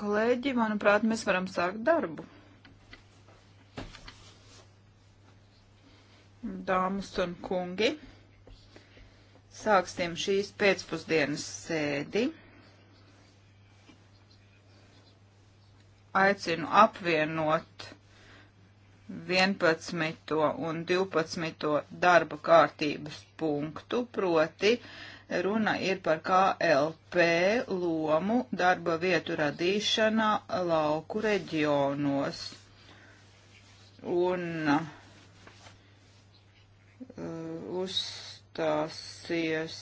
Kolēģi, manuprāt, mēs varam sākt darbu. Dāmas un kungi, sāksim šīs pēcpusdienas sēdi. Aicinu apvienot 11. un 12. darba kārtības punktu, proti Runa ir par KLP lomu darba vietu radīšanā lauku reģionos. Un uh, uzstāsies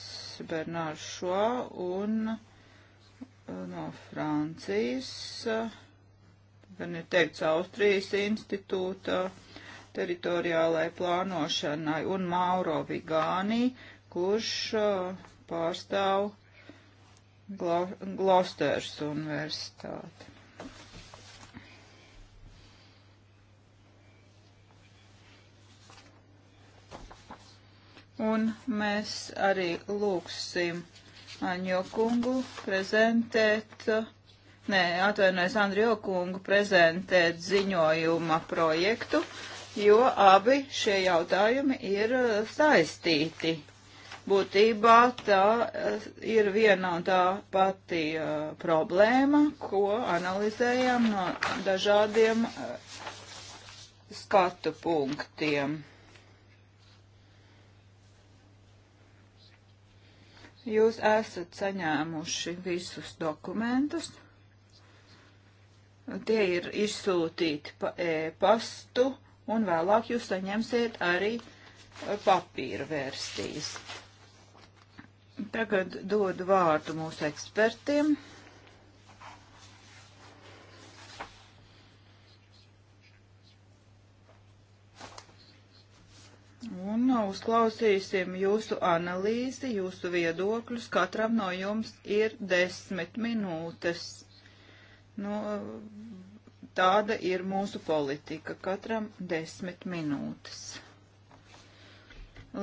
Bernārs Šo un uh, no Francijas, uh, gan ir teikts Austrijas institūta. Uh, teritoriālai plānošanai un Mauro Vigāni, kurš uh, pārstāv Glo Glosters universitāti. Un mēs arī lūgsim Aņo kungu prezentēt, nē, atvainojos Andriju kungu prezentēt ziņojuma projektu, jo abi šie jautājumi ir saistīti. Būtībā tā eh, ir viena un tā pati uh, problēma, ko analizējam no dažādiem uh, skatu punktiem. Jūs esat saņēmuši visus dokumentus. Tie ir izsūtīti pa e-pastu, un vēlāk jūs saņemsiet arī papīra versijas. Tagad dodu vārdu mūsu ekspertiem. Un uzklausīsim jūsu analīzi, jūsu viedokļus. Katram no jums ir desmit minūtes. Nu, tāda ir mūsu politika. Katram desmit minūtes.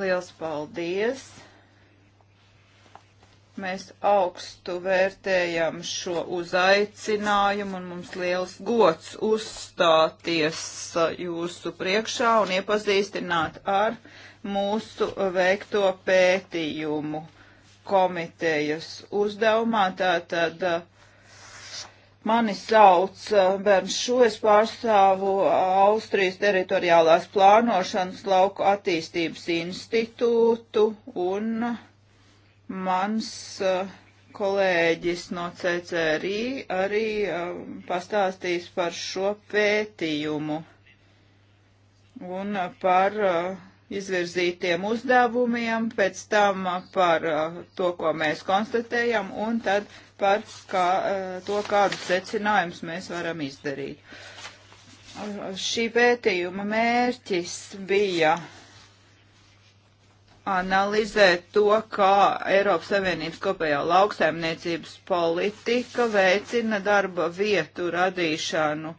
Liels paldies! Mēs augstu vērtējam šo uzaicinājumu un mums liels gods uzstāties uh, jūsu priekšā un iepazīstināt ar mūsu veikto pētījumu komitejas uzdevumā. Tātad uh, mani sauc uh, Bērns Šo, es pārstāvu Austrijas teritoriālās plānošanas lauku attīstības institūtu un. Mans eh, kolēģis no CCRI arī eh, pastāstīs par šo pētījumu un par eh, izvirzītiem uzdevumiem, pēc tam par to, ko mēs konstatējam, un tad par kā, to, kādus secinājumus mēs varam izdarīt. Šī pētījuma mērķis bija analizēt to, kā Eiropas Savienības kopējā lauksaimniecības politika veicina darba vietu radīšanu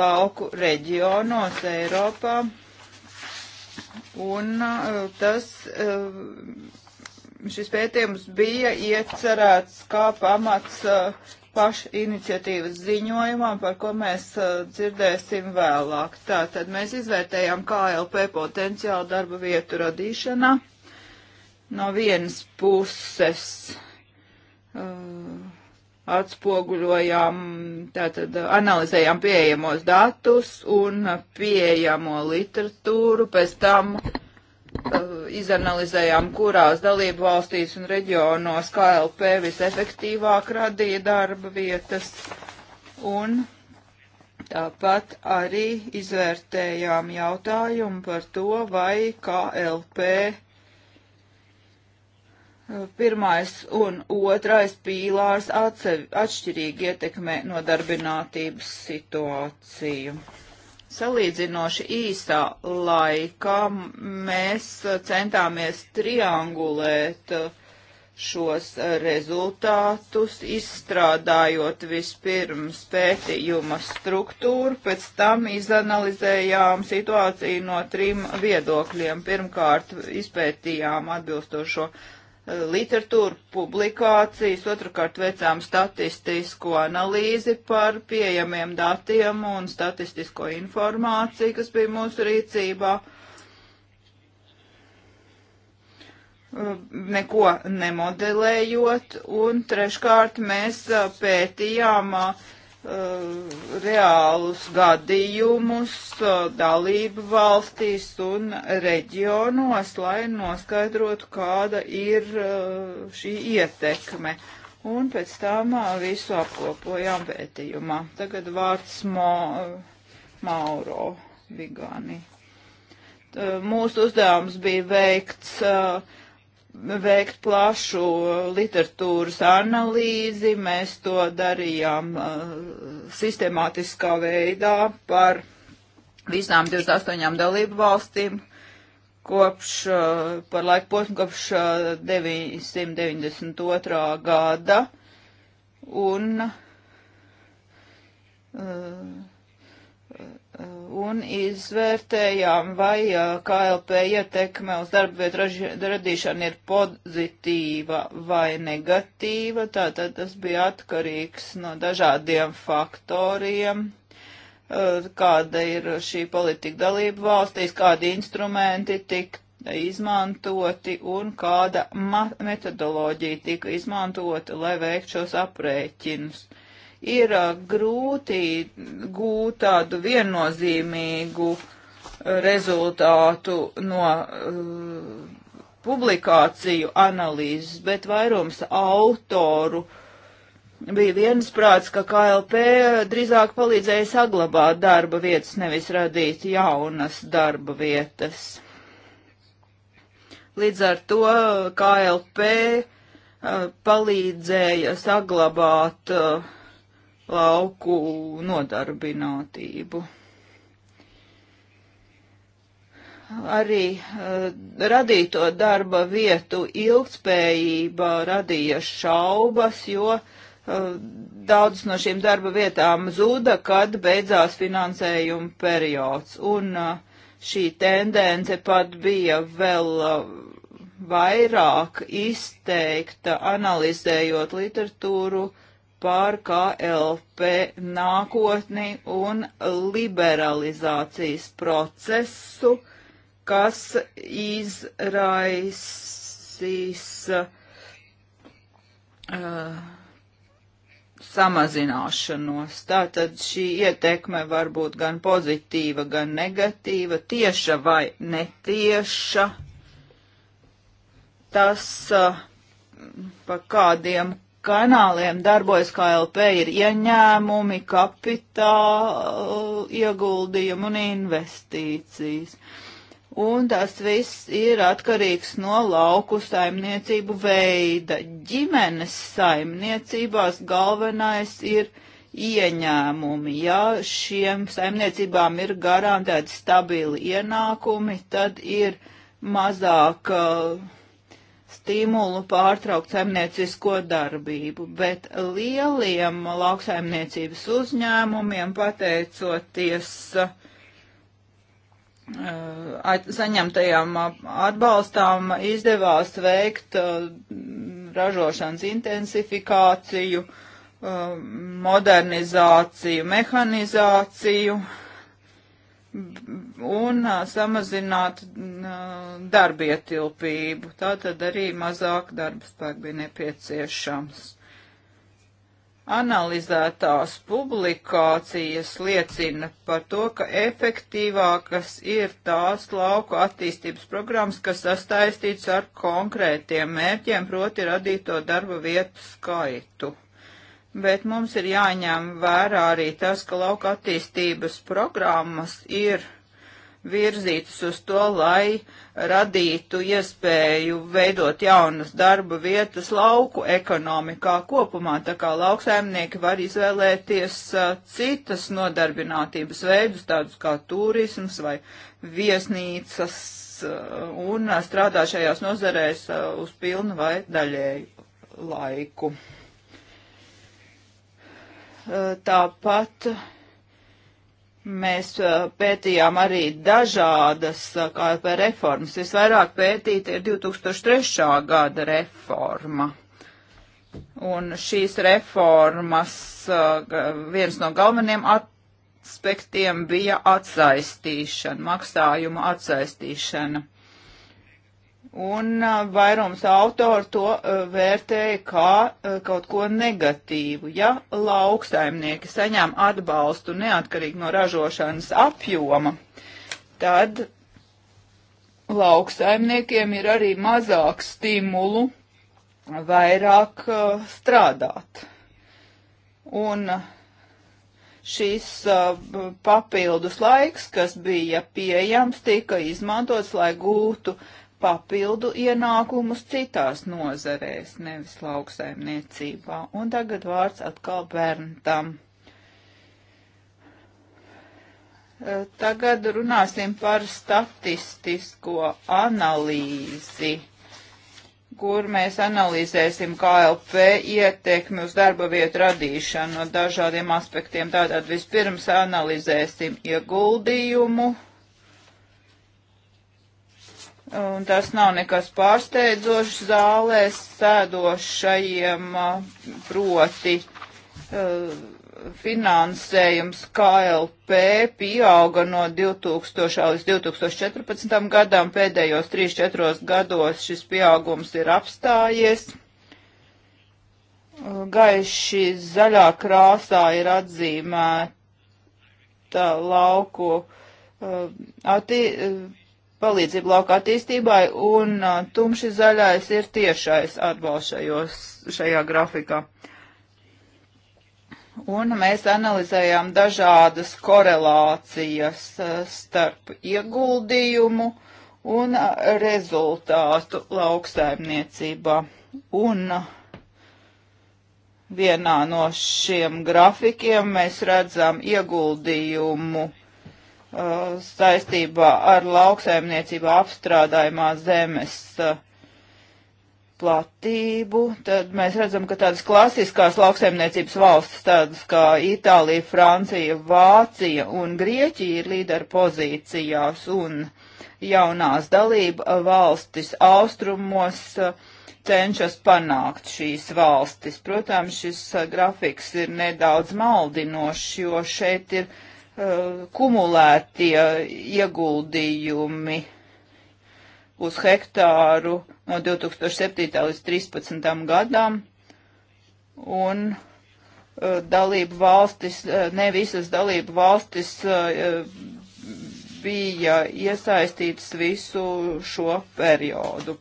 lauku reģionos Eiropā. Un uh, tas, uh, šis pētījums bija iecerēts kā pamats uh, paša iniciatīvas ziņojumā, par ko mēs uh, dzirdēsim vēlāk. Tātad mēs izvērtējām KLP potenciālu darba vietu radīšanā. No vienas puses uh, atspoguļojām, tātad uh, analizējām pieejamos datus un pieejamo literatūru, pēc tam uh, Eh, izanalizējām, kurās dalību valstīs un reģionos KLP visefektīvāk radīja darba vietas. Un tāpat arī izvērtējām jautājumu par to, vai KLP eh, pirmais un otrais pīlārs atsevi, atšķirīgi ietekmē nodarbinātības situāciju. Salīdzinoši īsā laikā mēs centāmies triangulēt uh, šos uh, rezultātus, izstrādājot vispirms pētījuma struktūru, pēc tam izanalizējām situāciju no trim viedokļiem. Pirmkārt, izpētījām atbilstošo uh, literatūru, publikācijas, otrkārt veicām statistisko analīzi par pieejamiem datiem un statistisko informāciju, kas bija mūsu rīcībā. Neko nemodelējot, un treškārt mēs pētījām uh, Uh, reālus gadījumus uh, dalību valstīs un reģionos, lai noskaidrotu, kāda ir uh, šī ietekme. Un pēc tam visu apkopojām pētījumā. Tagad vārds Mo, Mauro Vigani. Mūsu uzdevums bija veikts uh, veikt plašu literatūras analīzi. Mēs to darījām uh, sistemātiskā veidā par visām 28 dalību valstīm kopš, uh, par laiku posmu kopš uh, 992. gada. Un, uh, Uh, un izvērtējām, vai uh, KLP ietekme uz darba vietu radīšanu ir pozitīva vai negatīva. Tātad tas bija atkarīgs no dažādiem faktoriem, uh, kāda ir šī politika dalība valstīs, kādi instrumenti tika izmantoti un kāda metodoloģija tika izmantota, lai veiktu šos aprēķinus. Uh, ir uh, grūti gūt tādu viennozīmīgu uh, rezultātu no uh, publikāciju analīzes, bet vairums autoru bija viensprāts, ka KLP drīzāk palīdzēja saglabāt darba vietas, nevis radīt jaunas darba vietas. Līdz ar to KLP uh, palīdzēja saglabāt uh, lauku nodarbinātību. Arī uh, radīto darba vietu ilgspējība radīja šaubas, jo uh, daudz no šīm darba vietām zuda, kad beidzās finansējuma periods. Un uh, šī tendence pat bija vēl vairāk izteikta analizējot literatūru uh, par KLP nākotni un liberalizācijas procesu, kas izraisīs uh, samazināšanos. Tātad šī ietekme var būt gan pozitīva, gan negatīva, tieša vai netieša. Tas uh, pa kādiem kanāliem darbojas KLP, ir ieņēmumi, kapitāla ieguldījumi un investīcijas. Un tas viss ir atkarīgs no lauku saimniecību veida. Ģimenes saimniecībās galvenais ir ieņēmumi. Ja šiem saimniecībām ir garantēti stabili ienākumi, tad ir mazāk uh, stimulu pārtraukt saimniecisko darbību, bet lieliem lauksaimniecības uzņēmumiem pateicoties uh, saņemtajām atbalstām izdevās veikt uh, ražošanas intensifikāciju, uh, modernizāciju, mehanizāciju, un samazināt darbietilpību. Tā tad arī mazāk darba spēka bija nepieciešams. Analizētās publikācijas liecina par to, ka efektīvākas ir tās lauku attīstības programmas, kas sastaistīts ar konkrētiem mērķiem, proti radīto darba vietu skaitu bet mums ir jāņem vērā arī tas, ka lauka attīstības programmas ir virzītas uz to, lai radītu iespēju veidot jaunas darba vietas lauku ekonomikā kopumā, tā kā lauksaimnieki var izvēlēties uh, citas nodarbinātības veidus, tādus kā turisms vai viesnīcas, uh, un strādā šajās nozarēs uh, uz pilnu vai daļēju laiku. Tāpat mēs uh, pētījām arī dažādas uh, KLP reformas. Visvairāk pētīta ir 2003. gada reforma. Un šīs reformas uh, viens no galveniem aspektiem bija atsaistīšana, maksājuma atsaistīšana. Un vairums autoru to vērtēja kā kaut ko negatīvu. Ja lauksaimnieki saņem atbalstu neatkarīgi no ražošanas apjoma, tad lauksaimniekiem ir arī mazāk stimulu vairāk strādāt. Un šis papildus laiks, kas bija pieejams, tika izmantots, lai gūtu papildu ienākumus citās nozarēs, nevis lauksaimniecībā. Un tagad vārds atkal Berntam. E, tagad runāsim par statistisko analīzi, kur mēs analizēsim KLP ietekmi uz darba vietu radīšanu no dažādiem aspektiem. Tātad vispirms analizēsim ieguldījumu Un tas nav nekas pārsteidzošs zālē sēdošajiem, proti finansējums KLP pieauga no 2000 līdz 2014 gadam. Pēdējos 3-4 gados šis pieaugums ir apstājies. Gaiši zaļā krāsā ir atzīmēta lauku attī, palīdzību lauka attīstībai, un tumši zaļais ir tiešais atbalsts šajā grafikā. Un mēs analizējām dažādas korelācijas starp ieguldījumu un rezultātu lauksaimniecībā. Un vienā no šiem grafikiem mēs redzam ieguldījumu uh, Uh, saistībā ar lauksaimniecību apstrādājumā zemes uh, platību, tad mēs redzam, ka tādas klasiskās lauksaimniecības valstis, tādas kā Itālija, Francija, Vācija un Grieķija ir līdera pozīcijās un jaunās dalība valstis austrumos uh, cenšas panākt šīs valstis. Protams, šis grafiks ir nedaudz maldinošs, jo šeit ir kumulētie ieguldījumi uz hektāru no 2007. līdz 2013. gadam, un uh, dalību valstis, e, ne visas dalību valstis uh, bija iesaistītas visu šo periodu.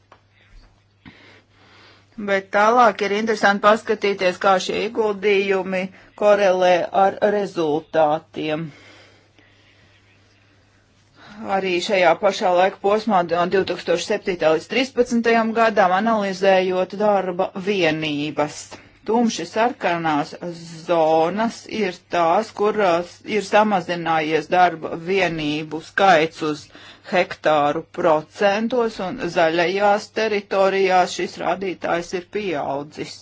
Bet tālāk ir interesanti paskatīties, kā šie ieguldījumi korelē ar rezultātiem arī šajā pašā laika posmā no 2007. līdz 2013. gadam analizējot darba vienības. Tumši sarkanās zonas ir tās, kurās uh, ir samazinājies darba vienību skaits uz hektāru procentos, un zaļajās teritorijās šis rādītājs ir pieaudzis.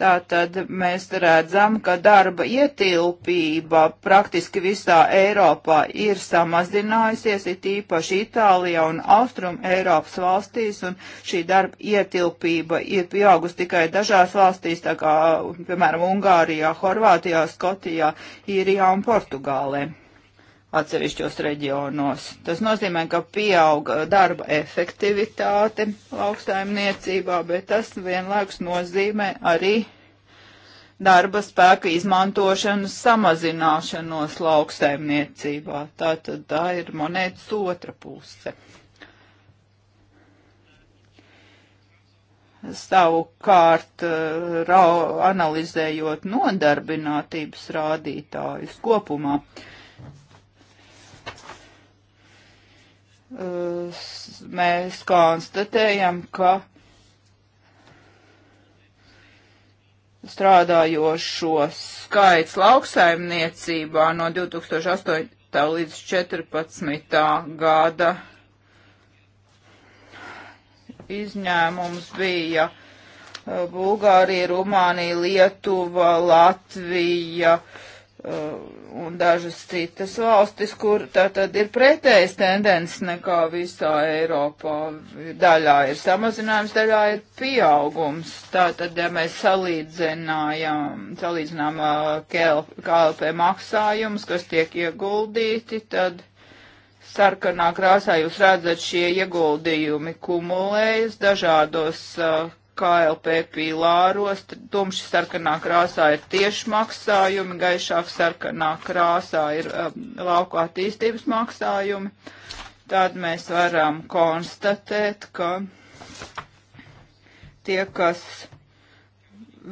Tātad mēs redzam, ka darba ietilpība praktiski visā Eiropā ir samazinājusies, it īpaši Itālijā un Austrum Eiropas valstīs, un šī darba ietilpība ir pieaugusi tikai dažās valstīs, tā kā, piemēram, Ungārijā, Horvātijā, Skotijā, Īrijā un Portugālē atsevišķos reģionos. Tas nozīmē, ka pieauga darba efektivitāte lauksaimniecībā, bet tas vienlaikus nozīmē arī darba spēka izmantošanas samazināšanos lauksaimniecībā. Tā tad tā ir monētas otra puse. Savukārt, rau, analizējot nodarbinātības rādītājus kopumā, uh, Eh, mēs konstatējam, ka strādājošo skaits lauksaimniecībā no 2008. līdz 2014. gada izņēmums bija eh, Bulgārija, Rumānija, Lietuva, Latvija, uh, Uh, un dažas citas valstis, kur tā tad ir pretējas tendences nekā visā Eiropā. Daļā ir samazinājums, daļā ir pieaugums. Tā tad, ja mēs salīdzinām, salīdzinām uh, KLP maksājumus, kas tiek ieguldīti, tad sarkanā krāsā jūs redzat šie ieguldījumi kumulējas dažādos uh, KLP pīlāros. Tumši sarkanā krāsā ir tieši maksājumi, gaišāk sarkanā krāsā ir um, lauku attīstības maksājumi. Tad mēs varam konstatēt, ka tie, kas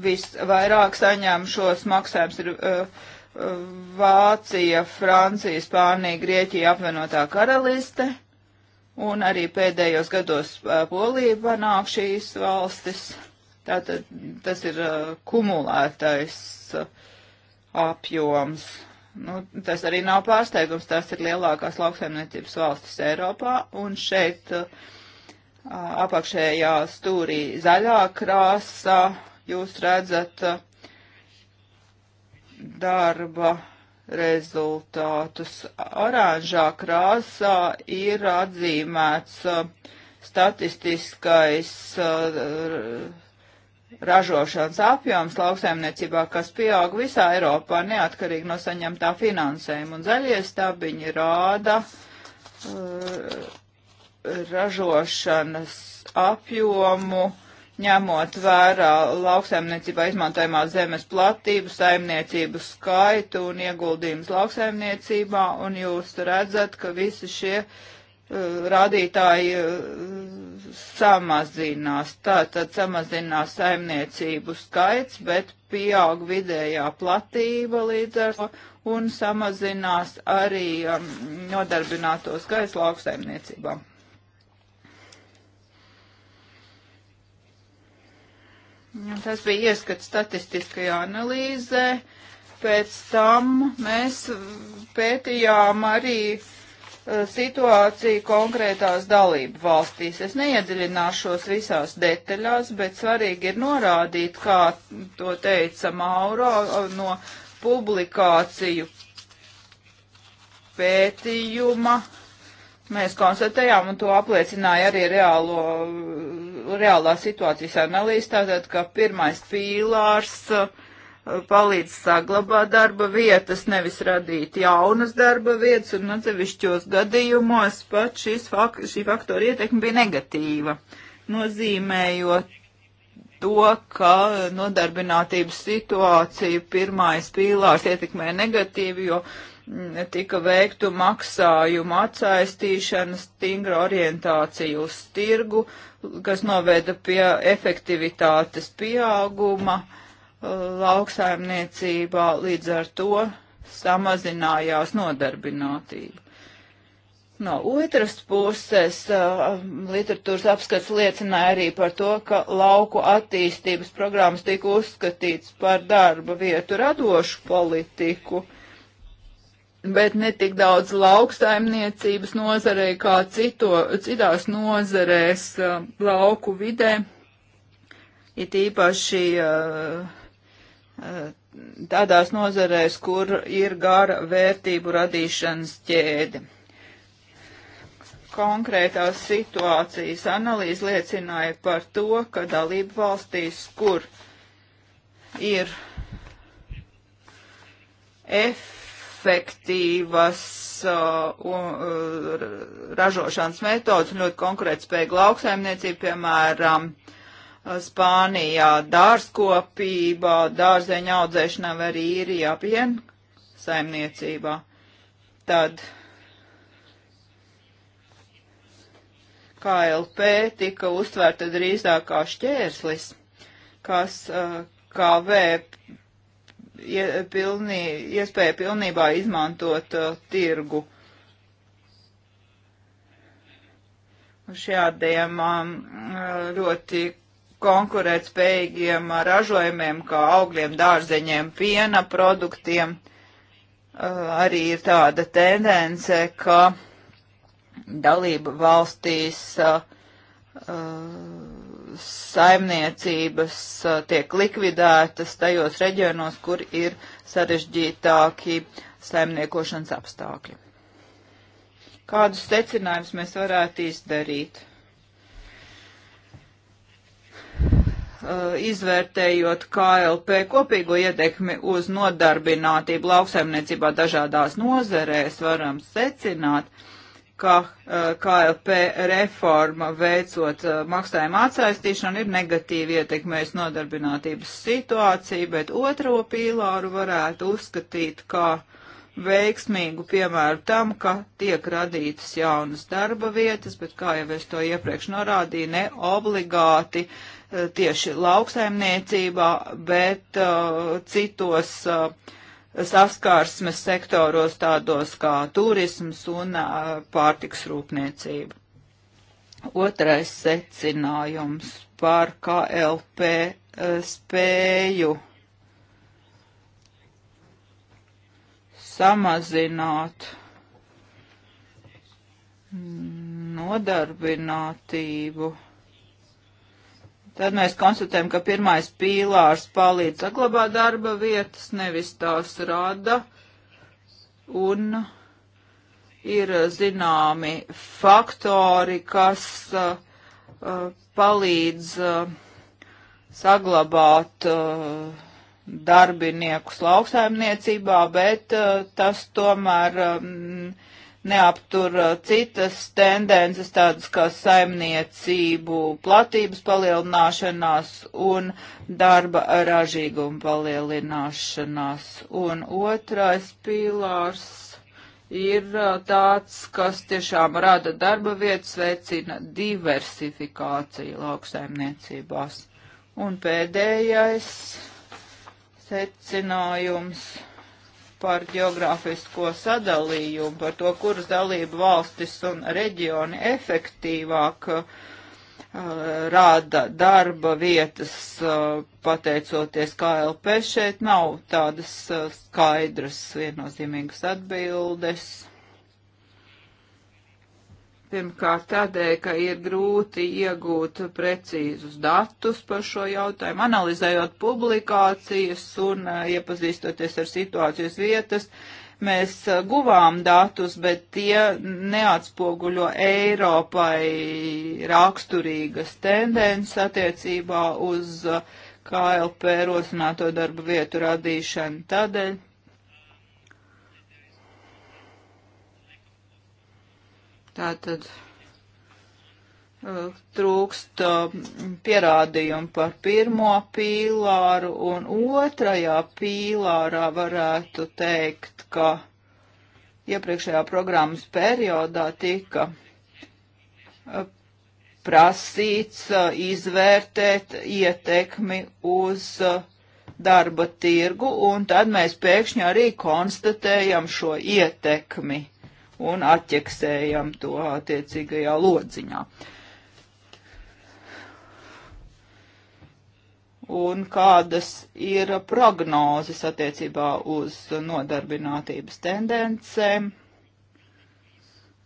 visvairāk saņem šos maksājumus, ir uh, uh Vācija, Francija, Spānija, Grieķija, apvienotā karaliste. Uh, un arī pēdējos gados Polija panāk šīs valstis. Tātad tas ir uh, kumulētais uh, apjoms. Nu, tas arī nav pārsteigums, tās ir lielākās lauksaimniecības valstis Eiropā, un šeit uh, apakšējā stūrī zaļā krāsa jūs redzat darba rezultātus. Oranžā krāsā ir atzīmēts uh, statistiskais uh, ražošanas apjoms lauksaimniecībā, kas pieaug visā Eiropā neatkarīgi no saņemtā finansējuma. Un zaļie stabiņi rāda uh, ražošanas apjomu ņemot vērā lauksaimniecībā izmantojamā zemes platību, saimniecību skaitu un ieguldījumus lauksaimniecībā, un jūs redzat, ka visi šie uh, rādītāji uh, samazinās. Tātad samazinās saimniecību skaits, bet pieaug vidējā platība līdz ar to, un samazinās arī um, nodarbinātos gaisa lauksaimniecībā. Tas bija ieskats statistiskajā analīzē. Pēc tam mēs pētījām arī eh, situāciju konkrētās dalību valstīs. Es neiedziļināšos visās detaļās, bet svarīgi ir norādīt, kā to teica Mauro eh, no publikāciju pētījuma Mēs konstatējām, un to apliecināja arī reālo, reālā situācijas analīze, tātad, ka pirmais pīlārs uh, palīdz saglabāt darba vietas, nevis radīt jaunas darba vietas, un atsevišķos gadījumos pat šis, fak šī faktora ietekme bija negatīva, nozīmējot to, ka nodarbinātības situācija pirmais pīlārs ietekmē negatīvi, jo tika veiktu maksājumu atsaistīšana, stingra orientācija uz tirgu, kas noveda pie efektivitātes pieauguma uh, lauksaimniecībā, līdz ar to samazinājās nodarbinātība. No otras puses, uh, literatūras apskats liecināja arī par to, ka lauku attīstības programmas tika uzskatīts par darba vietu radošu politiku bet ne tik daudz lauksaimniecības nozarē kā cito, citās nozarēs uh, lauku vidē, it īpaši uh, uh, tādās nozarēs, kur ir gara vērtību radīšanas ķēde. Konkrētās situācijas analīze liecināja par to, ka dalību valstīs, kur ir F efektīvas uh, uh, ražošanas metodas un ļoti konkurētspējīga lauksaimniecība, piemēram, Spānijā dārzkopībā, dārzeņa audzēšanā vai arī īrijā pien saimniecībā. Tad KLP tika uztvērta drīzāk kā šķērslis, kas uh, kavē pilnī, iespēja pilnībā izmantot uh, tirgu. Šādiem um, uh, ļoti konkurētspējīgiem ražojumiem, kā augļiem, dārzeņiem, piena produktiem, uh, arī ir tāda tendence, ka dalība valstīs uh, uh saimniecības tiek likvidētas tajos reģionos, kur ir sarežģītāki saimniekošanas apstākļi. Kādus secinājumus mēs varētu izdarīt? Izvērtējot KLP kopīgo iedekmi uz nodarbinātību lauksaimniecībā dažādās nozerēs, varam secināt, ka eh, KLP reforma veicot eh, maksājuma atsaistīšanu ir negatīvi ietekmējis nodarbinātības situāciju, bet otro pīlāru varētu uzskatīt kā veiksmīgu piemēru tam, ka tiek radītas jaunas darba vietas, bet, kā jau es to iepriekš norādīju, ne obligāti eh, tieši lauksaimniecībā, bet uh, citos uh, saskārsmes sektoros tādos kā turisms un pārtiks rūpniecība. Otrais secinājums par KLP spēju samazināt nodarbinātību tad mēs konstatējam, ka pirmais pīlārs palīdz saglabāt darba vietas, nevis tās rada, un ir zināmi faktori, kas uh, uh palīdz uh, saglabāt uh, darbiniekus lauksaimniecībā, bet uh, tas tomēr um, neaptur uh, citas tendences, tādas kā saimniecību platības palielināšanās un darba ražīguma palielināšanās. Un otrais pīlārs ir uh, tāds, kas tiešām rada darba vietas, veicina diversifikāciju lauksaimniecībās. Un pēdējais secinājums par geogrāfisko sadalījumu, par to, kuras dalību valstis un reģioni efektīvāk uh, rāda darba vietas, uh, pateicoties KLP, šeit nav tādas uh, skaidras, viennozīmīgas atbildes. Pirmkārt, tādēļ, ka ir grūti iegūt precīzus datus par šo jautājumu, analizējot publikācijas un eh, iepazīstoties ar situācijas vietas. Mēs eh, guvām datus, bet tie neatspoguļo Eiropai raksturīgas tendences attiecībā uz eh, KLP rosināto darba vietu radīšanu. Tādēļ Tātad uh, trūkst uh, pierādījumu par pirmo pīlāru un otrajā pīlārā varētu teikt, ka iepriekšējā programmas periodā tika uh, prasīts izvērtēt ietekmi uz darba tirgu, un tad mēs pēkšņi arī konstatējam šo ietekmi un atķeksējam to attiecīgajā lodziņā. Un kādas ir prognozes attiecībā uz nodarbinātības tendencēm?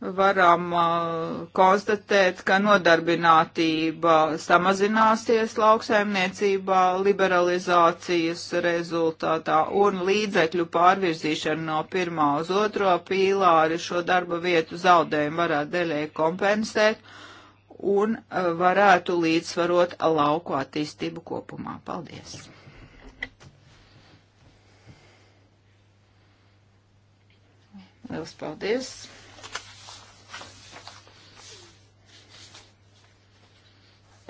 varam uh, konstatēt, ka nodarbinātība samazināsies lauksaimniecībā liberalizācijas rezultātā un līdzekļu pārvirzīšana no pirmā uz otro pīlāri šo darba vietu zaudējumu varētu daļēji kompensēt un uh, varētu līdzsvarot lauku attīstību kopumā. Paldies! Liels paldies!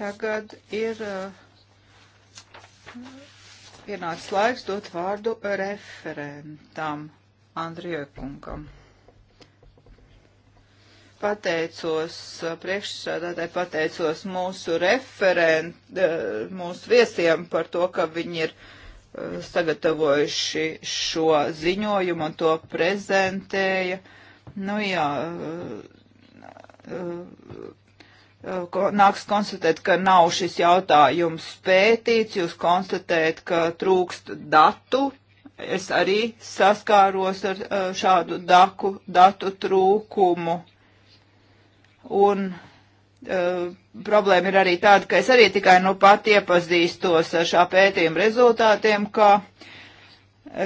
Tagad ir eh, pienācis laiks dot vārdu referentam Andriekungam. Pateicos eh, priekšsēdētāji, pateicos mūsu referent, eh, mūsu viesiem par to, ka viņi ir sagatavojuši šo ziņojumu un to prezentēja. Nu jā, Uh, ko, nāks konstatēt, ka nav šis jautājums pētīts, jūs konstatējat, ka trūkst datu. Es arī saskāros ar uh, šādu daku, datu trūkumu. Un Uh, problēma ir arī tāda, ka es arī tikai nu pat iepazīstos ar šā pētījuma rezultātiem, kā,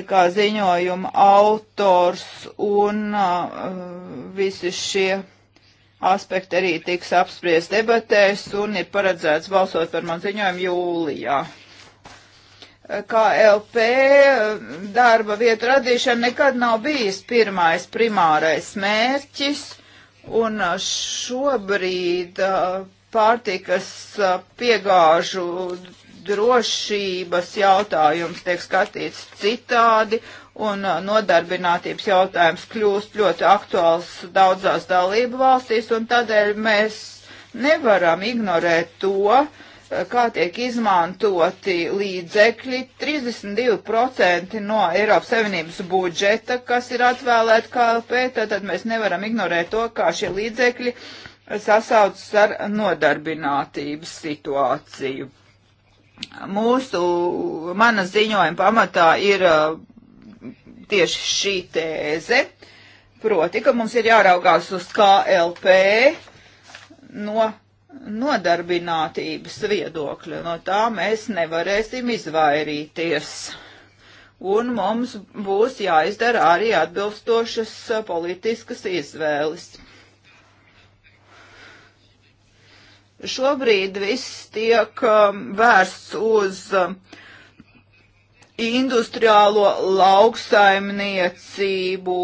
kā ziņojuma autors un uh, visi šie aspekti arī tiks apspriest debatēs un ir paredzēts balsot par man ziņojumu jūlijā. KLP eh, darba vietu radīšana nekad nav bijis pirmais primārais mērķis, un šobrīd eh, pārtikas eh, piegāžu drošības jautājums tiek skatīts citādi, un uh, nodarbinātības jautājums kļūst ļoti aktuāls daudzās dalību valstīs, un tādēļ mēs nevaram ignorēt to, uh, kā tiek izmantoti līdzekļi. 32% no Eiropas Savienības budžeta, kas ir atvēlēta KLP, tad mēs nevaram ignorēt to, kā šie līdzekļi sasaucas ar nodarbinātības situāciju. Mūsu, mana ziņojuma pamatā ir uh, tieši šī tēze, proti, ka mums ir jāraugās uz KLP no nodarbinātības viedokļa, no tā mēs nevarēsim izvairīties. Un mums būs jāizdara arī atbilstošas politiskas izvēles. Šobrīd viss tiek um, vērsts uz uh, industriālo lauksaimniecību,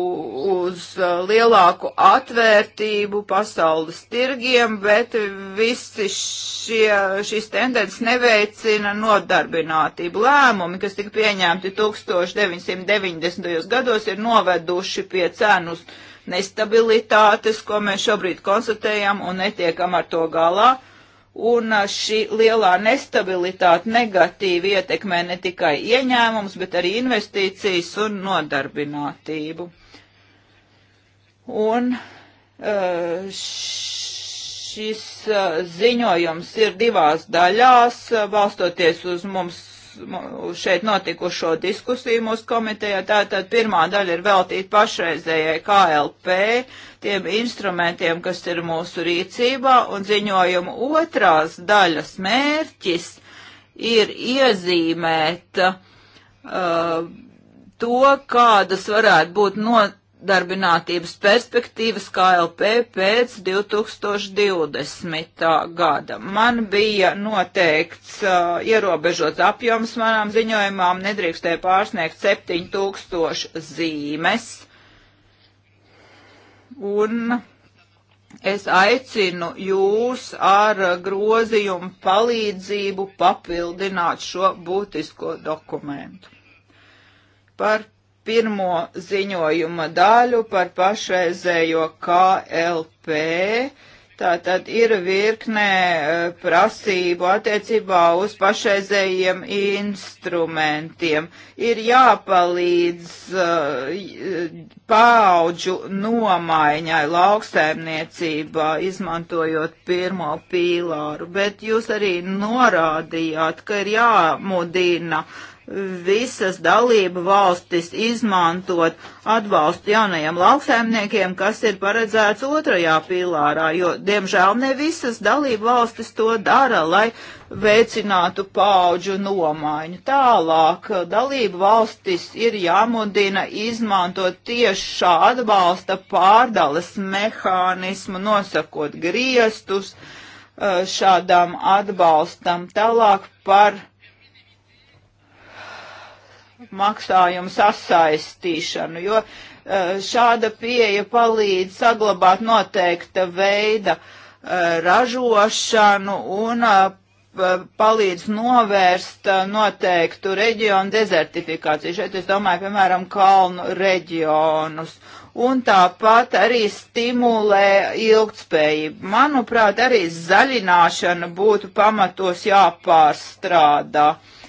uz uh, lielāku atvērtību pasaules tirgiem, bet visi šie, šīs tendences neveicina nodarbinātību. Lēmumi, kas tika pieņemti 1990. gados, ir noveduši pie cenu nestabilitātes, ko mēs šobrīd konstatējam un netiekam ar to galā Un šī lielā nestabilitāte negatīvi ietekmē ne tikai ieņēmums, bet arī investīcijas un nodarbinātību. Un šis ziņojums ir divās daļās, balstoties uz mums šeit notikušo diskusiju mūsu komitejā. Tātad pirmā daļa ir veltīta pašreizējai KLP, tiem instrumentiem, kas ir mūsu rīcībā, un ziņojuma otrās daļas mērķis ir iezīmēt uh, to, kādas varētu būt not nodarbinātības perspektīvas KLP pēc 2020. gada. Man bija noteikts uh, ierobežots apjoms manām ziņojumām, nedrīkstēja pārsniegt 7000 zīmes. Un es aicinu jūs ar grozījumu palīdzību papildināt šo būtisko dokumentu. Par pirmo ziņojuma daļu par pašreizējo KLP. Tātad ir virknē e, prasību attiecībā uz pašreizējiem instrumentiem. Ir jāpalīdz e, paaudžu nomaiņai lauksaimniecībā, izmantojot pirmo pīlāru, bet jūs arī norādījāt, ka ir jāmudina uh, visas dalību valstis izmantot atbalstu jaunajiem lauksaimniekiem, kas ir paredzēts otrajā pilārā, jo, diemžēl, ne visas dalību valstis to dara, lai veicinātu pauģu nomaiņu. Tālāk dalību valstis ir jāmudina izmantot tiešā atbalsta pārdales mehānismu, nosakot griestus eh, šādām atbalstam. Tālāk par maksājumu sasaistīšanu, jo e, šāda pieeja palīdz saglabāt noteikta veida e, ražošanu un e, palīdz novērst noteiktu reģionu dezertifikāciju. Šeit es domāju, piemēram, kalnu reģionus. Un tāpat arī stimulē ilgtspējību. Manuprāt, arī zaļināšana būtu pamatos jāpārstrādā. Uh,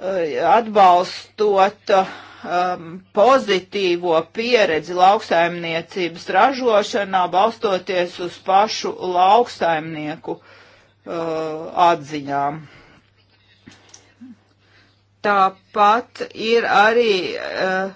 atbalstot um, pozitīvo pieredzi lauksaimniecības ražošanā, balstoties uz pašu lauksaimnieku uh, atziņām. Tāpat ir arī uh,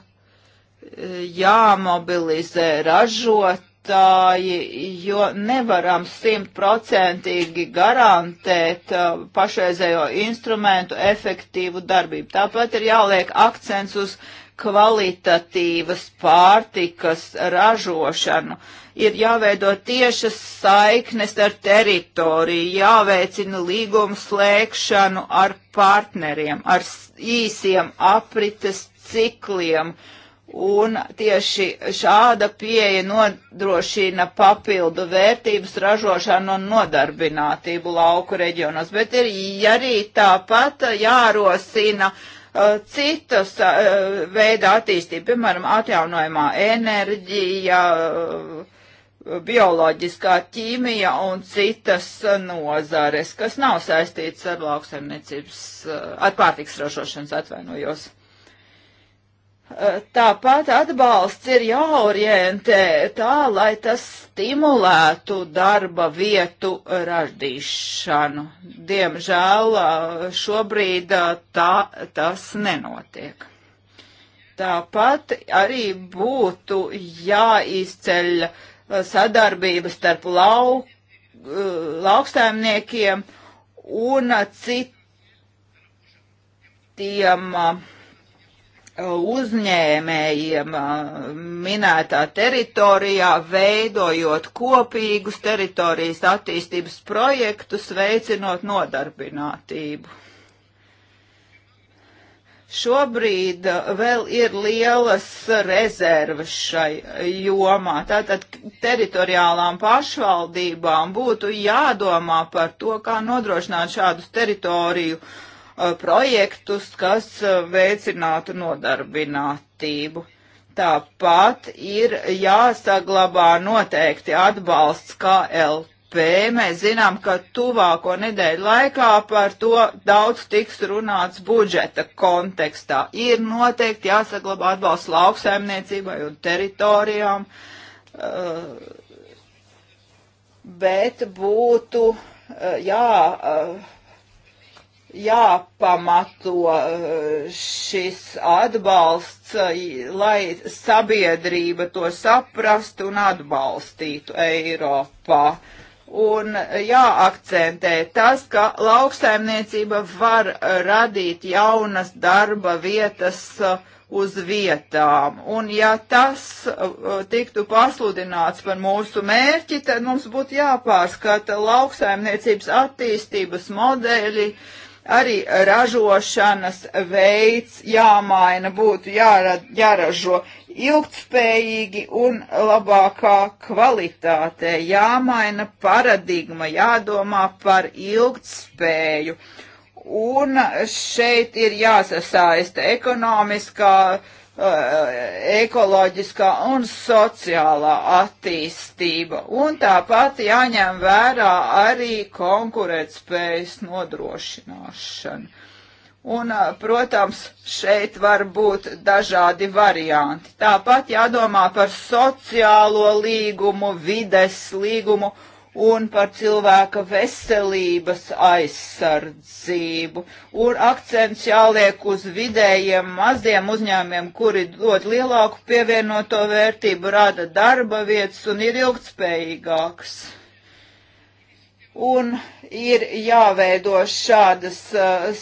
jāmobilizē ražot nostāji, jo nevaram simtprocentīgi garantēt uh, pašreizējo instrumentu efektīvu darbību. Tāpat ir jāliek akcents uz kvalitatīvas pārtikas ražošanu. Ir jāveido tiešas saiknes ar teritoriju, jāveicina līgumu slēgšanu ar partneriem, ar īsiem aprites cikliem. Uh, Un tieši šāda pieeja nodrošina papildu vērtības ražošanu un nodarbinātību lauku reģionos, bet ir arī tāpat jārosina uh, citas uh, veida attīstība, piemēram, atjaunojumā enerģija, uh, bioloģiskā ķīmija un citas nozares, kas nav saistītas ar lauksaimniecības, uh, ar pārtiks ražošanas atvainojos. Eh, tāpat atbalsts ir jāorientē tā, lai tas stimulētu darba vietu radīšanu. Diemžēl eh, šobrīd eh, tā, tas nenotiek. Tāpat arī būtu jāizceļ sadarbības starp lau, lauksaimniekiem un citiem uh, uzņēmējiem minētā teritorijā, veidojot kopīgus teritorijas attīstības projektus, veicinot nodarbinātību. Šobrīd vēl ir lielas rezervas šai jomā. Tātad teritoriālām pašvaldībām būtu jādomā par to, kā nodrošināt šādus teritoriju uh, Uh, projektus, kas uh, veicinātu nodarbinātību. Tāpat ir jāsaglabā noteikti atbalsts KLP. Mēs zinām, ka tuvāko nedēļu laikā par to daudz tiks runāts budžeta kontekstā. Ir noteikti jāsaglabā atbalsts lauksaimniecībai un teritorijām, uh, bet būtu jā jāpamato eh, šis atbalsts, eh, lai sabiedrība to saprastu un atbalstītu Eiropā. Un jāakcentē tas, ka lauksaimniecība var radīt jaunas darba vietas eh, uz vietām. Un ja tas tiktu pasludināts par mūsu mērķi, tad mums būtu jāpārskata lauksaimniecības attīstības modeļi, uh, Arī ražošanas veids jāmaina, būtu jāra, jāražo ilgtspējīgi un labākā kvalitātē, jāmaina paradigma, jādomā par ilgtspēju. Un šeit ir jāsasaista ekonomiskā uh, Eh, ekoloģiskā un sociālā attīstība. Un tāpat jāņem vērā arī konkurētspējas nodrošināšana. Un, eh, protams, šeit var būt dažādi varianti. Tāpat jādomā par sociālo līgumu, vides līgumu un par cilvēka veselības aizsardzību. Un akcents jāliek uz vidējiem maziem uzņēmiem, kuri dod lielāku pievienoto vērtību, rada darba vietas un ir ilgtspējīgāks. Un ir jāveido šādas uh,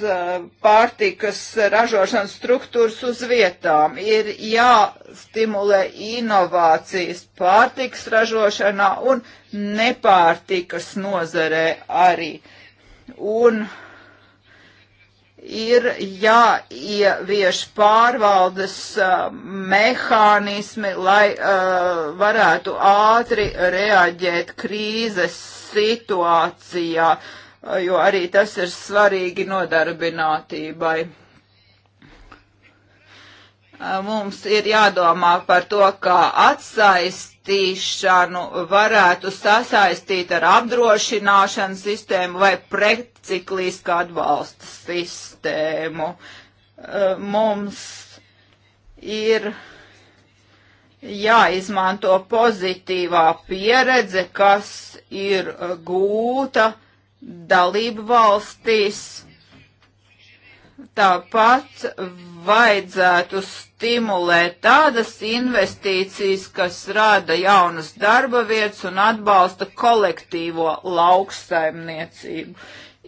Eh, pārtikas ražošanas struktūras uz vietām. Ir jāstimulē inovācijas pārtikas ražošanā un nepārtikas nozarē arī. Un ir jāievieš pārvaldes uh, mehānismi, lai uh, varētu ātri reaģēt krīzes situācijā. Uh, jo arī tas ir svarīgi nodarbinātībai. Mums ir jādomā par to, kā atsaistīšanu varētu sasaistīt ar apdrošināšanas sistēmu vai preciklisku atbalsta sistēmu. E, mums ir jāizmanto pozitīvā pieredze, kas ir gūta uh, dalību valstīs. Tāpat vajadzētu stimulēt tādas investīcijas, kas rada jaunas darba vietas un atbalsta kolektīvo lauksaimniecību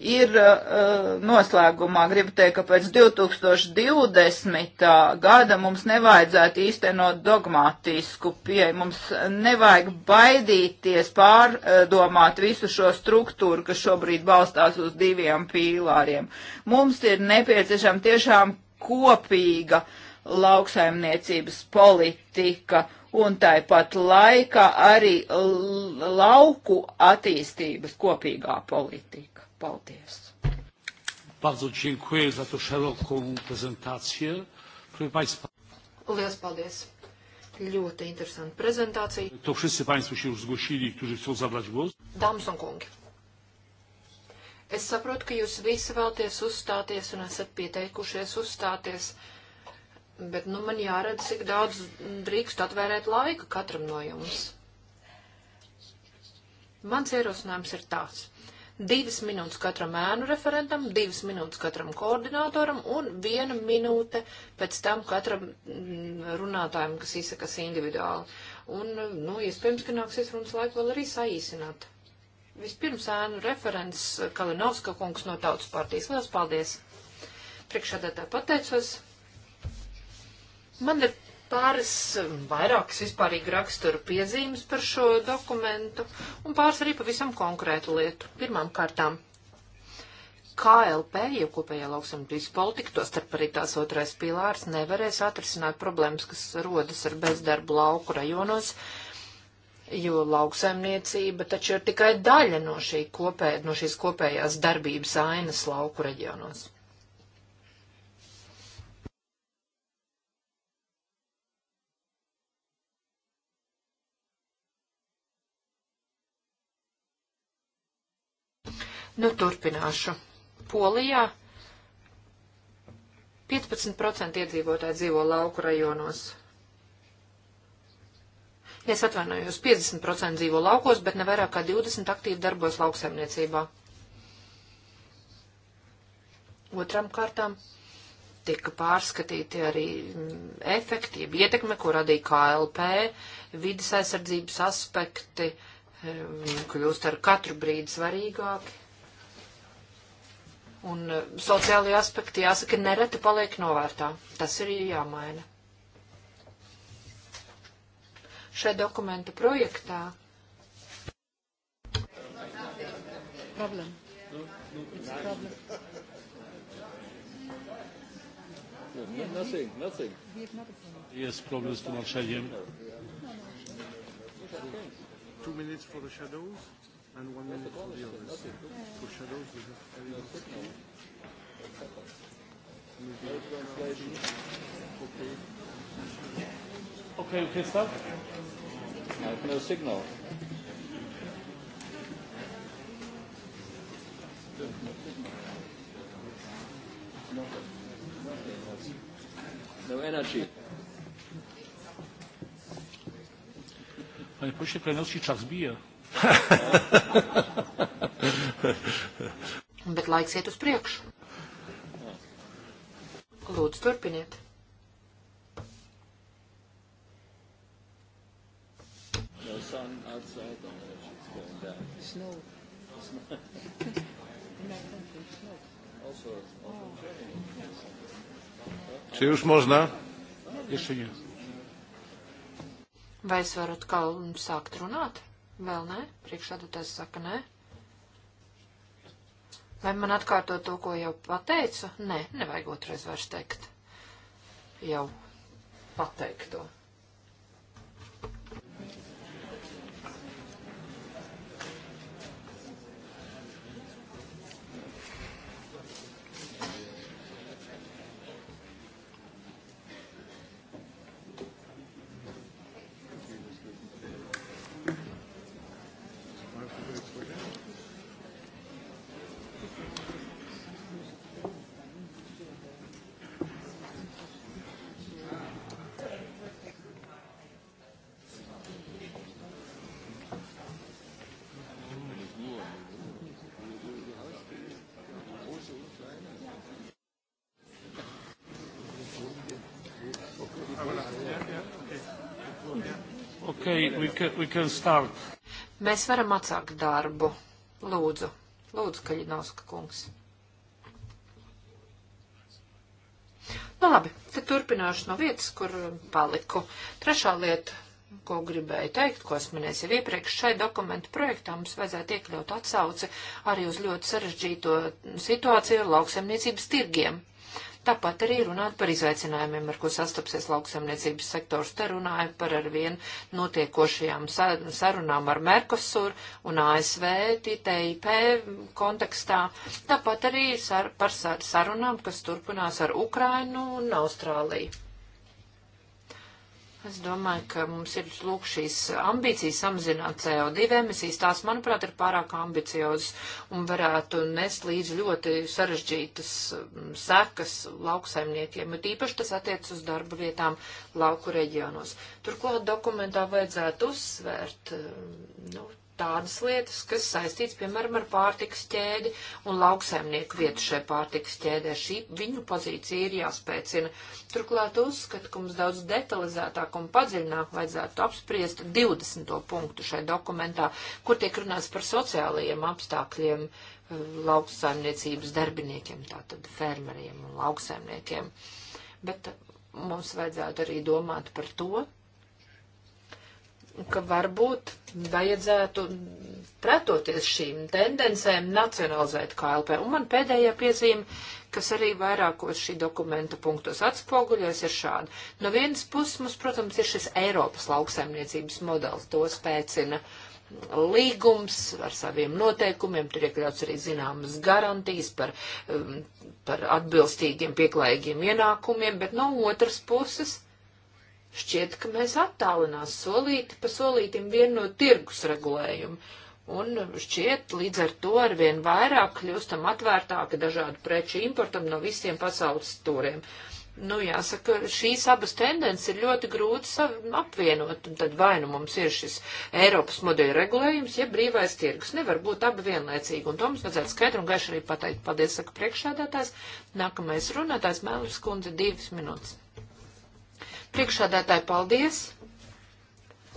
ir uh, uh, noslēgumā, gribu teikt, ka pēc 2020. gada mums nevajadzētu īstenot dogmātisku pieeju, mums nevajag baidīties pārdomāt visu šo struktūru, kas šobrīd balstās uz diviem pīlāriem. Mums ir nepieciešama tiešām kopīga lauksaimniecības politika un tāpat laikā arī lauku attīstības kopīgā politika. Paldies! Bardzo dziękuję za to szeroką prezentację. Proszę Państwa. Lielas paldies. Ļoti interesanta prezentācija. To wszyscy Państwo się już zgłosili, którzy chcą zabrać głos. Dāmas un kungi, es saprotu, ka jūs visi vēlties uzstāties un esat pieteikušies uzstāties, bet nu man jāredz, cik daudz drīkst atvērēt laika katram no jums. Mans ierosinājums ir tāds divas minūtes katram ēnu referentam, divas minūtes katram koordinātoram un viena minūte pēc tam katram mm, runātājam, kas izsakas individuāli. Un, nu, iespējams, ka nāksies runas laiku vēl arī saīsināt. Vispirms ēnu referents Kalinovska kungs no Tautas partijas. Lielas paldies! Priekšādā tā pateicos. Man ir pāris um, vairākas vispārīgi raksturu piezīmes par šo dokumentu un pāris arī pavisam konkrētu lietu. Pirmām kārtām. KLP, jeb kopējā lauksamības politika, to starp arī tās otrais pilārs, nevarēs atrisināt problēmas, kas rodas ar bezdarbu lauku rajonos, jo lauksaimniecība taču ir tikai daļa no, šī kopē, no šīs kopējās darbības ainas lauku reģionos. Nu, turpināšu. Polijā 15% iedzīvotāji dzīvo lauku rajonos. Es atvainojos, 50% dzīvo laukos, bet ne vairāk kā 20 aktīvi darbojas lauksaimniecībā. Otram kārtām tika pārskatīti arī mm, efekti, ietekme, ko radīja KLP, vidas aizsardzības aspekti, mm, kļūst ar katru brīdi svarīgāki. Un e, sociālajie aspekti, jāsaka, nereti paliek novērtā. Tas ir jāmaina. Šai dokumenta projektā. Problem. It's a problem. No, no, nothing, nothing. Jest problem z tłumaczeniem. Two minutes for the shadows and one minute for the others. For shadows, we have everyone. Okay. Okay, okay, stop. I have no signal. No energy. Panie pośle, kolejności czas bije. Bet laiks iet uz priekšu. Lūdzu, turpiniet. No sun outside on it. It's going down. Snow. Snow. also, also oh. Czy już można? Jeszcze nie. Vai es varu atkal sākt runāt? Vēl nē, priekšādātājs saka nē. Vai man atkārtot to, ko jau pateicu? Nē, nevajag otrais vairs teikt. Jau pateikto. to. okay, we can, we can start. Mēs varam atsākt darbu. Lūdzu, lūdzu, Kaļinovska kungs. Nu labi, te turpināšu no vietas, kur paliku. Trešā lieta, ko gribēju teikt, ko es minēju jau iepriekš, šai dokumentu projektā mums vajadzētu iekļaut atsauci arī uz ļoti sarežģīto situāciju ar lauksemniecības tirgiem Tāpat arī runāt par izaicinājumiem, ar ko sastapsies lauksaimniecības sektors. Te runāja par arvien notiekošajām sarunām ar Merkosur un ASV, TTIP kontekstā. Tāpat arī sar par sar sarunām, kas turpinās ar Ukrainu un Austrāliju. Es domāju, ka mums ir lūk šīs ambīcijas samazināt CO2 emisijas. Tās, manuprāt, ir pārāk ambiciozas un varētu nest līdz ļoti sarežģītas mm, sekas lauksaimniekiem, bet īpaši tas attiec uz darba vietām lauku reģionos. Turklāt dokumentā vajadzētu uzsvērt mm, nu, tādas lietas, kas saistīts, piemēram, ar pārtiks ķēdi un lauksaimnieku vietu šai pārtiks ķēdē. Šī viņu pozīcija ir jāspēcina. Turklāt uzskat, ka mums daudz detalizētāk un padziļināk vajadzētu apspriest 20. punktu šai dokumentā, kur tiek runāts par sociālajiem apstākļiem eh, lauksaimniecības darbiniekiem, tātad fermeriem un lauksaimniekiem. Bet eh, mums vajadzētu arī domāt par to, ka varbūt vajadzētu pretoties šīm tendencēm nacionalizēt KLP. Un man pēdējā piezīme, kas arī vairākos šī dokumenta punktos atspoguļojas, ir šāda. No vienas puses mums, protams, ir šis Eiropas lauksaimniecības modelis, to spēcina līgums ar saviem noteikumiem, tur iekļauts arī zināmas garantijas par, um, par atbilstīgiem pieklājīgiem ienākumiem, bet no otras puses Šķiet, ka mēs attālinās solīti pa solītim vienu no tirgus regulējumu. Un šķiet, līdz ar to arvien vairāk kļūstam atvērtāki dažādu preču importam no visiem pasaules stūriem. Nu, jāsaka, šīs abas tendences ir ļoti grūti apvienot, un tad vai nu mums ir šis Eiropas modeļa regulējums, ja brīvais tirgus nevar būt abi vienlaicīgi, un to mums vajadzētu skaidru un gaišu arī pateikt. Paldies, saka priekšādātājs. Nākamais runātājs Mēlis Kundze, divas minūtes. Priekšādātāji, paldies!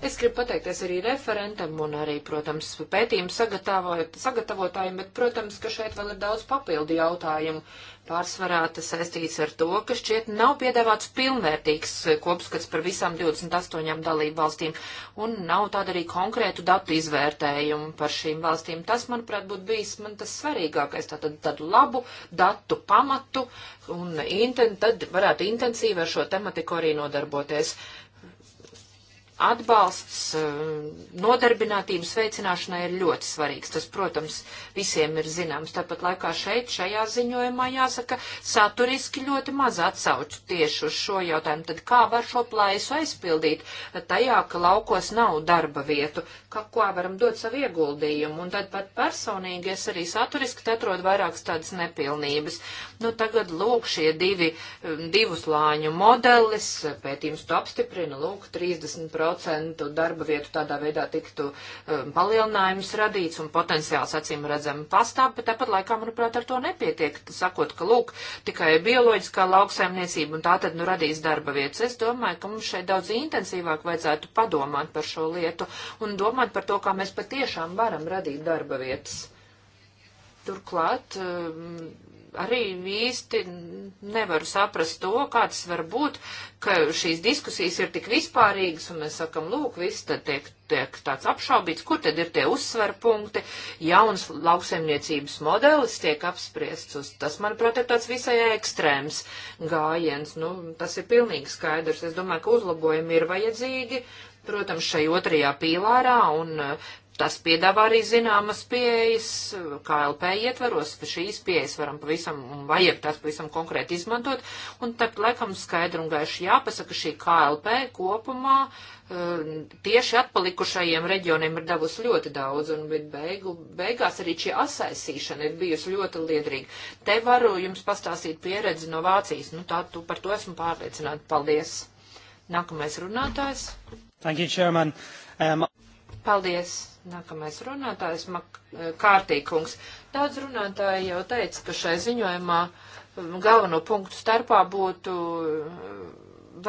Es gribu pateikties arī referentam un arī, protams, pētījumu sagatavotājiem, bet, protams, ka šeit vēl ir daudz papildu jautājumu. Pārsvarā tas saistīts ar to, ka šķiet nav piedāvāts pilnvērtīgs kopskats par visām 28 dalību valstīm un nav tāda arī konkrētu datu izvērtējumu par šīm valstīm. Tas, manuprāt, būtu bijis man tas svarīgākais, tātad tādu labu datu pamatu un inten, tad varētu intensīvi ar šo tematiku arī nodarboties atbalsts eh, nodarbinātības veicināšanai ir ļoti svarīgs. Tas, protams, visiem ir zināms. Tāpat laikā šeit, šajā ziņojumā, jāsaka, saturiski ļoti maz atsauču tieši uz šo jautājumu. Tad kā var šo plaisu aizpildīt tajā, ka laukos nav darba vietu? Kā, kā varam dot savu ieguldījumu? Un tad pat personīgi es arī saturiski atrodu vairākas tādas nepilnības. Nu, tagad lūk šie divi, eh, divu slāņu modelis, eh, pētījums to apstiprina, lūk, 30%. 10% darba vietu tādā veidā tiktu um, palielinājums radīts un potenciāls acīm redzami pastāv, bet tāpat laikā, manuprāt, ar to nepietiek, sakot, ka, lūk, tikai bioloģiskā lauksaimniecība un tā tad, nu, radīs darba vietas. Es domāju, ka mums šeit daudz intensīvāk vajadzētu padomāt par šo lietu un domāt par to, kā mēs patiešām varam radīt darba vietas. Turklāt, um, arī īsti nevaru saprast to, kāds var būt, ka šīs diskusijas ir tik vispārīgas, un mēs sakam, lūk, viss tad tiek, tiek tāds apšaubīts, kur tad ir tie uzsverpunkti, jauns lauksaimniecības modelis tiek apspriests uz, tas, manuprāt, ir tāds visai ekstrēms gājiens, nu, tas ir pilnīgi skaidrs, es domāju, ka uzlabojumi ir vajadzīgi, protams, šai otrajā pīlārā, un Tas piedāvā arī zināmas pieejas, kā LP ietvaros, ka šīs pieejas varam pavisam un vajag tās pavisam konkrēti izmantot, un tad laikam skaidri un gaiši jāpasaka šī KLP kopumā eh, tieši atpalikušajiem reģioniem ir devusi ļoti daudz, un beigu, beigās arī šī asaisīšana ir bijusi ļoti liedrīga. Te varu jums pastāstīt pieredzi no Vācijas, nu tā tu par to esmu pārliecināta. Paldies! Nākamais runātājs. Thank you, Chairman. Um... Paldies! Nākamais runātājs Kārtīkungs. Daudz runātāji jau teica, ka šai ziņojumā galveno punktu starpā būtu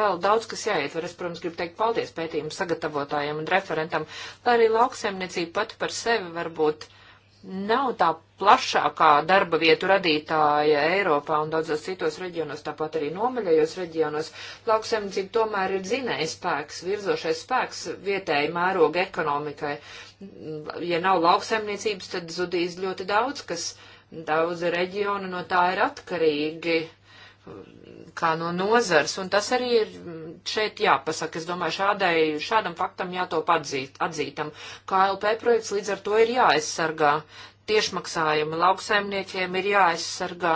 vēl daudz, kas jāietver. Es, protams, gribu teikt paldies pētījumu sagatavotājiem un referentam, lai arī lauksaimniecība pati par sevi varbūt. būt nav tā plašākā darba vietu radītāja Eiropā un daudzos citos reģionos, tāpat arī nomaļajos reģionos. Lauksaimniecība tomēr ir zinējs spēks, virzošais spēks vietēji mēroga ekonomikai. Ja nav lauksaimniecības, tad zudīs ļoti daudz, kas daudzi reģioni no tā ir atkarīgi kā no nozars, un tas arī ir mm, šeit jāpasaka. Es domāju, šādai, šādam faktam jātop atzīt, atzītam. KLP projekts līdz ar to ir jāaizsargā. Tiešmaksājumi lauksaimniekiem ir jāaizsargā.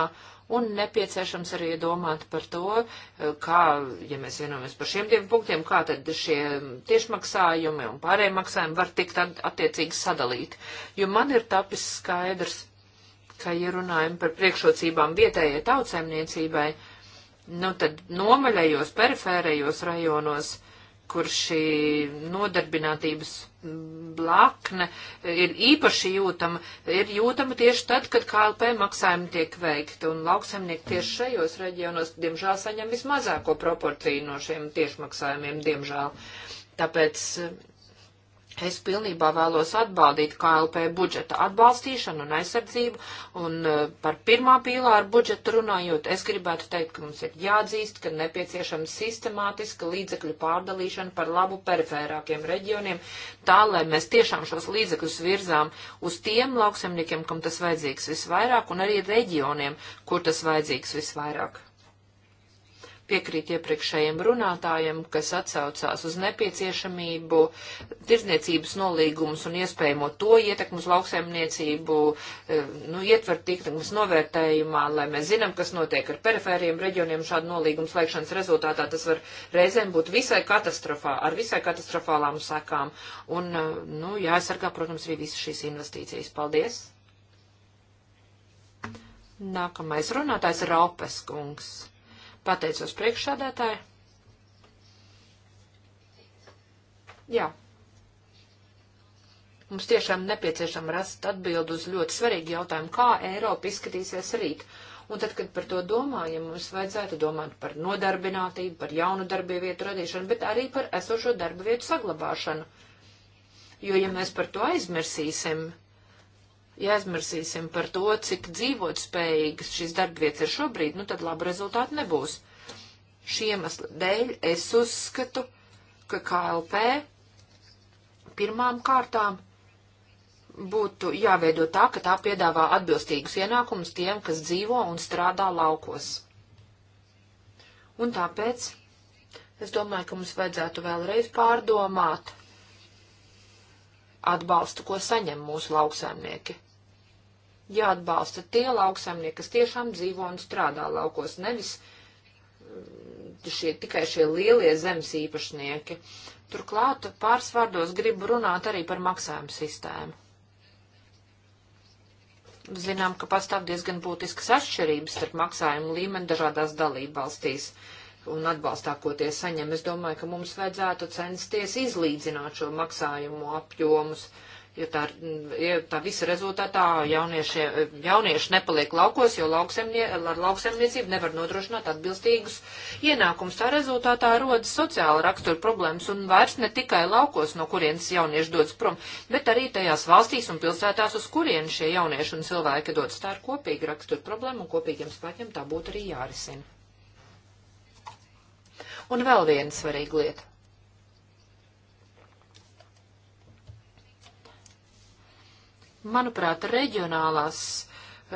Un nepieciešams arī domāt par to, e, kā, ja mēs vienojamies par šiem diviem punktiem, kā tad šie tiešmaksājumi un pārējie maksājumi var tikt attiecīgi sadalīti. Jo man ir tapis skaidrs, ka, ja runājam par priekšrocībām vietējai tautsēmniecībai, uh, nu tad nomaļajos, perifērējos rajonos, kur šī nodarbinātības blakne ir īpaši jūtama, ir jūtama tieši tad, kad KLP maksājumi tiek veikti, un lauksaimnieki tieši šajos reģionos, diemžēl, saņem vismazāko proporciju no šiem tiešmaksājumiem, diemžēl. Tāpēc Es pilnībā vēlos atbaldīt KLP budžeta atbalstīšanu un aizsardzību, un e, par pirmā pīlāra budžetu runājot, es gribētu teikt, ka mums ir jāatzīst, ka nepieciešama sistemātiska līdzekļu pārdalīšana par labu perifērākiem reģioniem, tā, lai mēs tiešām šos līdzekļus virzām uz tiem lauksemniekiem, kam tas vajadzīgs visvairāk, un arī reģioniem, kur tas vajadzīgs visvairāk. Piekrīt iepriekšējiem runātājiem, kas atsaucās uz nepieciešamību tirdzniecības nolīgumus un iespējamo to ietekmu uz lauksaimniecību, e, nu, ietvert ietekmes novērtējumā, lai mēs zinām, kas notiek ar perifēriem reģioniem šādu nolīgumu slēgšanas rezultātā. Tas var reizēm būt visai katastrofā, ar visai katastrofālām sakām. Un, e, nu, jāaizsargā, protams, arī visas šīs investīcijas. Paldies! Nākamais runātājs ir Raupes kungs. Pateicos priekšsādātāji. Jā. Mums tiešām nepieciešama rast atbildi uz ļoti svarīgu jautājumu, kā Eiropa izskatīsies rīt. Un tad, kad par to domājam, mums vajadzētu domāt par nodarbinātību, par jaunu darba vietu radīšanu, bet arī par esošo darba vietu saglabāšanu. Jo, ja mēs par to aizmirsīsim, Ja aizmirsīsim par to, cik dzīvot spējīgas šīs darbvietas ir šobrīd, nu tad laba rezultāta nebūs. Šī iemesla dēļ es uzskatu, ka KLP pirmām kārtām būtu jāveido tā, ka tā piedāvā atbilstīgus ienākumus tiem, kas dzīvo un strādā laukos. Un tāpēc es domāju, ka mums vajadzētu vēlreiz pārdomāt atbalstu, ko saņem mūsu lauksaimnieki jāatbalsta tie lauksaimnieki, kas tiešām dzīvo un strādā laukos, nevis mm, šie, tikai šie lielie zemes īpašnieki. Turklāt pārsvārdos gribu runāt arī par maksājumu sistēmu. Zinām, ka pastāv diezgan būtiskas atšķirības starp maksājumu līmeni dažādās dalībvalstīs un atbalstā, ko tie saņem. Es domāju, ka mums vajadzētu censties izlīdzināt šo maksājumu apjomus. Uh, jo tā, ja tā visa rezultātā jaunieši, jaunieši nepaliek laukos, jo lauksemnie, ar lauksemniecību nevar nodrošināt atbilstīgus ienākumus. Tā rezultātā rodas sociāla rakstura problēmas un vairs ne tikai laukos, no kurienes jaunieši dodas prom, bet arī tajās valstīs un pilsētās, uz kurien šie jaunieši un cilvēki dodas. Tā ir kopīga rakstura problēma un kopīgiem spēkiem tā būtu arī jārisina. Un vēl viena svarīga lieta Manuprāt, reģionālās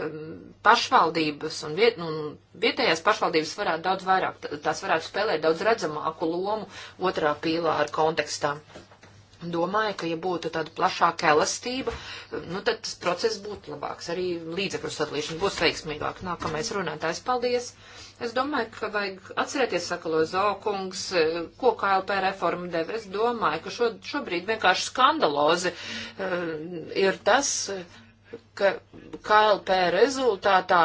um, pašvaldības un, viet, un vietējās pašvaldības varētu daudz vairāk, tās varētu spēlēt daudz redzamāku lomu otrā pīlāra kontekstā. Domāju, ka, ja būtu tāda plašāka elastība, nu, tad tas process būtu labāks. Arī līdzekļu sadalīšana būs veiksmīgāka. Nākamais runātājs, paldies! Es domāju, ka vajag atcerēties, saka Lozokungs, ko KLP reforma deva. Es domāju, ka šo, šobrīd vienkārši skandalozi uh, ir tas, ka KLP rezultātā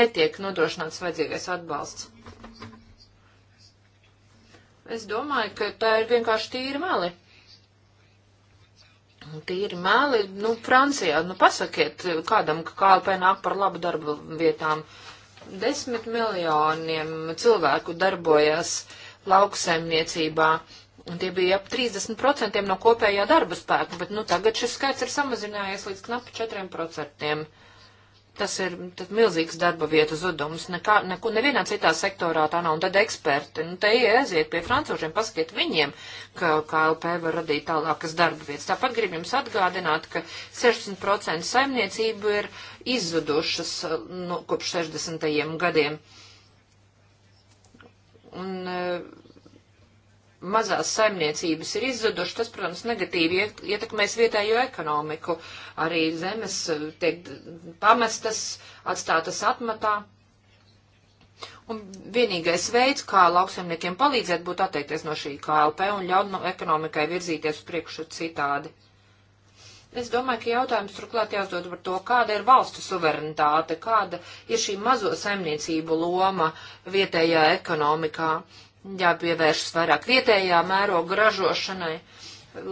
netiek nodrošināts vajadzīgais atbalsts. Es domāju, ka tā ir vienkārši tīri meli. Tīri meli, nu, Francijā, nu, pasakiet kādam, ka KLP nāk par labu darbu vietām. Desmit miljoniem cilvēku darbojās lauksaimniecībā, un tie bija ap 30% no kopējā darba spēka, bet, nu, tagad šis skaits ir samazinājies līdz knap 4%. Tas ir milzīgs darba vietu zudums. Nekā, neku, nevienā citā sektorā tā nav. Un tad eksperti, nu te ieziet pie francūžiem, pasakiet viņiem, ka KLP var radīt tālākas darba vietas. Tāpat grib jums atgādināt, ka 60% saimniecību ir izzudušas nu, kopš 60. gadiem. Un, eh, mazās saimniecības ir izzuduši, tas, protams, negatīvi ietekmēs vietējo ekonomiku. Arī zemes eh, tiek pamestas, atstātas atmatā. Un vienīgais veids, kā lauksaimniekiem palīdzēt, būtu atteikties no šī KLP un ļaut no ekonomikai virzīties priekšu citādi. Es domāju, ka jautājums turklāt jāuzdod par to, kāda ir valstu suverenitāte, kāda ir šī mazo saimniecību loma vietējā ekonomikā. Uh, jāpievēršas vairāk vietējā mēroga ražošanai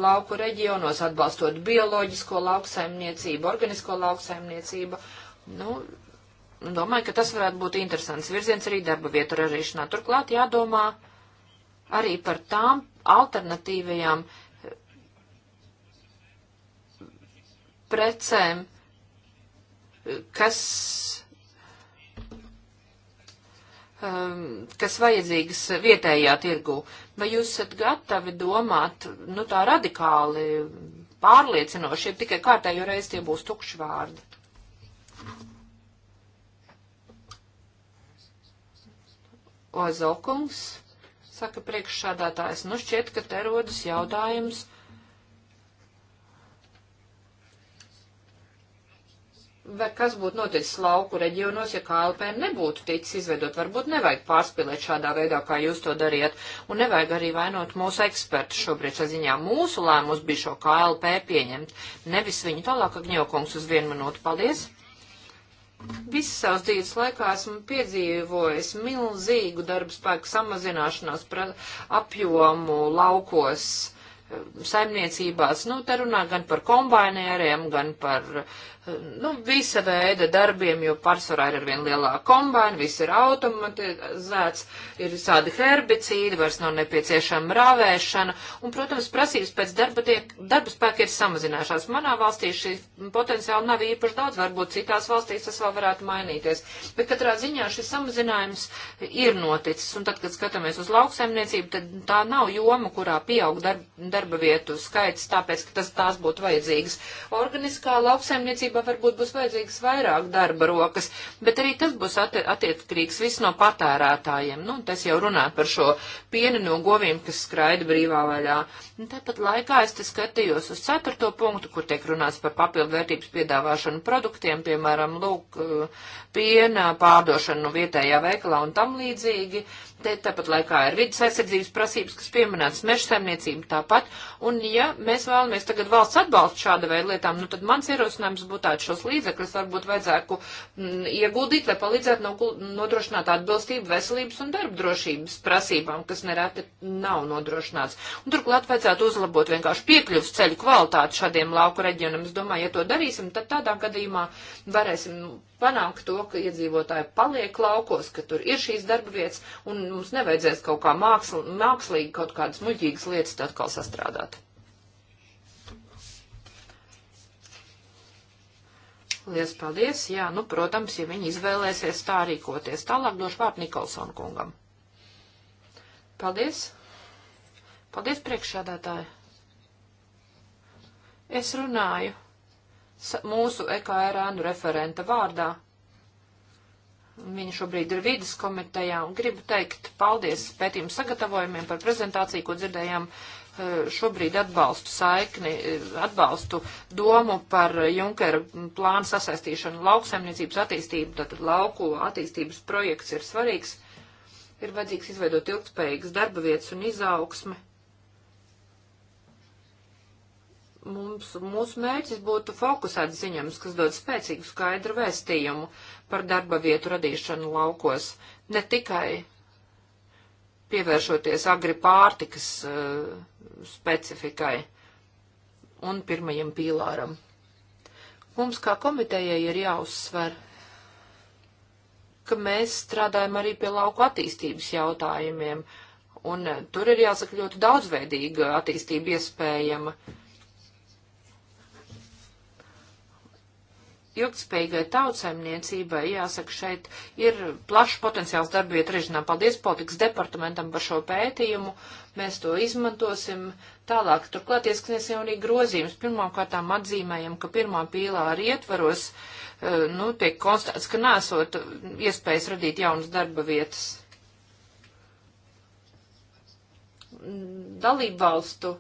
lauku reģionos, atbalstot bioloģisko lauksaimniecību, organisko lauksaimniecību. Nu, domāju, ka tas varētu būt interesants virziens arī darba vietu ražīšanā. Turklāt jādomā arī par tām alternatīvajām eh, precēm, eh, kas Um, kas vajadzīgas vietējā tirgu. Vai jūs esat gatavi domāt, nu tā radikāli, pārliecinoši, ja tikai kārtējo reizi tie būs tukši vārdi? Ozokungs, saka priekšsādātājs, nu šķiet, ka te rodas jautājums vai kas būtu noticis lauku reģionos, ja KLP nebūtu ticis izveidot. Varbūt nevajag pārspīlēt šādā veidā, kā jūs to dariet, un nevajag arī vainot mūsu ekspertu šobrīd šaziņā. Mūsu lēmums bija šo KLP pieņemt, nevis viņu tālāk, Agņokungs, uz vienu minūtu. Paldies! Visu savas dzīves laikā esmu piedzīvojis milzīgu darba spēku samazināšanos apjomu laukos eh, saimniecībās. Nu, te runā gan par kombainēriem, gan par uh, nu, visa veida darbiem, jo pārsvarā ir arvien lielāka kombaina, viss ir automatizēts, ir tādi herbicīdi, vairs nav nepieciešama rāvēšana, un, protams, prasības pēc darba, tiek, darba spēka ir samazinājušās. Manā valstī šī potenciāli nav īpaši daudz, varbūt citās valstīs tas vēl varētu mainīties, bet katrā ziņā šis samazinājums ir noticis, un tad, kad skatāmies uz lauksaimniecību, tad tā nav joma, kurā pieaug darba, darba vietu skaits, tāpēc, ka tas, tās būtu vajadzīgas. Organiskā lauksaimniecība rūpniecībā varbūt būs vajadzīgs vairāk darba rokas, bet arī tas būs attiecīgs viss no patērētājiem. Nu, tas jau runā par šo pienu no govīm, kas skraida brīvā vaļā. Un tāpat laikā es te skatījos uz ceturto punktu, kur tiek runāts par papildvērtības piedāvāšanu produktiem, piemēram, lūk, piena pārdošanu vietējā veikalā un tam līdzīgi. Te tāpat laikā ir vidas aizsardzības prasības, kas pieminētas meža saimniecība tāpat. Un ja mēs vēlamies tagad valsts atbalstu šāda veida lietām, nu tad mans ierosinājums būtu tāds šos līdzekļus varbūt vajadzētu m, mm, ieguldīt, lai palīdzētu no, nodrošināt atbilstību veselības un darba drošības prasībām, kas nereti nav nodrošināts. Un turklāt vajadzētu uzlabot vienkārši piekļuvs ceļu kvalitāti šādiem lauku reģionam. Es domāju, ja to darīsim, tad tādā gadījumā varēsim panākt to, ka iedzīvotāji paliek laukos, ka tur ir šīs darba vietas, un mums nevajadzēs kaut kā māksl, mākslīgi kaut kādas muļķīgas lietas atkal sastrādāt. Lielas paldies, jā, nu, protams, ja viņi izvēlēsies tā rīkoties. Tālāk došu vārdu Nikolson kungam. Paldies. Paldies, priekšsādātāji. Es runāju mūsu EKRN referenta vārdā. Viņa šobrīd ir vidas komitejā un gribu teikt paldies pētījumu sagatavojumiem par prezentāciju, ko dzirdējām e, šobrīd atbalstu saikni, e, atbalstu domu par Junkera plānu sasaistīšanu lauksaimniecības attīstību, tātad lauku attīstības projekts ir svarīgs, ir vajadzīgs izveidot ilgspējīgas darba vietas un izaugsmi Mums, mūsu mērķis būtu fokusēt ziņojums, kas dod spēcīgu skaidru vēstījumu par darba vietu radīšanu laukos, ne tikai pievēršoties agri pārtikas uh, specifikai un pirmajam pīlāram. Mums kā komitejai ir jāuzsver, ka mēs strādājam arī pie lauku attīstības jautājumiem, un eh, tur ir jāsaka ļoti daudzveidīga attīstība iespējama. Uh, ilgspējīgai tautsaimniecībai, jāsaka, šeit ir plašs potenciāls darbvietu režinā. Paldies politikas departamentam par šo pētījumu. Mēs to izmantosim tālāk. Turklāt ieskniesim arī grozījumus. Pirmkārtām atzīmējam, ka pirmā pīlāra ietvaros, eh, nu, tiek konstatēts, ka nesot iespējas radīt jaunas darba vietas. Dalībvalstu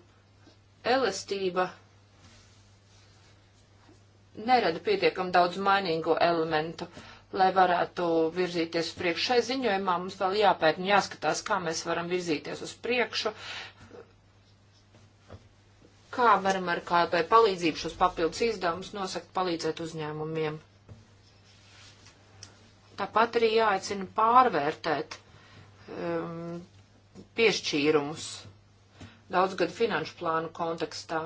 elastība nerada pietiekam daudz mainīgo elementu, lai varētu virzīties uz priekšu. Šai ziņojumā mums vēl jāpēt un jāskatās, kā mēs varam virzīties uz priekšu, kā varam ar KLP palīdzību šos papildus izdevumus nosakt palīdzēt uzņēmumiem. Tāpat arī jāaicina pārvērtēt um, piešķīrumus daudzgadu finanšu plānu kontekstā.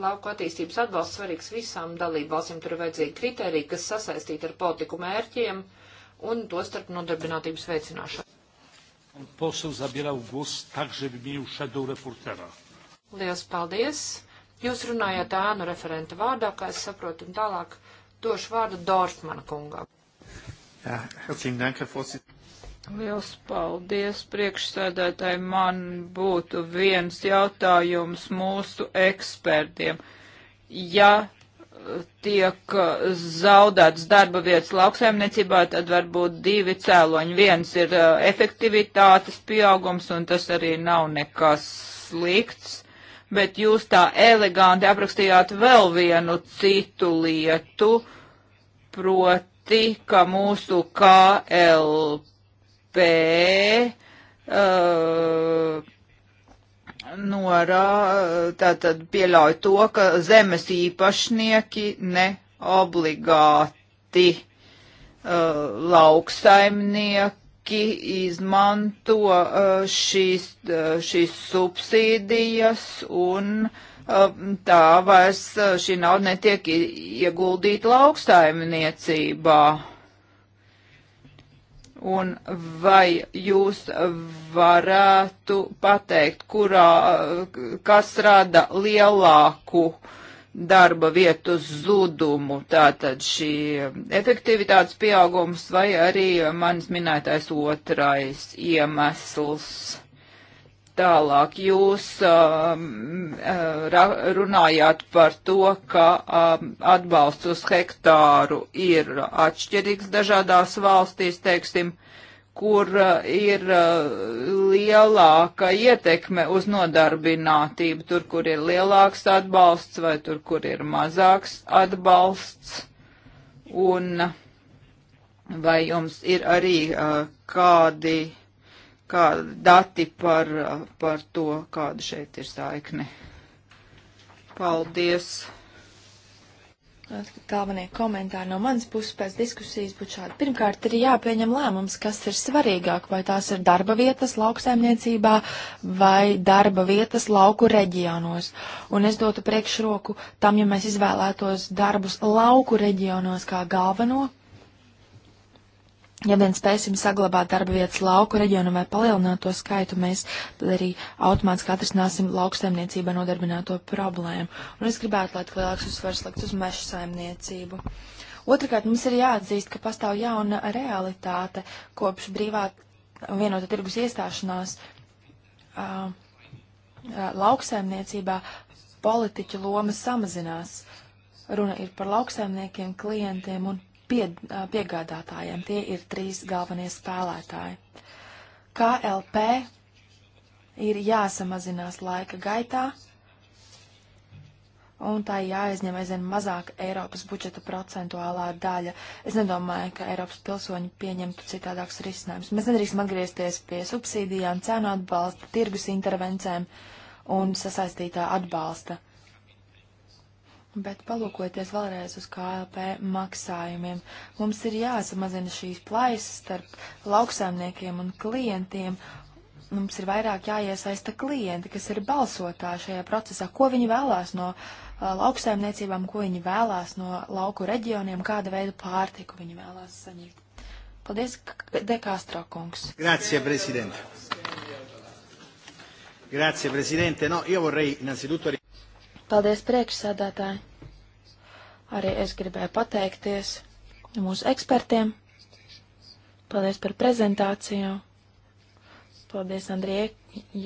Lauku attīstības atbalsts svarīgs visām dalībvalstīm. Tur ir vajadzīgi kriteriji, kas sasaistīti ar politiku mērķiem un to starp nodarbinātības veicināšanu. Lielas paldies! Jūs runājāt ēnu referenta vārdā, kā es saprotu, un tālāk došu vārdu Dorfmana kungam. Jā, ja, Liels paldies priekšsēdētāji. Man būtu viens jautājums mūsu ekspertiem. Ja eh, tiek eh, zaudēts darba vietas lauksaimniecībā, tad varbūt divi cēloņi. Viens ir eh, efektivitātes pieaugums, un tas arī nav nekas slikts, bet jūs tā eleganti aprakstījāt vēl vienu citu lietu, proti, ka mūsu KLP uh, norā, tātad pieļauj to, ka zemes īpašnieki ne obligāti uh, lauksaimnieki izmanto uh, šīs, uh, šīs subsīdijas un uh, tā vairs uh, šī nauda netiek ieguldīta lauksaimniecībā. Un vai jūs varētu pateikt, kurā, kas rada lielāku darba vietu zudumu, tātad šī efektivitātes pieaugums vai arī manis minētais otrais iemesls? Tālāk jūs um, uh, runājāt par to, ka um, atbalsts uz hektāru ir atšķirīgs dažādās valstīs, teiksim, kur uh, ir uh, lielāka ietekme uz nodarbinātību, tur, kur ir lielāks atbalsts vai tur, kur ir mazāks atbalsts. Un vai jums ir arī uh, kādi kā dati par, par to, kāda šeit ir saikne. Paldies! Galvenie komentāri no manas puses pēc diskusijas būtu šādi. Pirmkārt, ir jāpieņem lēmums, kas ir svarīgāk, vai tās ir darba vietas lauksaimniecībā vai darba vietas lauku reģionos. Un es dotu priekšroku tam, ja mēs izvēlētos darbus lauku reģionos kā galveno, Ja vien spēsim saglabāt darba vietas lauku reģionu vai palielināt to skaitu, mēs tad arī automātiski atrisināsim lauksaimniecībā nodarbināto problēmu. Un es gribētu, lai lielāks uzsvars likt uz meža saimniecību. Otrakārt, mums ir jāatzīst, ka pastāv jauna realitāte kopš brīvā vienota tirgus iestāšanās uh, lauksaimniecībā politiķu loma samazinās. Runa ir par lauksaimniekiem, klientiem un pie, piegādātājiem. Tie ir trīs galvenie spēlētāji. KLP ir jāsamazinās laika gaitā, un tā jāizņem aizvien mazāk Eiropas budžeta procentuālā daļa. Es nedomāju, ka Eiropas pilsoņi pieņemtu citādākus risinājumus. Mēs nedrīkstam atgriezties pie subsīdijām, cenu atbalsta, tirgus intervencēm un sasaistītā atbalsta. Bet palūkoties vēlreiz uz KLP maksājumiem, mums ir jāsamazina šīs plaisas starp lauksaimniekiem un klientiem. Mums ir vairāk jāiesaista klienti, kas ir balsotā šajā procesā, ko viņi vēlās no uh, lauksaimniecībām, ko viņi vēlās no lauku reģioniem, kāda veida pārtiku viņi vēlās saņemt. Paldies, Dekāstro kungs. Grazie, prezidente. Grazie, prezidente. No, io vorrei innanzitutto... Paldies priekšsādātāji! Arī es gribēju pateikties mūsu ekspertiem. Paldies par prezentāciju. Paldies Andrie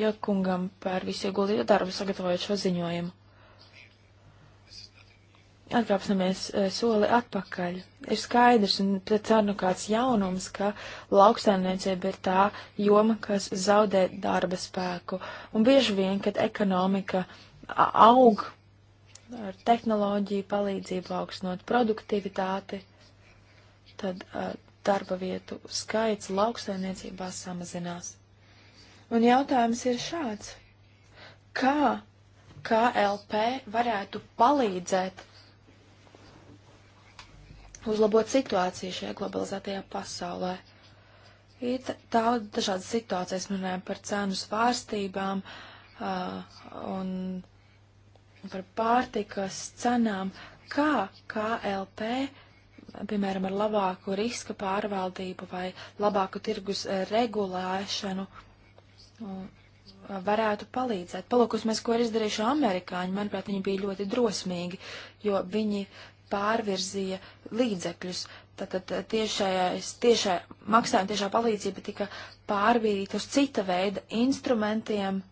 Jakungam par visu ieguldīto darbu sagatavojot šo ziņojumu. Atkāpsimies e, soli atpakaļ. Ir skaidrs un ceru nu kāds jaunums, ka lauksaimniecība ir tā joma, kas zaudē darba spēku. Un bieži vien, kad ekonomika aug, ar tehnoloģiju palīdzību paaugstinot produktivitāti, tad uh, darba vietu skaits lauksaimniecībā samazinās. Un jautājums ir šāds. Kā KLP varētu palīdzēt uzlabot situāciju šajā globalizētajā pasaulē? Ir daudz dažādas situācijas, runājam par cenu svārstībām uh, un par pārtikas cenām, kā KLP, piemēram, ar labāku riska pārvaldību vai labāku tirgus eh, regulēšanu, eh, varētu palīdzēt. Palūkosimies, ko ir izdarījuši amerikāņi. Manuprāt, viņi bija ļoti drosmīgi, jo viņi pārvirzīja līdzekļus. Tātad eh, tiešais, tiešā maksājuma tiešā palīdzība tika pārvīrīta uz cita veida instrumentiem,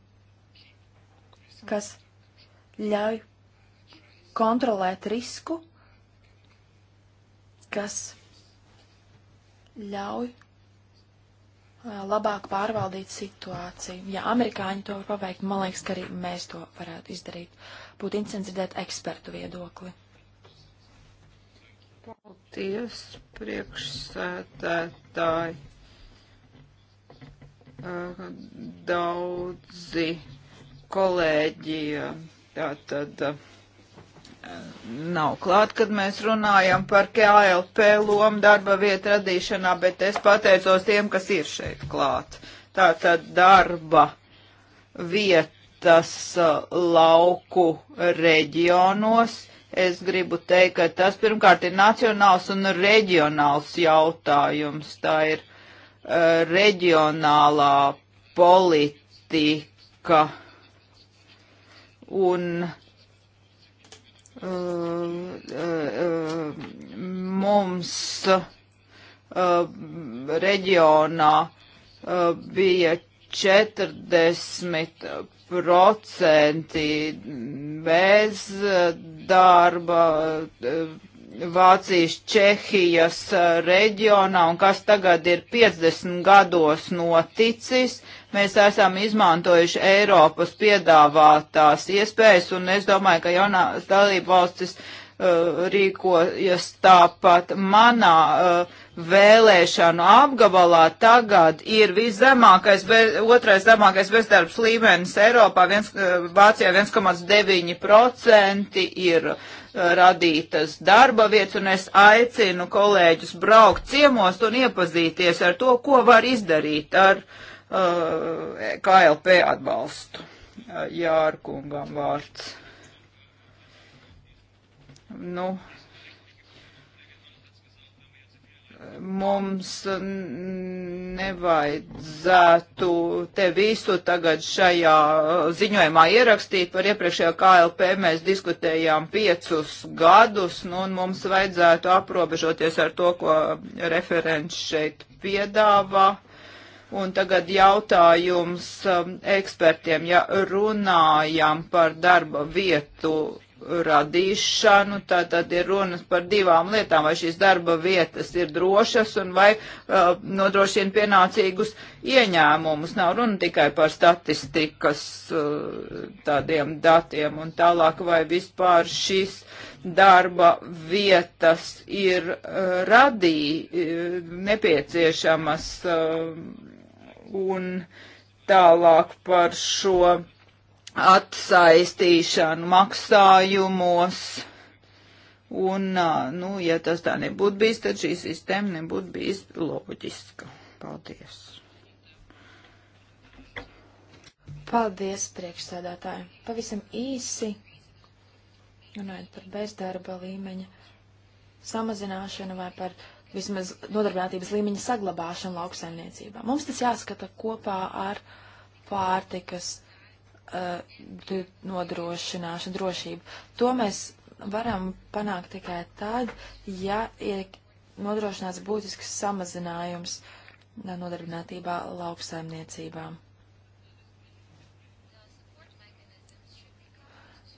kas ļauj kontrolēt risku, kas ļauj labāk pārvaldīt situāciju. Ja amerikāņi to var paveikt, man liekas, ka arī mēs to varētu izdarīt. Būtu incentivēt ekspertu viedokli. Paldies, priekšsētētāji. Daudzi kolēģi Tā tad uh, nav klāt, kad mēs runājam par KLP lomu darba vietu radīšanā, bet es pateicos tiem, kas ir šeit klāt. Tā tad darba vietas uh, lauku reģionos. Es gribu teikt, ka tas pirmkārt ir nacionāls un reģionāls jautājums. Tā ir uh, reģionālā politika un uh, uh, uh, mums uh, reģionā uh, bija 40% bez darba Vācijas, Čehijas uh, reģionā, un kas tagad ir 50 gados noticis, Mēs esam izmantojuši Eiropas piedāvātās iespējas, un es domāju, ka jaunās dalību valstis uh, rīkojas tāpat manā uh, vēlēšanu apgabalā tagad ir viszemākais, be, otrais zemākais bezdarbs līmenis Eiropā, viens, uh, Vācijā 1,9% ir uh, radītas darba vietas, un es aicinu kolēģus braukt ciemos un iepazīties ar to, ko var izdarīt ar uh, Uh, KLP atbalstu. Jārkungam vārds. Nu, mums nevajadzētu te visu tagad šajā uh, ziņojumā ierakstīt. Par iepriekšējā KLP mēs diskutējām piecus gadus, nu, un mums vajadzētu aprobežoties ar to, ko referents šeit piedāvā. Uh, Un tagad jautājums um, ekspertiem, ja runājam par darba vietu radīšanu, tad, tad ir runas par divām lietām, vai šīs darba vietas ir drošas un vai uh, nodrošina pienācīgus ieņēmumus. Nav runa tikai par statistikas uh, tādiem datiem un tālāk, vai vispār šīs darba vietas ir uh, radī uh, nepieciešamas. Uh, un tālāk par šo atsaistīšanu maksājumos. Un, nu, ja tas tā nebūtu bijis, tad šī sistēma nebūtu bijis loģiska. Paldies. Paldies, priekšsēdētāji. Pavisam īsi, runājot par bezdarba līmeņa samazināšanu vai par vismaz nodarbinātības līmeņa saglabāšanu lauksaimniecībā. Mums tas jāskata kopā ar pārtikas uh, nodrošināšanu, drošību. To mēs varam panākt tikai tad, ja ir nodrošināts būtisks samazinājums eh, nodarbinātībā lauksaimniecībā.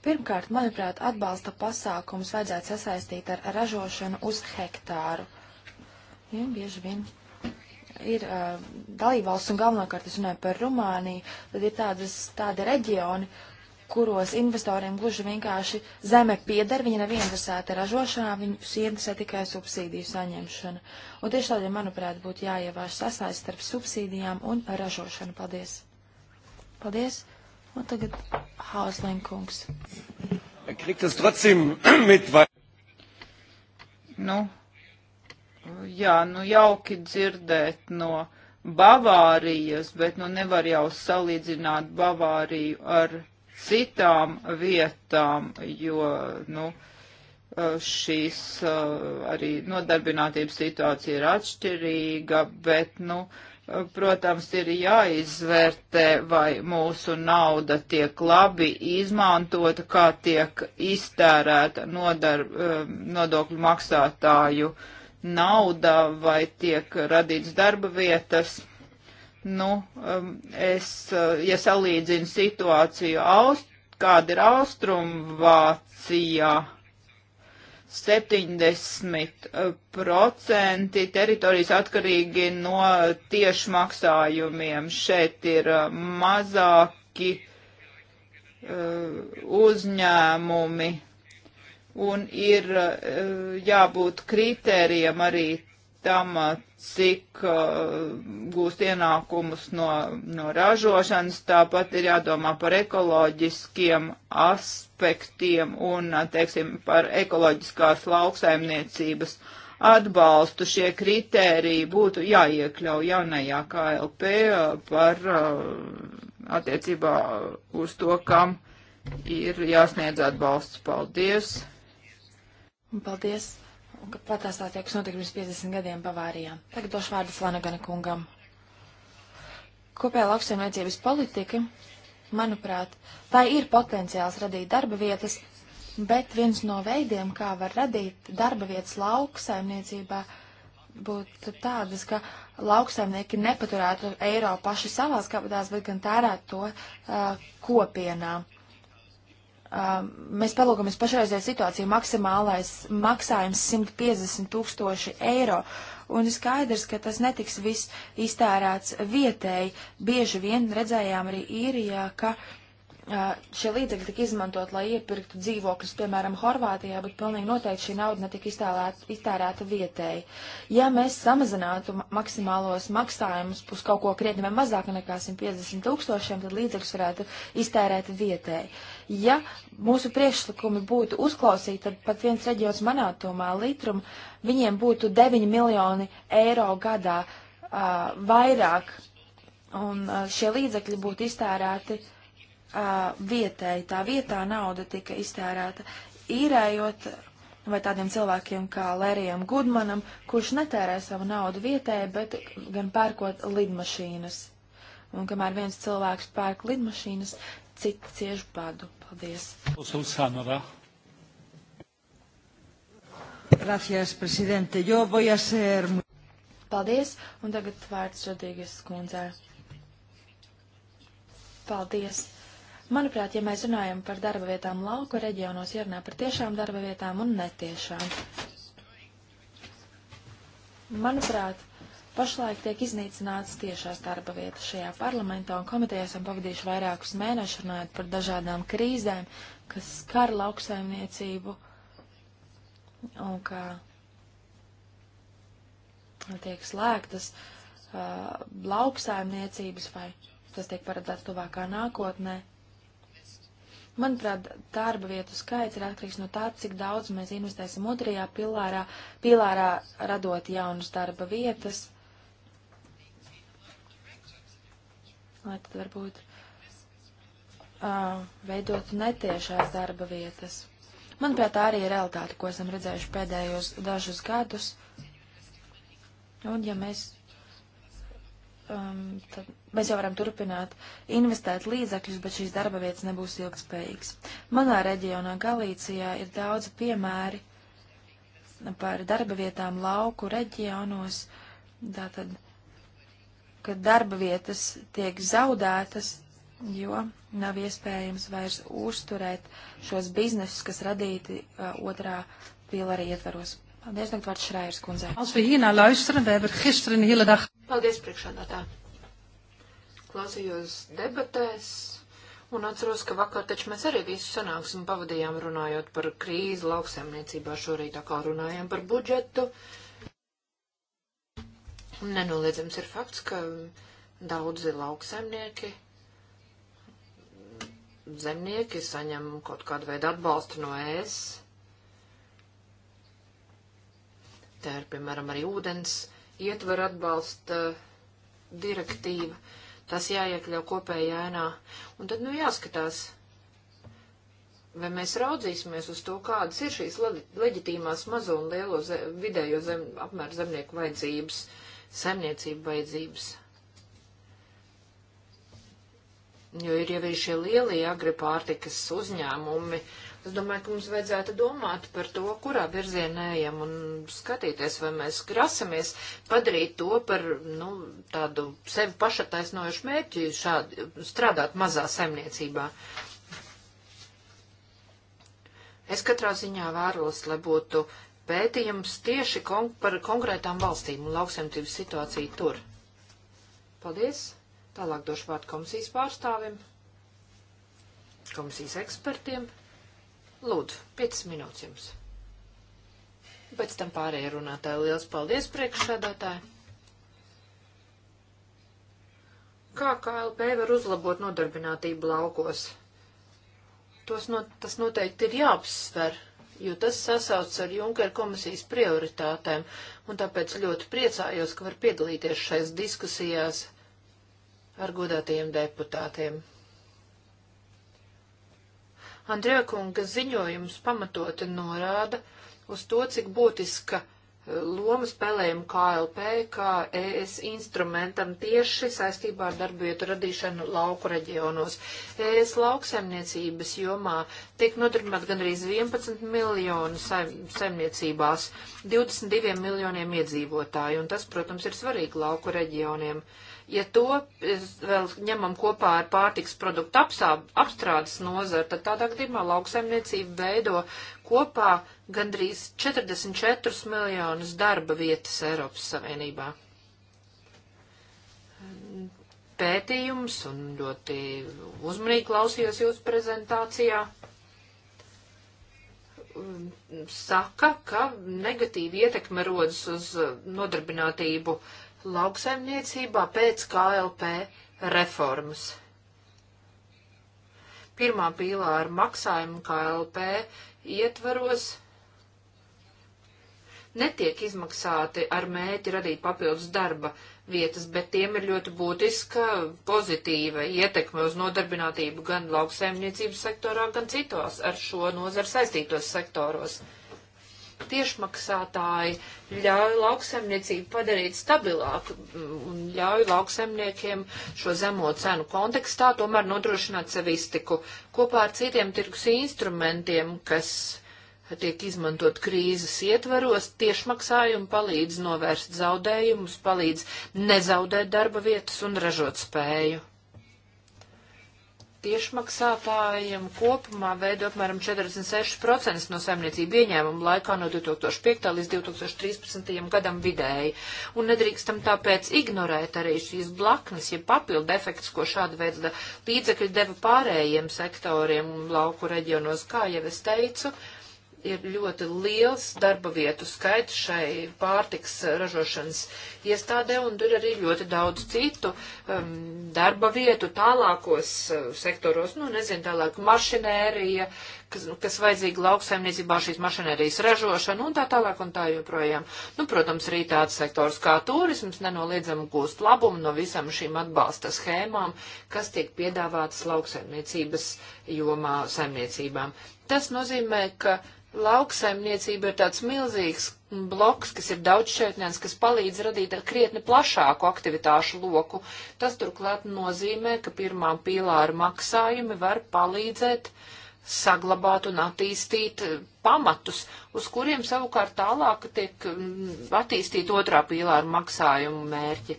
Pirmkārt, manuprāt, atbalsta pasākums vajadzētu sasaistīt ar ražošanu uz hektāru. Ja, bieži vien ir uh, dalībvalsts un galvenokārt es runāju par Rumāniju, tad ir tādas, tādi reģioni, kuros investoriem gluži vienkārši zeme pieder, viņi nav interesēti ražošanā, viņus interesē tikai subsīdiju saņemšana. Un tieši tādēļ, manuprāt, būtu jāievērš sasaist starp subsīdijām un ražošanu. Paldies! Paldies! Un tagad Hauslinkungs. Nu, Jā, nu jauki dzirdēt no Bavārijas, bet nu nevar jau salīdzināt Bavāriju ar citām vietām, jo, nu, šīs eh, arī nodarbinātības situācija ir atšķirīga, bet, nu, protams, ir jāizvērtē, vai mūsu nauda tiek labi izmantota, kā tiek iztērēta nodar, eh, nodokļu maksātāju uh, nauda vai tiek radīts darba vietas. Nu, um, es, uh, ja salīdzinu situāciju, Aust, kāda ir Austrumvācijā, 70% teritorijas atkarīgi no tiešmaksājumiem. Šeit ir uh, mazāki uh, uzņēmumi un ir eh, jābūt kritērijam arī tam, eh, cik eh, gūst ienākumus no, no ražošanas, tāpat ir jādomā par ekoloģiskiem aspektiem un, teiksim, par ekoloģiskās lauksaimniecības atbalstu. Šie kritēriji būtu jāiekļau jaunajā KLP par attiecībā uz to, kam ir jāsniedz atbalsts. Paldies! Un paldies, un ka patāstāt, ja kas notika pirms 50 gadiem Bavārijā. Tagad došu vārdu Flanagana kungam. Kopējā lauksaimniecības politika, manuprāt, tā ir potenciāls radīt darba vietas, bet viens no veidiem, kā var radīt darba vietas lauksaimniecībā, būtu tādas, ka lauksaimnieki nepaturētu eiro paši savās kabatās, bet gan tērētu to uh, kopienām. Um, mēs palūkamies pašreizējā situācija, maksimālais maksājums 150 tūkstoši eiro, un ir skaidrs, ka tas netiks viss iztērēts vietēji. Bieži vien redzējām arī īrijā, ka uh, šie līdzekļi tika izmantot, lai iepirktu dzīvokļus, piemēram, Horvātijā, bet pilnīgi noteikti šī nauda netika iztēlēt, iztērēta vietēji. Ja mēs samazinātu maksimālos maksājumus uz kaut ko krietni vai mazāk nekā 150 tūkstošiem, tad līdzekļus varētu iztērēt vietēji. Ja mūsu priekšlikumi būtu uzklausīti, tad pat viens reģions manā tomā litrum, viņiem būtu 9 miljoni eiro gadā uh, vairāk, un uh, šie līdzekļi būtu iztērēti uh, uh, vietēji. Tā vietā nauda tika iztērēta īrējot vai tādiem cilvēkiem kā Lērijam Gudmanam, kurš netērē savu naudu vietēji, bet gan pērkot lidmašīnas. Un kamēr viens cilvēks pērk lidmašīnas, citi cieš badu. Paldies. Gracias, presidente. Yo voy a ser... Paldies, un tagad vārds Rodīgas kundzē. Paldies. Manuprāt, ja mēs runājam par darba vietām lauku reģionos, jārunā par tiešām darba vietām un netiešām. Manuprāt, pašlaik tiek iznīcināts tiešās darba vietas šajā parlamentā un komitejā esam pavadījuši vairākus mēnešus runājot par dažādām krīzēm, kas skar lauksaimniecību un kā tiek slēgtas uh, lauksaimniecības vai tas tiek paredzēts tuvākā nākotnē. Manuprāt, darba vietu skaits ir atkarīgs no tā, cik daudz mēs investēsim otrajā pilārā, pilārā radot jaunas darba vietas. Lai tad varbūt uh, veidot netiešās darba vietas. Manuprāt, tā arī ir realitāte, ko esam redzējuši pēdējos dažus gadus. Un ja mēs um, tad mēs jau varam turpināt investēt līdzekļus, bet šīs darba vietas nebūs ilgspējīgas. Manā reģionā Galīcijā ir daudz piemēri par darba vietām lauku reģionos, tātad, kad darba vietas tiek zaudētas, jo nav iespējams vairs uzturēt šos biznesus, kas radīti uh, otrā pilāra ietvaros. Paldies, Dr. Šraiers kundzei. Als we hier naar luisteren, we hebben gisteren een hele dag. Paldies priekšādātā. Klausījos debatēs un atceros, ka vakar taču mēs arī visu sanāksim pavadījām runājot par krīzi lauksaimniecībā šorīt, tā kā runājām par budžetu. Nenoliedzams ir fakts, ka daudzi lauksaimnieki zemnieki saņem kaut kādu veidu atbalstu no ēs. Te ir, piemēram, arī ūdens ietver atbalsta direktīva. Tas jāiekļau kopējā ēnā. Un tad, nu, jāskatās, vai mēs raudzīsimies uz to, kādas ir šīs leģitīmās mazo un lielo ze vidējo zem apmēru zemnieku vajadzības, saimniecību vajadzības. Jo ir jau arī šie lielie agripārtikas uzņēmumi, uh, Es domāju, ka mums vajadzētu domāt par to, kurā virzienā ejam un skatīties, vai mēs grasamies padarīt to par nu, tādu sevi pašataisnojušu mērķi, šādi, strādāt mazā saimniecībā. Es katrā ziņā vēros, lai būtu pētījums tieši kon par konkrētām valstīm un lauksemtības situāciju tur. Paldies! Tālāk došu vārdu komisijas pārstāvim, komisijas ekspertiem. Lūdzu, 5 minūtes jums. Pēc tam pārējie runātāji. Liels paldies priekšsēdētāji! Kā KLP var uzlabot nodarbinātību laukos? Tos no, tas noteikti ir jāapsver, jo tas sasauc ar Junkera komisijas prioritātēm, un tāpēc ļoti priecājos, ka var piedalīties šais diskusijās ar godātajiem deputātiem. Andrija kunga ziņojums pamatoti norāda uz to, cik būtiska e, loma spēlējuma KLP, kā ES instrumentam tieši saistībā ar darbvietu radīšanu lauku reģionos. ES lauksaimniecības jomā tiek nodarbināt gandrīz 11 miljonu saimniecībās 22 miljoniem iedzīvotāju, un tas, protams, ir svarīgi lauku reģioniem. Uh, Ja to vēl ņemam kopā ar pārtiks produktu apsāb, apstrādes nozaru, tad tādā gadījumā lauksaimniecība veido kopā gandrīz 44 miljonus darba vietas Eiropas Savienībā. Pētījums un ļoti uzmanīgi klausījos jūsu prezentācijā um, saka, ka negatīva ietekme rodas uz uh, nodarbinātību uh, lauksaimniecībā pēc KLP reformas. Pirmā pīlā ar maksājumu KLP ietvaros netiek izmaksāti ar mēķi radīt papildus darba vietas, bet tiem ir ļoti būtiska pozitīva ietekme uz nodarbinātību gan lauksaimniecības sektorā, gan citos ar šo nozaru saistītos sektoros. Mm tiešmaksātāji ļauj lauksaimniecību padarīt stabilāku mm, un ļauj lauksaimniekiem šo zemo cenu kontekstā tomēr nodrošināt sev iztiku kopā ar citiem tirgus instrumentiem, kas tiek izmantot krīzes ietvaros, tiešmaksājumi palīdz novērst zaudējumus, palīdz nezaudēt darba vietas un ražot spēju tiešmaksātājiem kopumā veido apmēram 46% no saimniecību ieņēmumu laikā no 2005. līdz 2013. gadam vidēji. Un nedrīkstam tāpēc ignorēt arī šīs blaknes, ja papildu efekts, ko šāda veida līdzekļi deva pārējiem sektoriem lauku reģionos, kā jau es teicu. Uh, ir ļoti liels darba vietu skaits šai pārtiks ražošanas iestādē, un tur arī ļoti daudz citu um, darba vietu tālākos uh, sektoros, nu, nezinu, tālāk mašinērija, kas, kas vajadzīgi lauksaimniecībā šīs mašinērijas ražošana un tā tālāk un tā joprojām. Nu, protams, arī tāds sektors kā turisms nenoliedzami gūst labumu no visam šīm atbalsta schēmām, kas tiek piedāvātas lauksaimniecības jomā saimniecībām. Tas nozīmē, ka lauksaimniecība ir tāds milzīgs bloks, kas ir daudzšķaitnēns, kas palīdz radīt krietni plašāku aktivitāšu loku. Tas turklāt nozīmē, ka pirmā pīlāra maksājumi var palīdzēt uh, saglabāt un attīstīt pamatus, uz kuriem savukārt tālāk tiek mm, attīstīt otrā pīlāra maksājumu mērķi.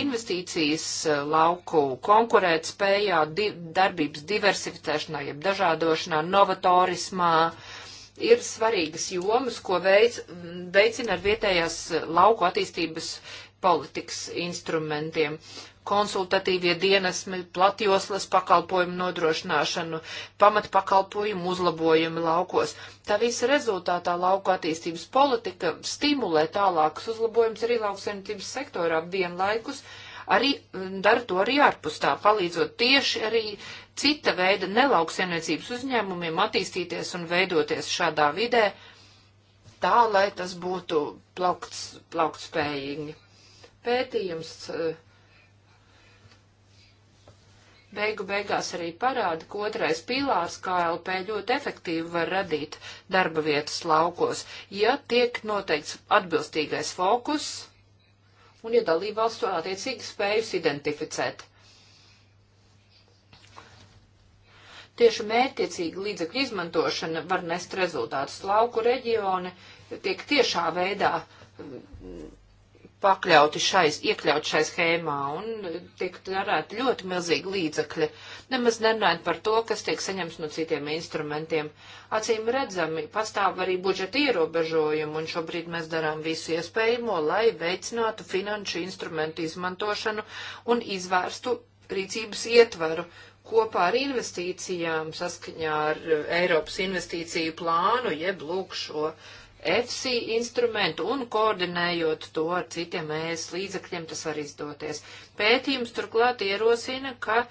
Investīcijas eh, lauku konkurēt spējā, di darbības diversificēšanā, jeb dažādošanā, novatorismā, ir svarīgas jomas, ko veic, veicina ar vietējās eh, lauku attīstības politikas instrumentiem. Uh, konsultatīvie dienesmi, platjoslas pakalpojumu nodrošināšanu, pamatpakalpojumu uzlabojumi laukos. Tā visa rezultātā lauku attīstības politika stimulē tālākus uzlabojumus arī lauksaimniecības sektorā vienlaikus, arī mm, dara to arī ārpus tā, palīdzot tieši arī cita veida nelauksaimniecības uzņēmumiem attīstīties un veidoties šādā vidē, tā, lai tas būtu plaukts, plaukts spējīgi. Pētījums uh, beigu beigās arī parāda, ka otrais pīlārs KLP ļoti efektīvi var radīt darba vietas laukos, ja tiek noteikts atbilstīgais fokus un ja dalībvalsts to attiecīgi spējas identificēt. Tieši mērķiecīga līdzekļu izmantošana var nest rezultātus. Lauku reģioni tiek tiešā veidā pakļauti šai, iekļaut šai schēmā un tiek darēta ļoti milzīga līdzakļa. Nemaz nerunājot par to, kas tiek saņemts no citiem instrumentiem. Acīm redzami, pastāv arī budžeta ierobežojumi, un šobrīd mēs darām visu iespējamo, lai veicinātu finanšu instrumentu izmantošanu un izvērstu rīcības ietvaru kopā ar investīcijām saskaņā ar Eiropas investīciju plānu, jeb lūk šo uh, EFSI instrumentu un koordinējot to ar citiem ES līdzakļiem, tas var izdoties. Pētījums turklāt ierosina, ka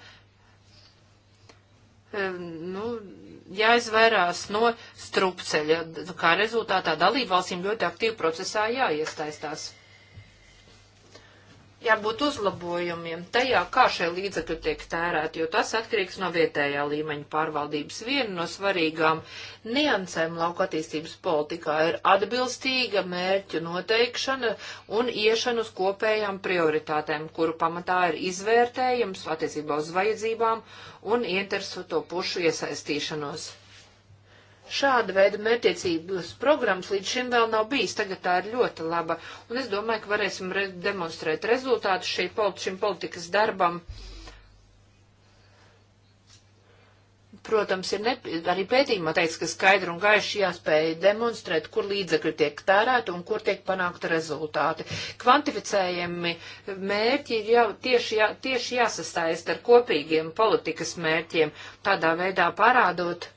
nu, jāizvairās no strupceļa, kā rezultātā dalībvalstīm ļoti aktīvi procesā jāiestaistās jābūt uzlabojumiem tajā, kā šie līdzekļi tiek tērēti, jo tas atkarīgs no vietējā līmeņa pārvaldības. Viena no svarīgām niansēm lauka attīstības politikā ir atbilstīga mērķu noteikšana un iešana uz kopējām prioritātēm, kuru pamatā ir izvērtējums attiecībā uz vajadzībām un interesu to pušu iesaistīšanos. Šāda veida mērķiecības programmas līdz šim vēl nav bijis, tagad tā ir ļoti laba, un es domāju, ka varēsim re demonstrēt rezultātu šī, polit šim politikas darbam. Protams, ir ne, arī pētījumā teikts, ka skaidri un gaiši jāspēj demonstrēt, kur līdzekļi tiek tērēti un kur tiek panākta rezultāti. Kvantificējami mērķi ir jau tieši, jā, tieši jāsastaist ar kopīgiem politikas mērķiem, tādā veidā parādot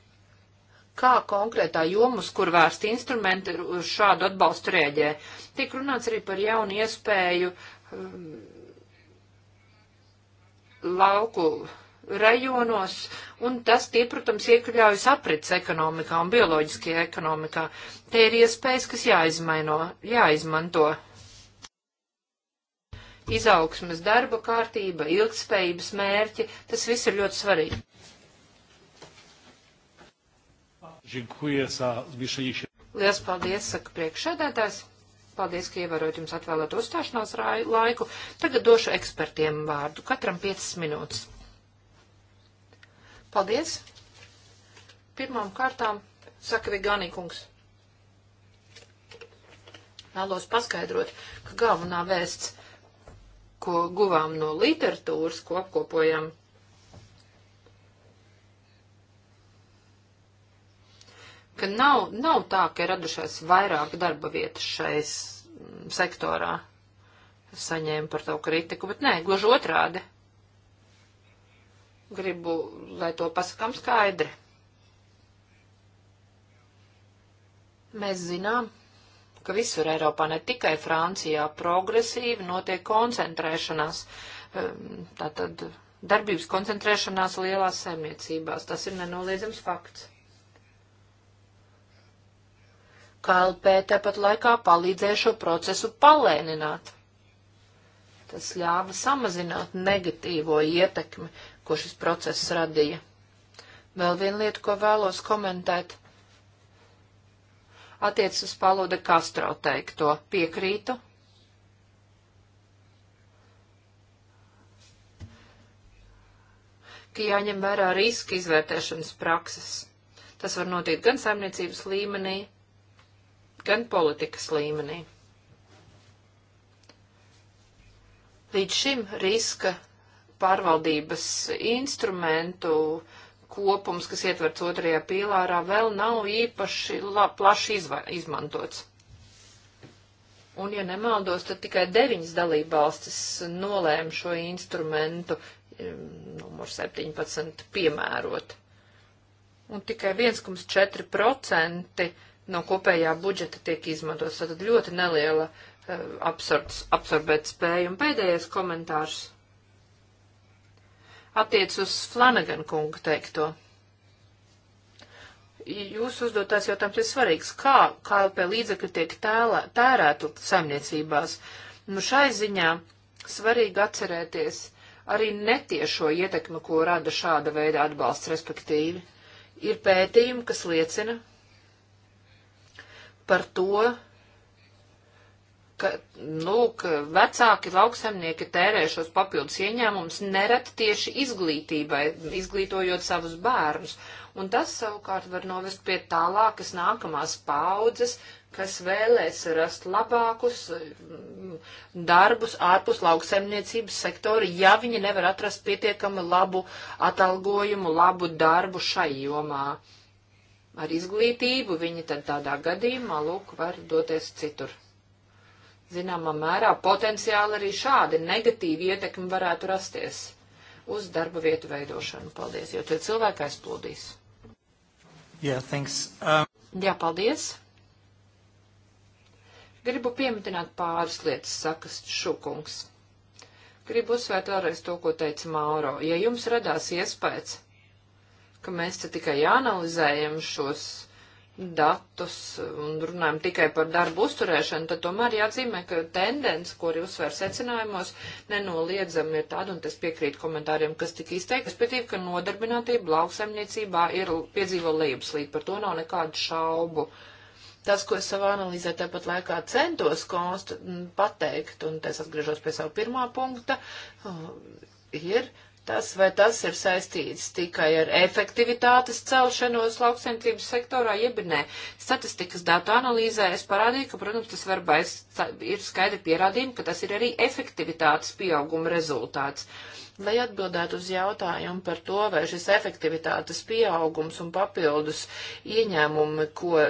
kā konkrētā joma, uz kur vērsti instrumenti uz šādu atbalstu rēģē. Tiek runāts arī par jaunu iespēju um, lauku rajonos, un tas tie, protams, iekļaujas aprits ekonomikā un bioloģiskajā ekonomikā. Te ir iespējas, kas jāizmaino, jāizmanto. Izaugsmes darba kārtība, ilgspējības mērķi, tas viss ir ļoti svarīgi. Lielas paldies, saka priekšsēdētājs. Paldies, ka ievērojat jums atvēlēt uzstāšanās laiku. Tagad došu ekspertiem vārdu, katram 5 minūtes. Paldies. Pirmām kārtām, saka Vigānī kungs. Vēlos paskaidrot, ka galvenā vēsts, ko guvām no literatūras, ko apkopojam ka nav, nav tā, ka ir radušās vairāk darba vietas šais sektorā. Es saņēmu par to kritiku, bet nē, gluži otrādi. Gribu, lai to pasakām skaidri. Mēs zinām, ka visur Eiropā, ne tikai Francijā, progresīvi notiek koncentrēšanās, um, tātad darbības koncentrēšanās lielās saimniecībās. Tas ir nenoliedzams fakts. KLP tepat laikā palīdzēja šo procesu palēnināt. Tas ļāva samazināt negatīvo ietekmi, ko šis process radīja. Vēl viena lieta, ko vēlos komentēt, attiec uz Palode Kastro teikto. Piekrītu. ka jāņem vērā riska izvērtēšanas prakses. Tas var notikt gan saimniecības līmenī, gan politikas līmenī. Līdz šim riska pārvaldības instrumentu kopums, kas ietverts otrajā pīlārā, vēl nav īpaši la, plaši izva, izmantots. Un, ja nemaldos, tad tikai deviņas dalībvalstis nolēma šo instrumentu numur 17 piemērot. Un tikai 1,4% no kopējā budžeta tiek izmantots. Tad ļoti neliela uh, eh, absorbs, absorbēt spēja. Un pēdējais komentārs attiec uz Flanagan kunga teikto. Jūsu uzdotās jautājums ir svarīgs. Kā KLP līdzekļi tiek tēlā, tērētu saimniecībās? Nu, šai ziņā svarīgi atcerēties arī netiešo ietekmi, ko rada šāda veida atbalsts, respektīvi. Ir pētījumi, kas liecina, par to, ka, lūk, nu, vecāki lauksemnieki tērē šos papildus ieņēmumus neret tieši izglītībai, izglītojot savus bērnus. Un tas savukārt var novest pie tālākas nākamās paudzes, kas vēlēs rast labākus mm, darbus ārpus lauksaimniecības sektora, ja viņi nevar atrast pietiekami labu atalgojumu, labu darbu šai jomā ar izglītību, viņi tad tādā gadījumā, lūk, var doties citur. Zināmā mērā potenciāli arī šādi negatīvi ietekmi varētu rasties uz darba vietu veidošanu. Paldies, jo tie cilvēki aizplūdīs. Yeah, thanks. Um... Jā, paldies. Gribu pieminēt pāris lietas, saka Šukungs. Gribu uzsvērt vēlreiz to, ko teica Mauro. Ja jums radās iespējas, ka mēs te tikai analizējam šos datus un runājam tikai par darbu uzturēšanu, tad tomēr jāatzīmē, ka tendence, ko arī uzsver secinājumos, nenoliedzami ir tāda, un tas piekrīt komentāriem, kas tika izteikts, respektīvi, ka nodarbinātība lauksaimniecībā ir piedzīvo lejupslīd, par to nav nekādu šaubu. Tas, ko es savā analīzē tāpat laikā centos konst, pateikt, un es atgriežos pie savu pirmā punkta, uh, ir Tas vai tas ir saistīts tikai ar efektivitātes celšanos lauksaimniecības sektorā, jeb nē. Statistikas datu analīzē es parādīju, ka, protams, tas var baist, ir skaidri pierādījumi, ka tas ir arī efektivitātes pieauguma rezultāts. Uh, Lai atbildētu uz jautājumu par to, vai šis efektivitātes pieaugums un papildus ieņēmumi, ko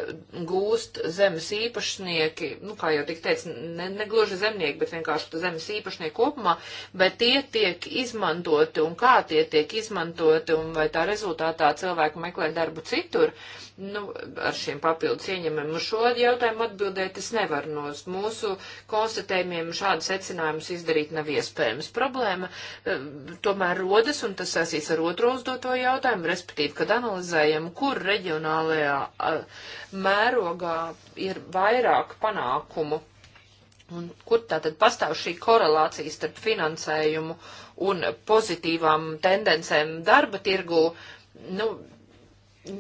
gūst zemes īpašnieki, nu, kā jau tik teic, ne, negluži zemnieki, bet vienkārši zemes īpašnieki kopumā, bet tie tiek izmantoti un kā tie tiek izmantoti un vai tā rezultātā cilvēki meklē darbu citur, nu, ar šiem papildus ieņemumiem. Uz šo jautājumu atbildēt es nevaru no mūsu konstatējumiem šādu secinājumus izdarīt nav iespējams. Problēma eh, tomēr rodas, un tas saistīts ar otro uzdoto jautājumu, respektīvi, kad analizējam, kur reģionālajā a, mērogā ir vairāk panākumu, un kur tātad pastāv šī korelācija starp finansējumu un pozitīvām tendencēm darba tirgu, nu,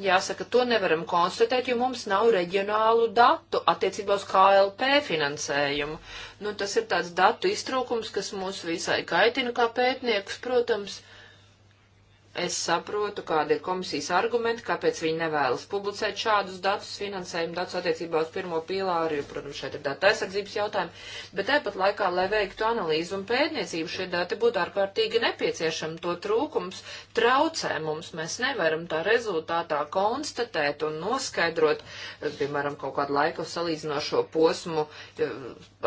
Jāsaka, to nevaram konstatēt, jo mums nav reģionālu datu attiecībā uz KLP finansējumu. Nu, tas ir tāds datu iztrūkums, kas mūs visai kaitina kā pētniekus, protams. Uh, Es saprotu, kāda ir komisijas argumenti, kāpēc viņi nevēlas publicēt šādus datus, finansējumu datus attiecībā uz pirmo pīlāru, jo, protams, šeit ir data aizsardzības jautājumi, bet tāpat laikā, lai veiktu analīzu un pētniecību, šie dati būtu ārkārtīgi nepieciešami. To trūkums traucē mums. Mēs nevaram tā rezultātā konstatēt un noskaidrot, piemēram, kaut kādu laiku salīdzinošo posmu eh,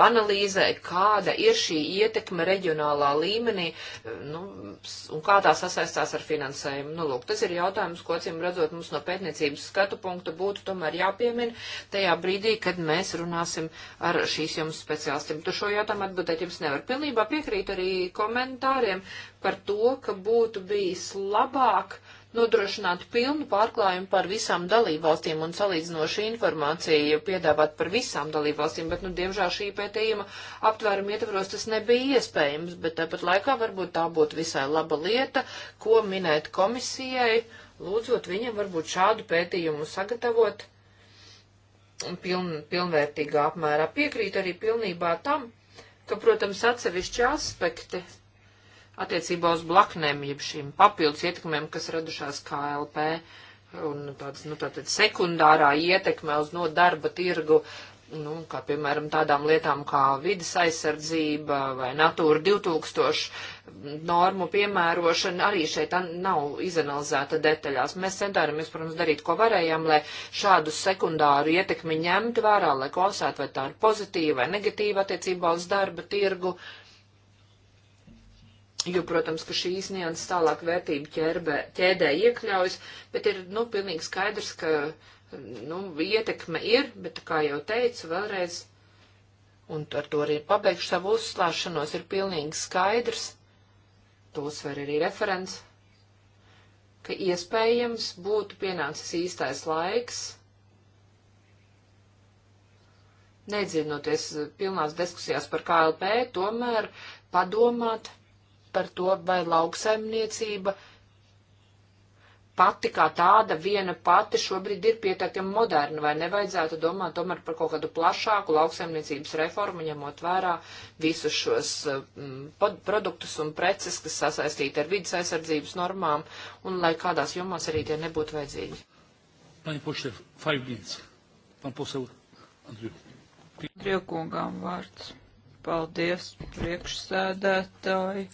analīzē, kāda ir šī ietekme reģionālā līmenī eh, nu, un kā tā sasaistās ar finansējumu finansējumu. Nu, lūk, tas ir jautājums, ko, cim redzot, mums no pētniecības skatu punktu būtu tomēr jāpiemina tajā brīdī, kad mēs runāsim ar šīs jums speciālistiem. Tur šo jautājumu atbildēt jums nevar. Pilnībā piekrīt arī komentāriem par to, ka būtu bijis labāk nodrošinātu pilnu pārklājumu par visām dalībvalstīm un salīdzinošu informāciju piedāvāt par visām dalībvalstīm, bet, nu, diemžēl šī pētījuma aptvērumu ietvaros tas nebija iespējams, bet tāpat laikā varbūt tā būtu visai laba lieta, ko minēt komisijai, lūdzot viņam varbūt šādu pētījumu sagatavot. Piln, pilnvērtīgā apmērā piekrīt arī pilnībā tam, ka, protams, atsevišķi aspekti attiecībā uz blaknēm, jeb šīm papildus ietekmēm, kas radušās KLP un tāds, nu, tātad sekundārā ietekme uz no darba tirgu, nu, kā piemēram tādām lietām kā vidas aizsardzība vai Natūra 2000 normu piemērošana, arī šeit nav izanalizēta detaļās. Mēs centāmies, protams, darīt, ko varējām, lai šādu sekundāru ietekmi ņemtu vērā, lai klausētu, vai tā ir pozitīva vai negatīva attiecībā uz darba tirgu. Uh, jo, protams, ka šīs nianses tālāk vērtību ķerbē, ķēdē iekļaujas, bet ir, nu, pilnīgi skaidrs, ka, nu, ietekme ir, bet, kā jau teicu, vēlreiz, un ar to arī pabeigšu savu uzslāšanos, ir pilnīgi skaidrs, to uzsver arī referents, ka iespējams būtu pienācis īstais laiks nedzinoties pilnās diskusijās par KLP, tomēr padomāt par to, vai lauksaimniecība pati kā tāda viena pati šobrīd ir pietiekami moderna, vai nevajadzētu domāt tomēr par kaut kādu plašāku lauksaimniecības reformu, ņemot vērā visus šos mm, produktus un preces, kas sasaistīti ar vidas aizsardzības normām, un lai kādās jomās arī tie nebūtu vajadzīgi. Pani Poštev, 5 minūtes. Pan posev Andriju. Andriju kungām vārds. Paldies, priekšsēdētāji.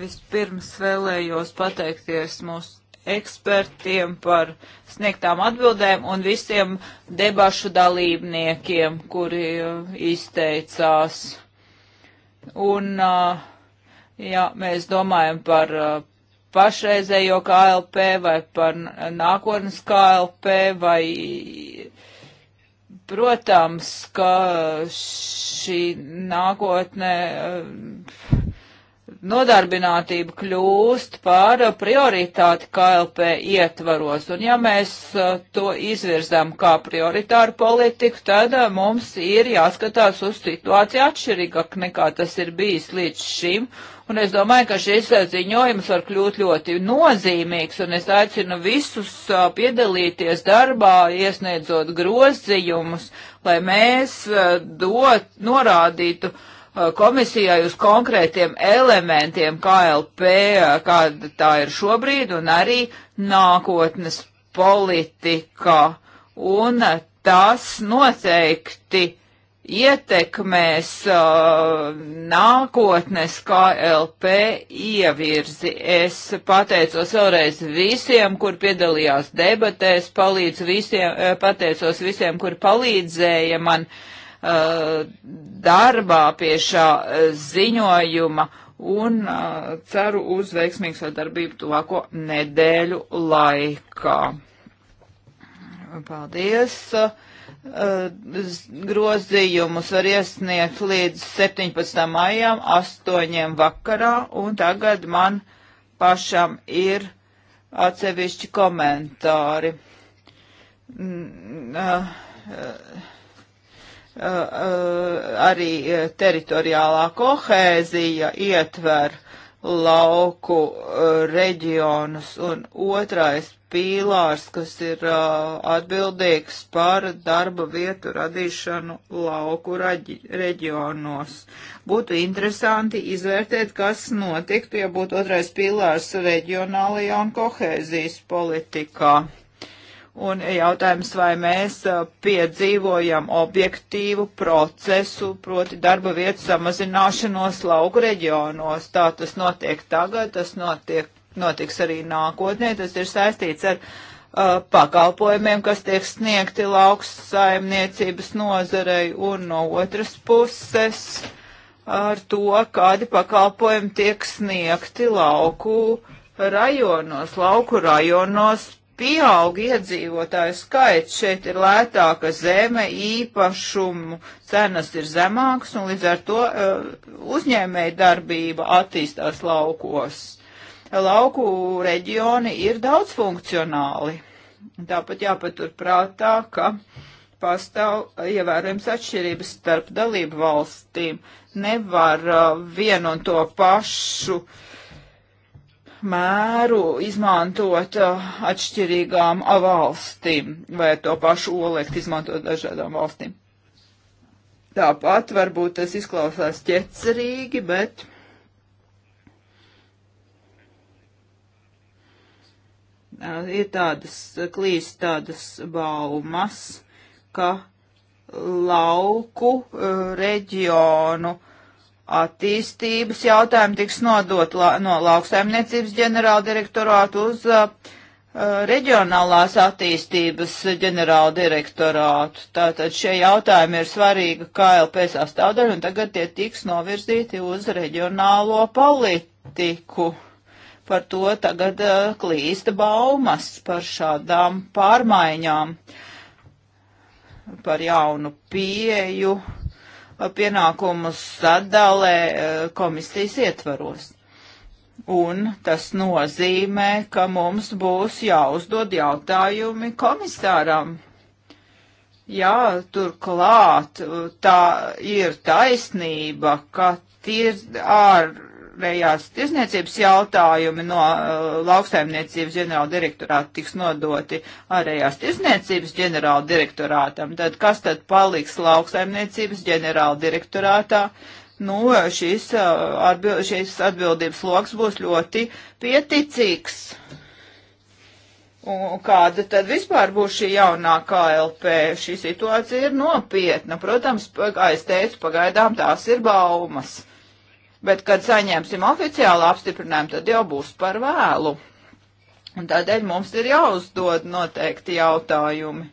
Vispirms vēlējos pateikties mūsu ekspertiem par sniegtām atbildēm un visiem debašu dalībniekiem, kuri uh, izteicās. Un, uh, ja mēs domājam par uh, pašreizējo KLP vai par nākotnes KLP vai, protams, ka šī nākotne nodarbinātība kļūst par prioritāti KLP ietvaros. Un ja mēs uh, to izvirzām kā prioritāru politiku, tad uh, mums ir jāskatās uz situāciju atšķirīgāk nekā tas ir bijis līdz šim. Un es domāju, ka šis uh, ziņojums var kļūt ļoti nozīmīgs, un es aicinu visus piedalīties darbā, iesniedzot grozījumus, lai mēs dot, norādītu, uh, Uh, komisijai uz konkrētiem elementiem KLP, uh, kāda tā ir šobrīd un arī nākotnes politika. Un uh, tas noteikti ietekmēs uh, nākotnes KLP ievirzi. Es pateicos vēlreiz visiem, kur piedalījās debatēs, palīdz visiem, pateicos visiem, kur palīdzēja man uh, Eh, darbā pie šā eh, ziņojuma un eh, ceru uz veiksmīgu sadarbību tuvāko nedēļu laikā. Paldies! Grozījumus var iesniegt līdz 17. maijam, 8. vakarā, un tagad man pašam ir atsevišķi komentāri. N, n, n, Uh, arī uh, teritoriālā kohēzija ietver lauku uh, reģionus un otrais pīlārs, kas ir atbildīgs par darba vietu radīšanu lauku reģionos. Būtu interesanti izvērtēt, kas notiktu, ja būtu otrais pīlārs reģionālajā un kohēzijas politikā. Un jautājums, vai mēs uh, piedzīvojam objektīvu procesu, proti darba vietu samazināšanos lauku reģionos. Tā tas notiek tagad, tas notiek, notiks arī nākotnē. Tas ir saistīts ar uh, pakalpojumiem, kas tiek sniegti lauks saimniecības nozarei un no otras puses ar to, kādi pakalpojumi tiek sniegti lauku reģionos. Lauku reģionos pieaug iedzīvotāju skaits, šeit ir lētāka zeme, īpašumu cenas ir zemākas, un līdz ar to uh, uzņēmēja darbība attīstās laukos. Lauku reģioni ir daudzfunkcionāli. Tāpat jāpatur prātā, ka pastāv ievērojams atšķirības starp dalību valstīm. Nevar uh, vienu un to pašu uh, mēru izmantot uh, atšķirīgām valstīm vai to pašu olektu izmantot dažādām valstīm. Tāpat varbūt tas izklausās ķecerīgi, bet uh, ir tādas uh, klīst tādas baumas, ka lauku reģionu uh, attīstības jautājumi tiks nodot la, no lauksaimniecības ģenerāldirektorātu uz uh, uh, reģionālās attīstības ģenerāldirektorātu. Tātad šie jautājumi ir svarīga KLP sastāvdaļa, un tagad tie tiks novirzīti uz reģionālo politiku. Par to tagad uh, klīsta baumas par šādām pārmaiņām, par jaunu pieju pienākumu sadalē e, komisijas ietvaros. Un tas nozīmē, ka mums būs jāuzdod jautājumi komisāram. Jā, turklāt tā ir taisnība, ka tir, ar, ārējās tirzniecības jautājumi no uh, lauksaimniecības ģenerāla direktorāta tiks nodoti ārējās tirzniecības ģenerāla direktorātam, tad kas tad paliks lauksaimniecības ģenerāla direktorātā? Nu, šis, uh, atbild, šis atbildības loks būs ļoti pieticīgs. Un kāda tad vispār būs šī jaunā KLP? Šī situācija ir nopietna. Protams, kā es teicu, pagaidām tās ir baumas bet kad saņemsim oficiālu apstiprinājumu, tad jau būs par vēlu. Un tādēļ mums ir jāuzdod noteikti jautājumi.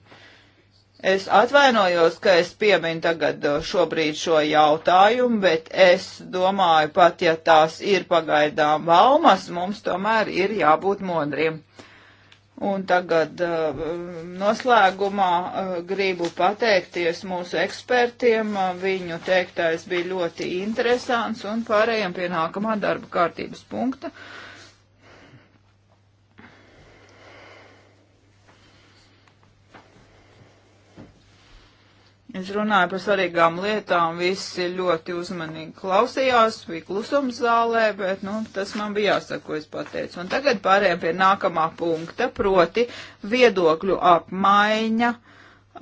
Es atvainojos, ka es pieminu tagad uh, šobrīd šo jautājumu, bet es domāju, pat ja tās ir pagaidām baumas, mums tomēr ir jābūt modriem. Un tagad uh, noslēgumā uh, gribu pateikties mūsu ekspertiem. Uh, viņu teiktais bija ļoti interesants un pārējiem pie nākamā darba kārtības punkta. Es runāju par svarīgām lietām, visi ļoti uzmanīgi klausījās, bija klusums zālē, bet, nu, tas man bija jāsaka, ko es pateicu. Un tagad pārējām pie nākamā punkta, proti viedokļu apmaiņa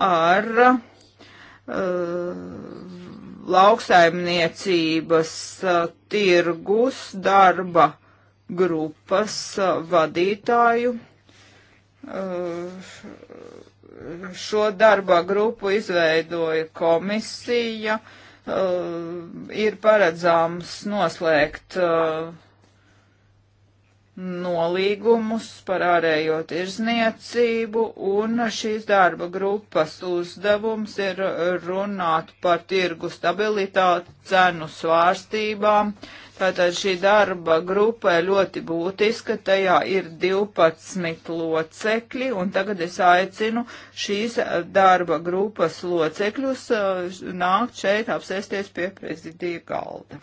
ar uh, lauksaimniecības uh, tirgus darba grupas uh, vadītāju Uh, šo darba grupu izveidoja komisija, uh, ir paredzams noslēgt uh, nolīgumus par ārējo tirzniecību, un šīs darba grupas uzdevums ir runāt par tirgu stabilitāti, cenu svārstībām, uh, Tātad šī darba grupa ir ļoti būtiska, tajā ir 12 locekļi, un tagad es aicinu šīs eh, darba grupas locekļus eh, nākt šeit apsēsties pie prezidija galda.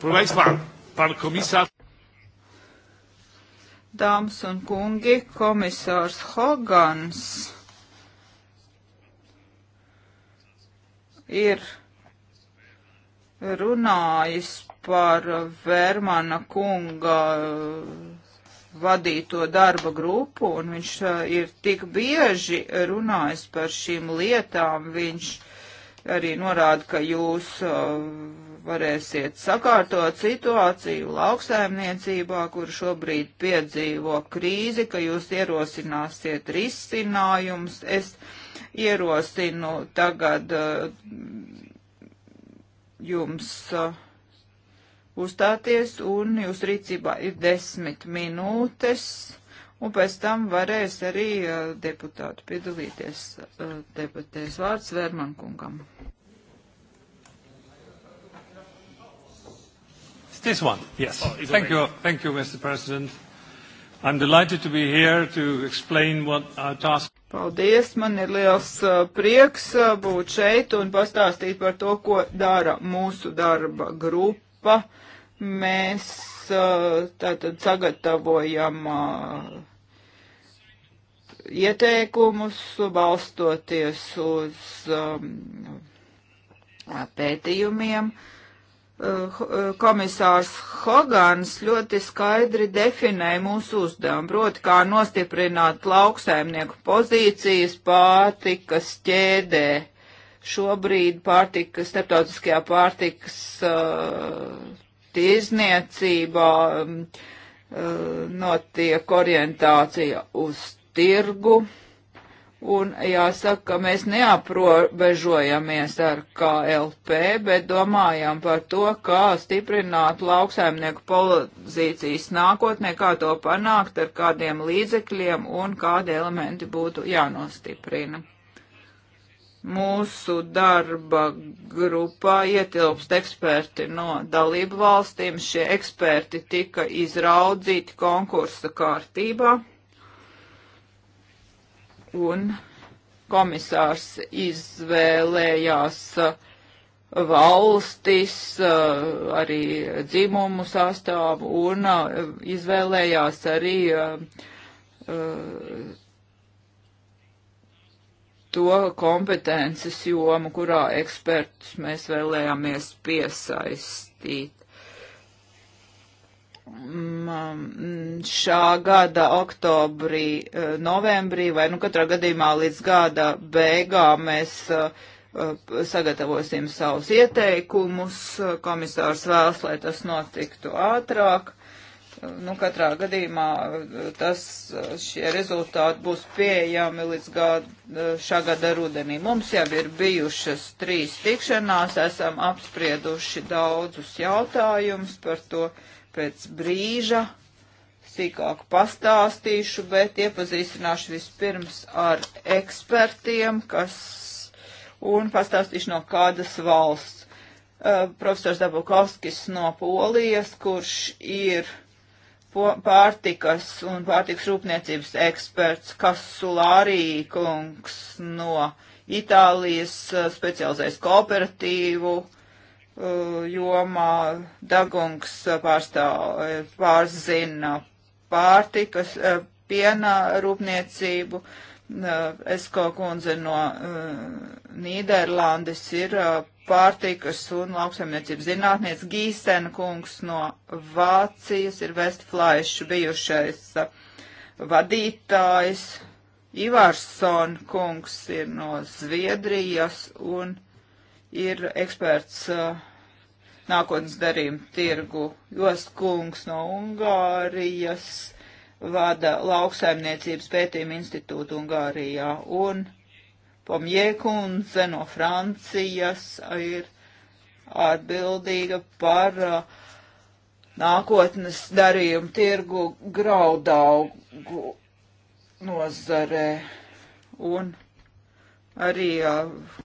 Proszę Państwa, pan komisarz. Dāmas un kungi, komisārs Hogans ir runājis par Vērmana kunga uh, vadīto darba grupu, un viņš uh, ir tik bieži runājis par šīm lietām, viņš arī norāda, ka jūs uh, varēsiet sakārtot situāciju lauksaimniecībā, kur šobrīd piedzīvo krīzi, ka jūs ierosināsiet risinājums. Es ierosinu tagad uh, jums uh, uzstāties un jūs rīcībā ir desmit minūtes. Un pēc tam varēs arī uh, deputāti piedalīties debatēs. Vārds Vērman kungam. This one, yes. Oh, thank you. Thank you, Mr. President. I'm delighted to be here to explain what our task. Paldies, man ir liels uh, prieks uh, būt šeit un pastāstīt par to, ko dara mūsu darba grupa. Mēs uh, tātad sagatavojam ieteikumus, balstoties uz um, pētījumiem. Uh, Eh, komisārs Hogans ļoti skaidri definēja mūsu uzdevumu, proti, kā nostiprināt lauksaimnieku pozīcijas pārtikas ķēdē. Šobrīd pārtika, starptautiskajā pārtikas uh, tirzniecībā um, uh, notiek orientācija uz tirgu. Uh, Un jāsaka, ka mēs neaprobežojamies ar KLP, bet domājam par to, kā stiprināt lauksaimnieku pozīcijas nākotnē, kā to panākt, ar kādiem līdzekļiem un kādi elementi būtu jānostiprina. Mūsu darba grupā ietilpst eksperti no dalību valstīm. Šie eksperti tika izraudzīti konkursa kārtībā un komisārs izvēlējās uh, valstis, uh, arī dzimumu sastāvu un uh, izvēlējās arī to kompetences jomu, kurā ekspertus mēs vēlējāmies piesaistīt. Mm, mm, šā gada oktobrī, eh, novembrī, vai nu katrā gadījumā līdz gada beigām mēs eh, eh, sagatavosim savus ieteikumus. Komisārs vēlas, lai tas notiktu ātrāk. Nu, katrā gadījumā tas, šie rezultāti būs pieejami līdz gada, šā gada rudenī. Mums jau ir bijušas trīs tikšanās, esam apsprieduši daudzus jautājumus par to, uh, pēc brīža sīkāk pastāstīšu, bet iepazīstināšu vispirms ar ekspertiem, kas un pastāstīšu no kādas valsts. Uh, profesors Dabukovskis no Polijas, kurš ir po pārtikas un pārtikas rūpniecības eksperts, Kasulārī kungs no Itālijas, uh, specializējas kooperatīvu Eh, jomā Dagungs eh, pārstāv, eh, pārzina pārtikas, piena rūpniecību. Esko kundze no Nīderlandes ir pārtikas un lauksaimniecības zinātnieks. Gīsena kungs no Vācijas ir Vestflaišu bijušais vadītājs. Ivarson kungs ir no Zviedrijas un ir eksperts uh, nākotnes darījumu tirgu. Jost kungs no Ungārijas vada lauksaimniecības pētījumu institūtu Ungārijā un Pomjē kundze no Francijas ir atbildīga par uh, nākotnes darījumu tirgu graudaugu nozarē un arī uh,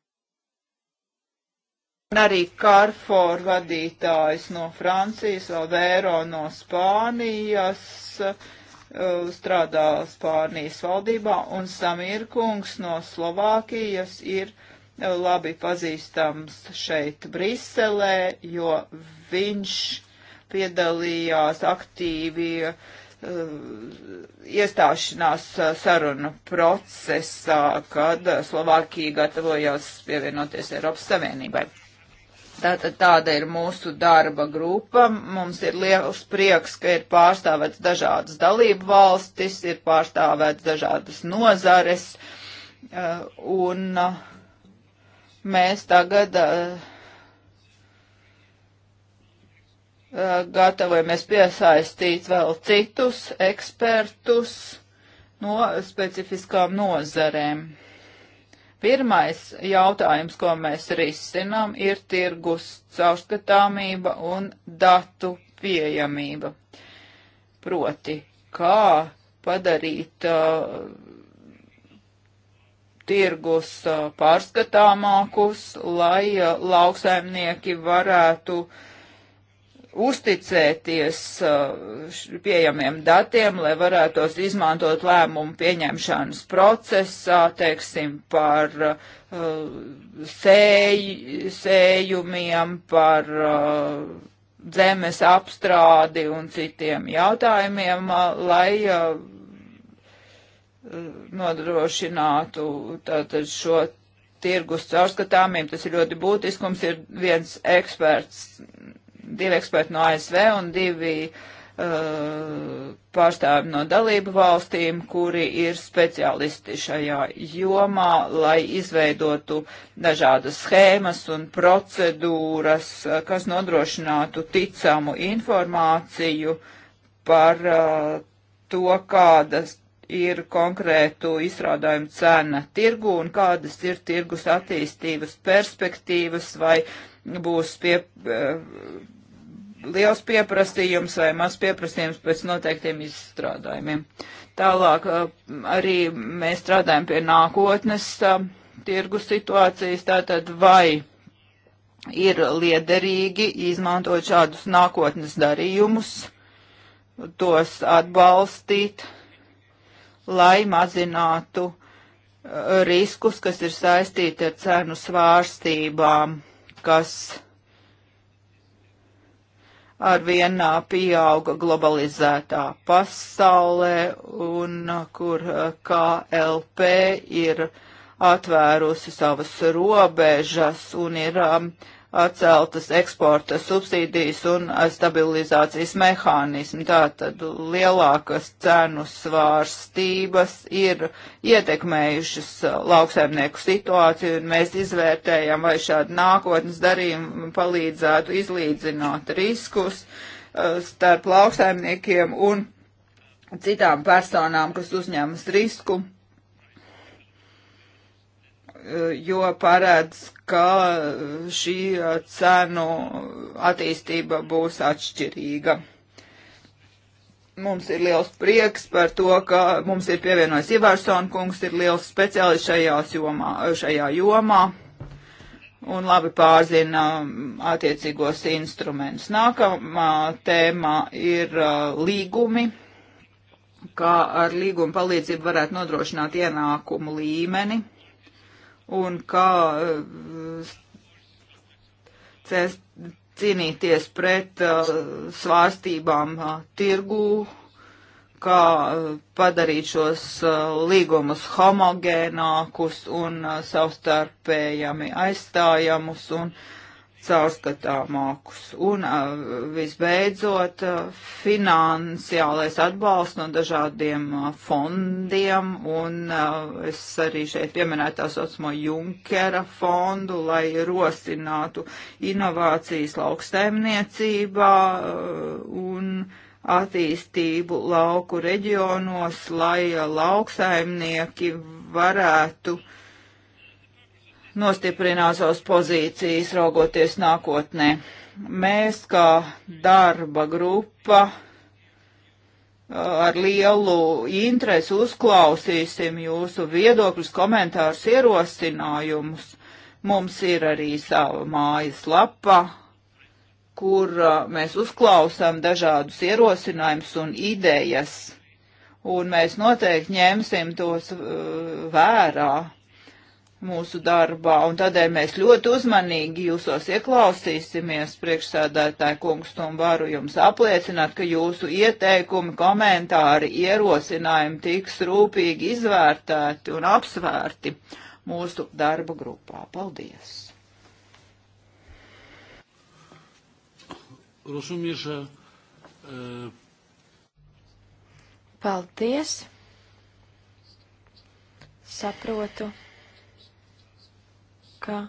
arī Carrefour vadītājs no Francijas, Alvēro no Spānijas, uh, strādā Spānijas valdībā, un Samirkungs no Slovākijas ir uh, labi pazīstams šeit Briselē, jo viņš piedalījās aktīvi uh, iestāšanās sarunu procesā, kad Slovākija gatavojās pievienoties Eiropas Savienībai. Tātad tāda ir mūsu darba grupa. Mums ir liels prieks, ka ir pārstāvēts dažādas dalību valstis, ir pārstāvēts dažādas nozares, uh, un uh, mēs tagad uh, gatavojamies piesaistīt vēl citus ekspertus no specifiskām nozarēm. Pirmais jautājums, ko mēs risinām, ir tirgus caurskatāmība un datu pieejamība. Proti, kā padarīt uh, tirgus uh, pārskatāmākus, lai uh, lauksaimnieki varētu uh, uzticēties uh, pieejamiem datiem, lai varētu tos izmantot lēmumu pieņemšanas procesā, teiksim, par uh, sēj, sējumiem, par uh, zemes apstrādi un citiem jautājumiem, lai nodrošinātu tātad šo tirgus caurskatāmību. Tas ir ļoti būtiski. Mums ir viens eksperts divi eksperti no ASV un divi uh, pārstāvi no dalību valstīm, kuri ir speciālisti šajā jomā, lai izveidotu dažādas schēmas un procedūras, uh, kas nodrošinātu ticamu informāciju par uh, to, kādas ir konkrētu izstrādājumu cena tirgu un kādas ir tirgus attīstības perspektīvas vai būs pie, uh, liels pieprasījums vai maz pieprasījums pēc noteiktiem izstrādājumiem. Tālāk eh, arī mēs strādājam pie nākotnes eh, tirgus situācijas, tātad vai ir liederīgi izmantot šādus nākotnes darījumus, tos atbalstīt, lai mazinātu eh, riskus, kas ir saistīti ar cenu svārstībām, kas arvien pieauga globalizētā pasaulē un kur KLP ir atvērusi savas robežas un ir um, atceltas eksporta subsīdijas un stabilizācijas mehānismi. Tātad lielākas cenu svārstības ir ietekmējušas lauksaimnieku situāciju, un mēs izvērtējam, vai šādi nākotnes darījumi palīdzētu izlīdzināt riskus uh, starp lauksaimniekiem un citām personām, kas uzņemas risku jo parāds, ka šī cenu attīstība būs atšķirīga. Mums ir liels prieks par to, ka mums ir pievienojis Ivarsona kungs, ir liels speciālists šajās jomā, šajā jomā un labi pārzina um, attiecīgos instrumentus. Nākamā tēma ir uh, līgumi, kā ar līgumu palīdzību varētu nodrošināt ienākumu līmeni un kā eh, cīnīties pret eh, svārstībām eh, tirgū, kā padarīt šos līgumus homogēnākus un savstarpējami aizstājamus un aizstājamus caurskatāmākus. Un uh, visbeidzot, uh, finansiālais atbalsts no dažādiem uh, fondiem, un es arī šeit pieminēju tā saucamo Junkera fondu, lai rosinātu inovācijas lauksaimniecībā un attīstību lauku reģionos, lai lauksaimnieki varētu uh, nostiprinās savas pozīcijas, raugoties nākotnē. Mēs, kā darba grupa, ar lielu interesi uzklausīsim jūsu viedokļus, komentārus, ierosinājumus. Mums ir arī sava mājas lapa, kur uh, mēs uzklausām dažādus ierosinājumus un idejas, un mēs noteikti ņemsim tos uh, vērā mūsu darbā, un tādēļ mēs ļoti uzmanīgi jūsos ieklausīsimies, priekšsādātāji kungs, un varu jums apliecināt, ka jūsu ieteikumi, komentāri, ierosinājumi tiks rūpīgi izvērtēti un apsvērti mūsu darba grupā. Paldies! Rozumiešu. E, Paldies! Saprotu ka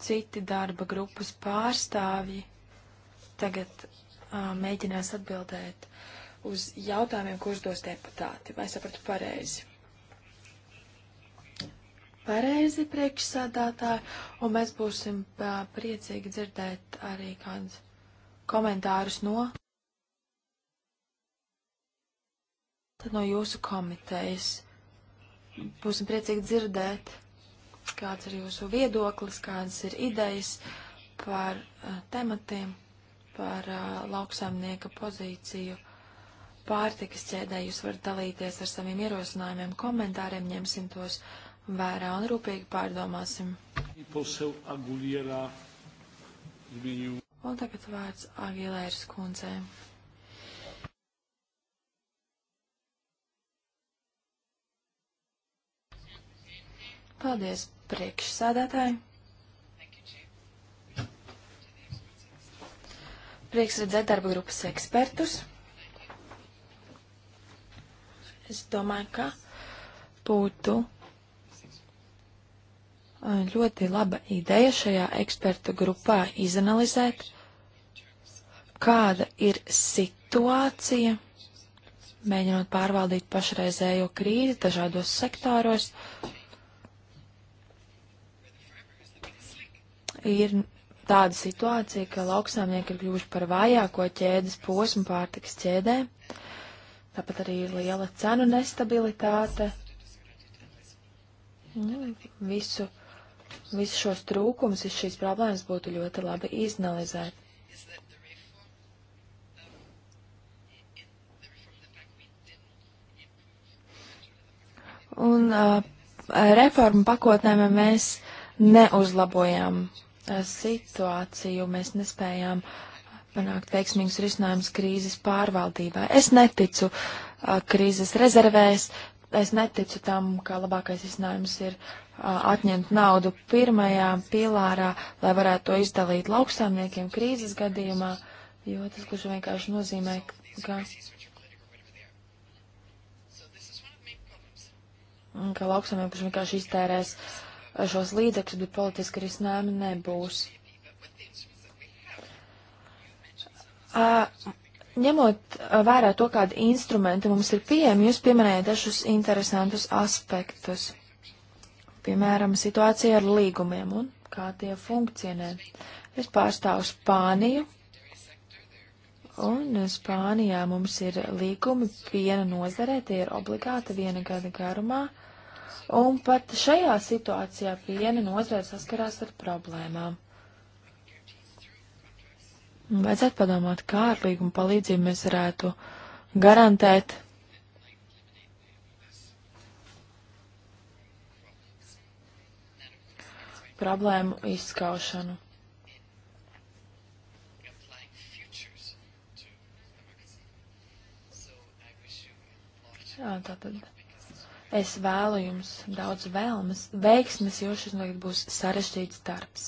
citi darba grupas pārstāvji tagad uh, mēģinās atbildēt uz jautājumiem, ko uzdos deputāti. Vai sapratu pareizi? Pareizi priekšsādātāji, un mēs būsim uh, priecīgi dzirdēt arī kādus komentārus no. Tad no jūsu komitejas būsim priecīgi dzirdēt kāds ir jūsu viedoklis, kādas ir idejas par uh, tematiem, par uh, lauksaimnieka pozīciju pārtikas ķēdē. Jūs varat dalīties ar saviem ierosinājumiem, komentāriem, ņemsim tos vērā un rūpīgi pārdomāsim. Un tagad vārds Agilēras kundzei. Paldies! priekšsēdētāji. Prieks redzēt darba grupas ekspertus. Es domāju, ka būtu uh, ļoti laba ideja šajā ekspertu grupā izanalizēt, kāda ir situācija, mēģinot pārvaldīt pašreizējo krīzi dažādos sektāros, uh, ir tāda situācija, ka lauksāmnieki ir kļuvuši par vājāko ķēdes posmu pārtiks ķēdē. Tāpat arī ir liela cenu nestabilitāte. Nu, visu, visu šos trūkumus, visu šīs problēmas būtu ļoti labi iznalizēt. Un uh, reformu pakotnēm mēs neuzlabojām Eh, situāciju mēs nespējām panākt veiksmīgus risinājumus krīzes pārvaldībā. Es neticu a, eh, krīzes rezervēs, es neticu tam, ka labākais risinājums ir a, eh, atņemt naudu pirmajā pilārā, lai varētu to izdalīt lauksāmniekiem krīzes gadījumā, jo tas gluži vienkārši nozīmē, ka, ka lauksāmnieki vienkārši iztērēs uh, šos līdzekļus, bet politiski risinājumi nebūs. À, ņemot vērā to, kādi instrumenti mums ir pieejami, jūs pieminējat dažus interesantus aspektus. Piemēram, situācija ar līgumiem un kā tie funkcionē. Es pārstāvu Spāniju, un Spānijā mums ir līgumi piena nozarē, tie ir obligāti viena gada garumā. Un pat šajā situācijā viena nozare saskarās ar problēmām. Vajadzētu padomāt, kā ar līguma palīdzību mēs varētu garantēt problēmu izskaušanu. Jā, tātad. Es vēlu jums daudz vēlmes, veiksmes, jo šis noteikti būs sarežģīts darbs.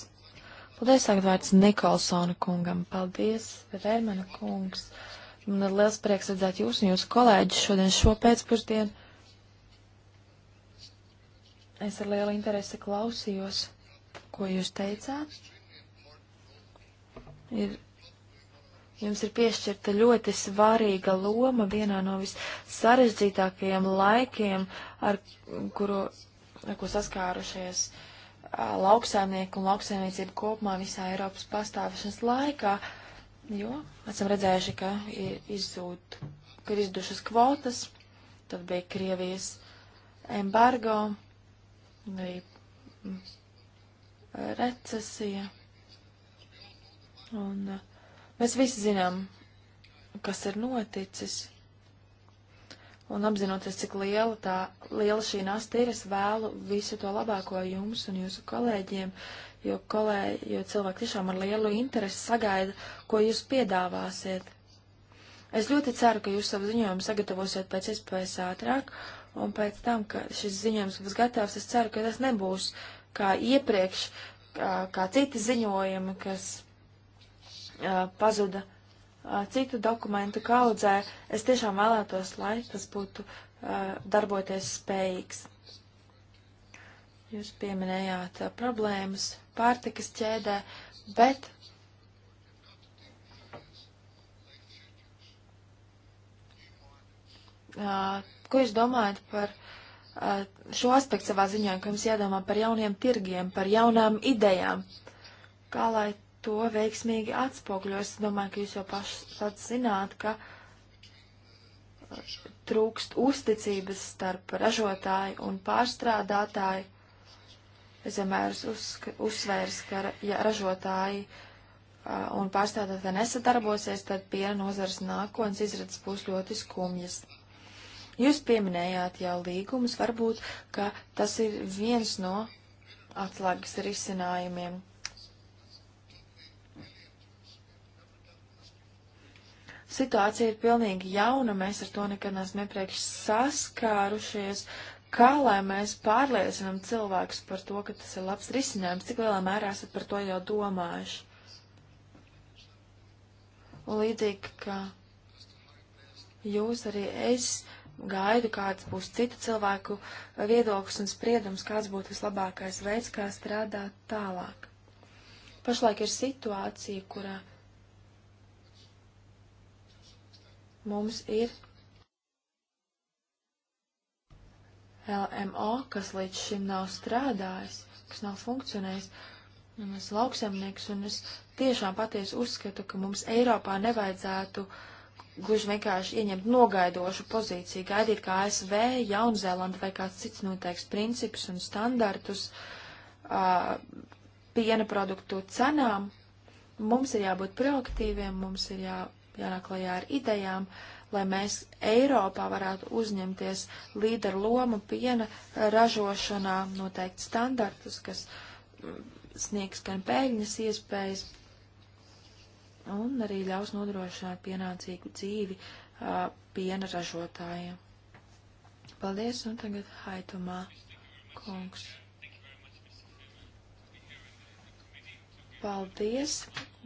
Paldies, tagad vārds Nikolsona kungam. Paldies, Rēmana kungs. Man ir liels prieks redzēt jūs un jūsu kolēģi šodien šo pēcpusdienu. Es ar lielu interesi klausījos, ko jūs teicāt. Ir Jums ir piešķirta ļoti svarīga loma vienā no vissarežģītākajiem laikiem, ar kuru, ar ko saskārušies lauksēmnieku un lauksēmniecību kopumā visā Eiropas pastāvēšanas laikā, jo esam redzējuši, ka ir izzūd, ka ir izdušas kvotas, tad bija Krievijas embargo, arī mm, recesija. Un, uh, Mēs visi zinām, kas ir noticis. Un apzinoties, cik liela, tā, liela šī nasta ir, es vēlu visu to labāko jums un jūsu kolēģiem, jo, kolēģi, jo cilvēki tiešām ar lielu interesi sagaida, ko jūs piedāvāsiet. Es ļoti ceru, ka jūs savu ziņojumu sagatavosiet pēc iespējas ātrāk, un pēc tam, ka šis ziņojums būs gatavs, es ceru, ka tas nebūs kā iepriekš, kā, kā citi ziņojumi, kas Uh, pazuda uh, citu dokumentu kaudzē. Es tiešām vēlētos, lai tas būtu uh, darboties spējīgs. Jūs pieminējāt problēmas pārtikas ķēdē, bet Uh, ko jūs domājat par uh, šo aspektu savā ziņā, ka jums jādomā par jauniem tirgiem, par jaunām idejām? Kā lai to veiksmīgi atspogļo. Es domāju, ka jūs jau paši pats zināt, ka uh, trūkst uzticības starp ražotāju un pārstrādātāju. Es vienmēr uzsvērs, ka ja ražotāji uh, un pārstrādātāji nesadarbosies, tad piena nozars nākotnes izredzes būs ļoti skumjas. Jūs pieminējāt jau līgumus, varbūt, ka tas ir viens no atslēgas risinājumiem. Situācija ir pilnīgi jauna, mēs ar to nekad neesam iepriekš saskārušies. Kā lai mēs pārliecinām cilvēkus par to, ka tas ir labs risinājums, cik lielā mērā esat par to jau domājuši? Un līdzīgi, ka jūs arī es gaidu, kāds būs citu cilvēku viedoklis un spriedums, kāds būtu vislabākais veids, kā strādāt tālāk. Pašlaik ir situācija, kurā mums ir LMO, kas līdz šim nav strādājis, kas nav funkcionējis, un es lauksemnieks, un es tiešām patiesi uzskatu, ka mums Eiropā nevajadzētu gluži vienkārši ieņemt nogaidošu pozīciju, gaidīt kā ASV, Jaunzēlanda vai kāds cits noteiks principus un standartus uh, piena produktu cenām. Mums ir jābūt proaktīviem, mums ir jā, jānaklajā ar idejām, lai mēs Eiropā varētu uzņemties līderu lomu piena ražošanā, noteikt standartus, kas mm, sniegs gan peļņas iespējas un arī ļaus nodrošināt pienācīgu dzīvi uh, piena ražotājiem. Paldies, un tagad haitumā, kungs. Paldies!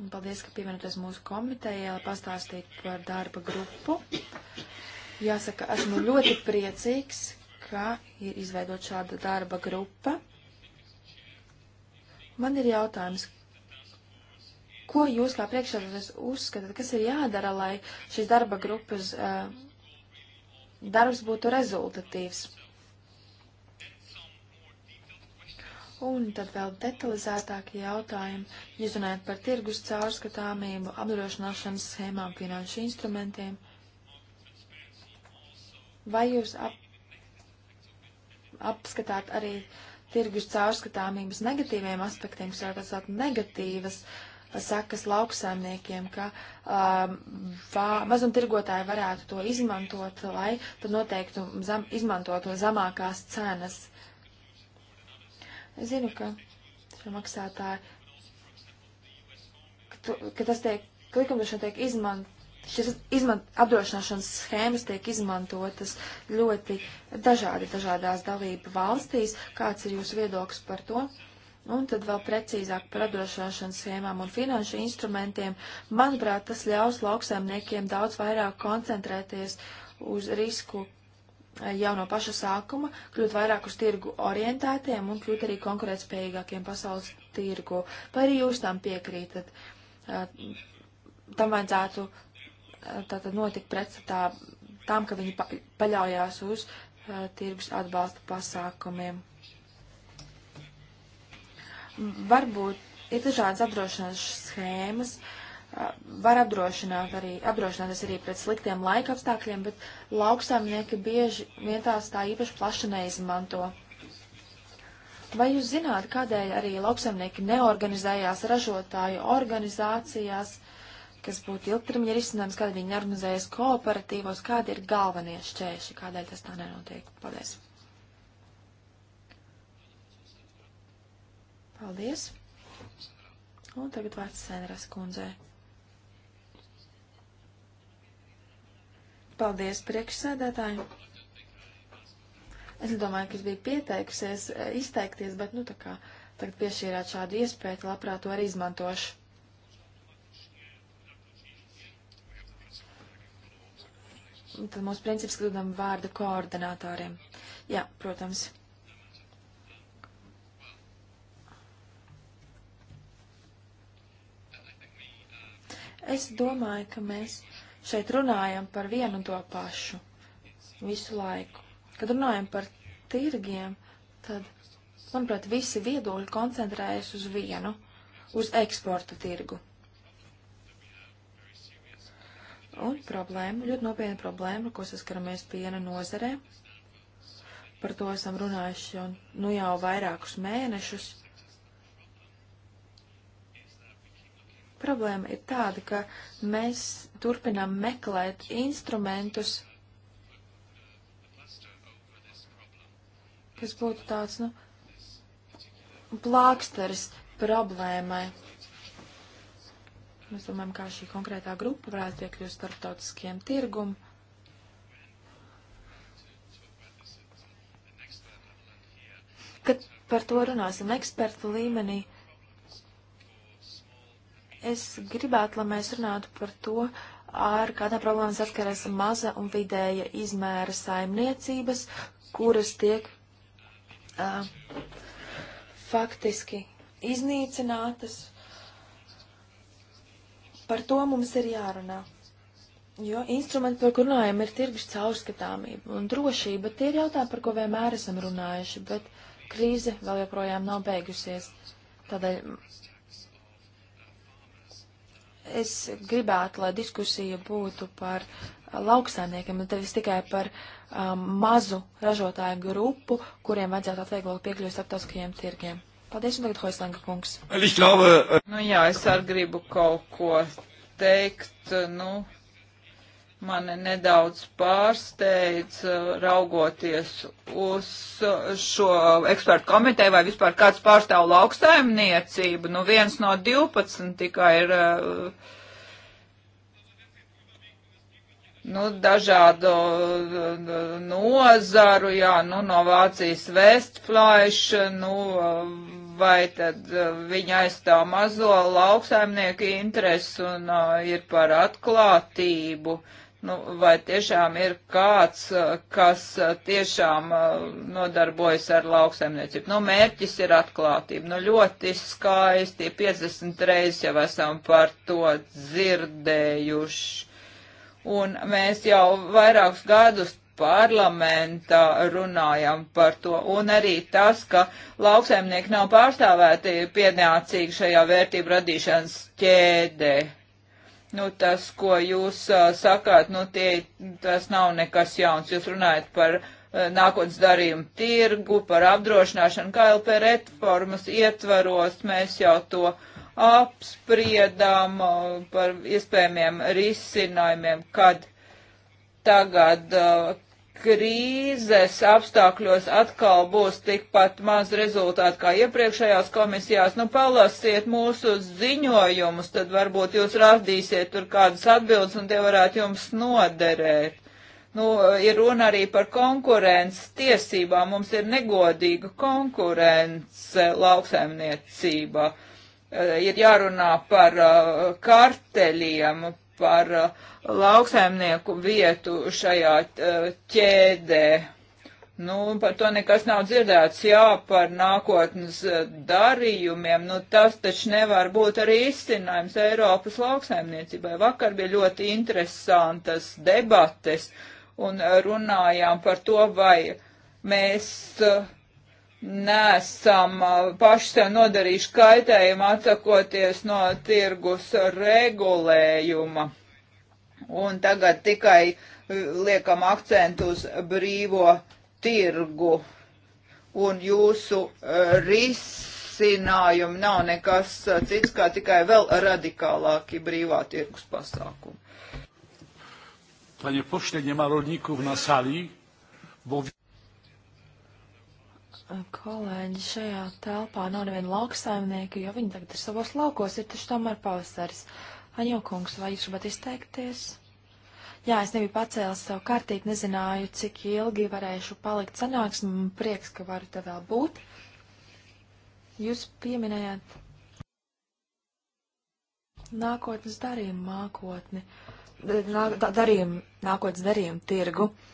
Un paldies, ka pievienoties mūsu komitejai, lai pastāstītu par darba grupu. Jāsaka, esmu ļoti priecīgs, ka ir izveidot šāda darba grupa. Man ir jautājums, ko jūs kā priekšsēdētājs uzskatāt, kas ir jādara, lai šīs darba grupas uh, darbs būtu rezultatīvs? Un tad vēl detalizētākie jautājumi, jūs runājat par tirgus caurskatāmību, apdrošināšanas schēmām, finanšu instrumentiem. Vai jūs ap, apskatāt arī tirgus caurskatāmības negatīviem aspektiem, kas varētu atstāt negatīvas uh, sakas lauksaimniekiem, ka um, mazumtirgotāji varētu to izmantot, lai tad noteiktu zam, izmantotu zamākās cenas? Es zinu, ka šie maksātāji, ka, tu, ka tas tiek, ka likumdošana tiek izmantot. Šis izmant, apdrošināšanas schēmas tiek izmantotas ļoti dažādi dažādās dalību valstīs. Kāds ir jūsu viedoklis par to? Un tad vēl precīzāk par apdrošināšanas schēmām un finanšu instrumentiem. Manuprāt, tas ļaus lauksaimniekiem daudz vairāk koncentrēties uz risku Eh, jau no paša sākuma kļūt vairāk uz tirgu orientētiem un kļūt arī konkurētspējīgākiem pasaules tirgu. Vai arī jūs tam piekrītat? Eh, tam vajadzētu eh, tātad notikt pretstatā tam, ka viņi pa, paļaujās uz tirgus atbalsta pasākumiem. Varbūt ir dažādas apdrošināšanas schēmas, uh, var apdrošināt arī, apdrošināties arī pret sliktiem laika apstākļiem, bet lauksaimnieki bieži vien tās tā īpaši plaši neizmanto. Vai jūs zināt, kādēļ arī lauksaimnieki neorganizējās ražotāju organizācijās, kas būtu ilgtermiņa risinājums, kādēļ viņi neorganizējas kooperatīvos, kādi ir galvenie šķēršļi, kādēļ tas tā nenotiek? Paldies! Paldies! Un tagad vārds Sēneras kundzei. Paldies priekšsēdētāji. Es domāju, ka es biju pieteikusies eh, izteikties, bet, nu, tā kā tagad piešķīrāt šādu iespēju, labprāt to arī izmantošu. Un tad mūsu princips kļūdam vārdu koordinātoriem. Jā, protams. Es domāju, ka mēs šeit runājam par vienu un to pašu visu laiku. Kad runājam par tirgiem, tad, manuprāt, visi viedokļi koncentrējas uz vienu, uz eksporta tirgu. Un problēma, ļoti nopietna problēma, ko saskaramies piena nozarē. Par to esam runājuši jau, nu jau vairākus mēnešus. Problēma ir tāda, ka mēs turpinām meklēt instrumentus, kas būtu tāds, nu, plāksters problēmai. Mēs domājam, kā šī konkrētā grupa varētu piekļūt starptautiskiem tirgum. Kad par to runāsim ekspertu līmenī, Es gribētu, lai mēs runātu par to, ar kādām problēmām saskarās maza un vidēja izmēra saimniecības, kuras tiek uh, faktiski iznīcinātas. Par to mums ir jārunā. Jo instrumenti, par kuriem runājam, ir tirgus caurskatāmība un drošība. Tie ir jautājumi, par ko vienmēr esam runājuši, bet krīze vēl joprojām nav beigusies. Tādēļ Es gribētu, lai diskusija būtu par uh, lauksaimniekiem, nevis tikai par um, mazu ražotāju grupu, kuriem vajadzētu atvieglot piekļuvi starptautiskajiem tirgiem. Paldies, un tagad Hoislanga kungs. Äh, nu jā, es arī gribu kaut ko teikt, nu, mani nedaudz pārsteidz, eh, raugoties uz eh, šo ekspertu komiteju vai vispār kāds pārstāv lauksaimniecību. Nu, viens no 12 tikai ir. Eh, nu, dažādu nozaru, jā, nu, no Vācijas vēstplaiša, nu, vai tad viņa aizstāv mazo lauksaimnieku interesu un uh, ir par atklātību. Uh, Nu, vai tiešām ir kāds, eh, kas eh, tiešām eh, nodarbojas ar lauksaimniecību? Nu, mērķis ir atklātība. Nu, ļoti skaisti, 50 reizes jau esam par to dzirdējuši. Un mēs jau vairākus gadus parlamentā runājam par to, un arī tas, ka lauksaimnieki nav pārstāvēti pienācīgi šajā vērtību radīšanas ķēdē. Nu, tas, ko jūs uh, sakāt, nu, tie, tas nav nekas jauns. Jūs runājat par uh, nākotnes darījumu tirgu, par apdrošināšanu KLP reformas ietvaros. Mēs jau to apspriedām uh, par iespējamiem risinājumiem, kad tagad uh, krīzes apstākļos atkal būs tikpat maz rezultātu kā iepriekšējās komisijās. Nu, palasiet mūsu ziņojumus, tad varbūt jūs radīsiet tur kādas atbildes un tie varētu jums noderēt. Nu, ir runa arī par konkurences tiesībām. Mums ir negodīga konkurence lauksaimniecībā. Eh, ir jārunā par eh, karteļiem, par uh, lauksaimnieku vietu šajā uh, ķēdē. Nu, par to nekas nav dzirdēts, jā, par nākotnes uh, darījumiem, nu tas taču nevar būt arī izcinājums Eiropas lauksaimniecībai. Vakar bija ļoti interesantas debates un runājām par to, vai mēs uh, nesam paši sev nodarījuši kaitējumu atsakoties no tirgus regulējuma. Un tagad tikai liekam akcentu uz brīvo tirgu. Un jūsu risinājumi nav nekas cits, kā tikai vēl radikālāki brīvā tirgus pasākumi. Panie pośle, nie ma rolników na sali, bo... Kolēģi, šajā telpā nav neviena lauksaimnieka, jo viņi tagad ir savos laukos, ir taču tomēr pavasaris. Aņo kungs, vai jūs gribat izteikties? Jā, es nebiju pacēlis savu kārtību, nezināju, cik ilgi varēšu palikt sanāksmē, man prieks, ka varu te vēl būt. Jūs pieminējāt nākotnes darījumu mākotni, nā, darījumu, nākotnes darījumu tirgu. Mm.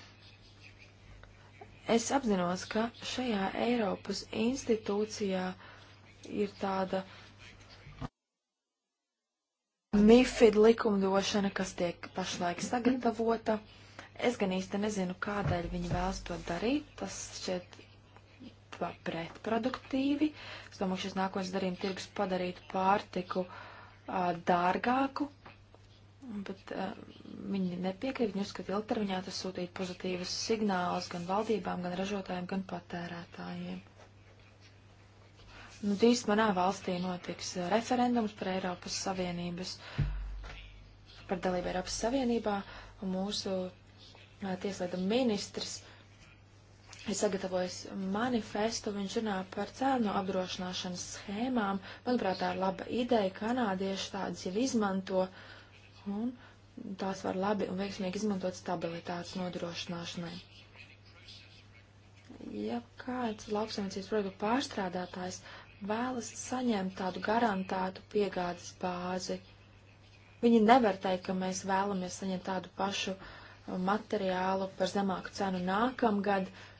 Es apzinos, ka šajā Eiropas institūcijā ir tāda MIFID likumdošana, kas tiek pašlaik sagatavota. Es gan īsti nezinu, kādēļ viņi vēlas to darīt. Tas šķiet pretproduktīvi. Es domāju, šis nākotnes darījuma tirgus padarītu pārtiku uh, dārgāku, bet uh, viņi nepiekrīt, viņi uzskata ilgtermiņā tas sūtīt pozitīvas signālus gan valdībām, gan ražotājiem, gan patērētājiem. Nu, drīz manā valstī notiks eh, referendums par Eiropas Savienības, par dalību Eiropas Savienībā, un mūsu uh, tieslietu ministrs ir sagatavojis manifestu, viņš runā par cēnu apdrošināšanas schēmām. Manuprāt, tā ir laba ideja, kanādieši tādas jau izmanto. Uh, un tās var labi un veiksmīgi izmantot stabilitātes nodrošināšanai. Ja kāds lauksaimniecības produktu pārstrādātājs vēlas saņemt tādu garantētu piegādes bāzi, viņi nevar teikt, ka mēs vēlamies saņemt tādu pašu uh, materiālu par zemāku cenu nākamgad, uh,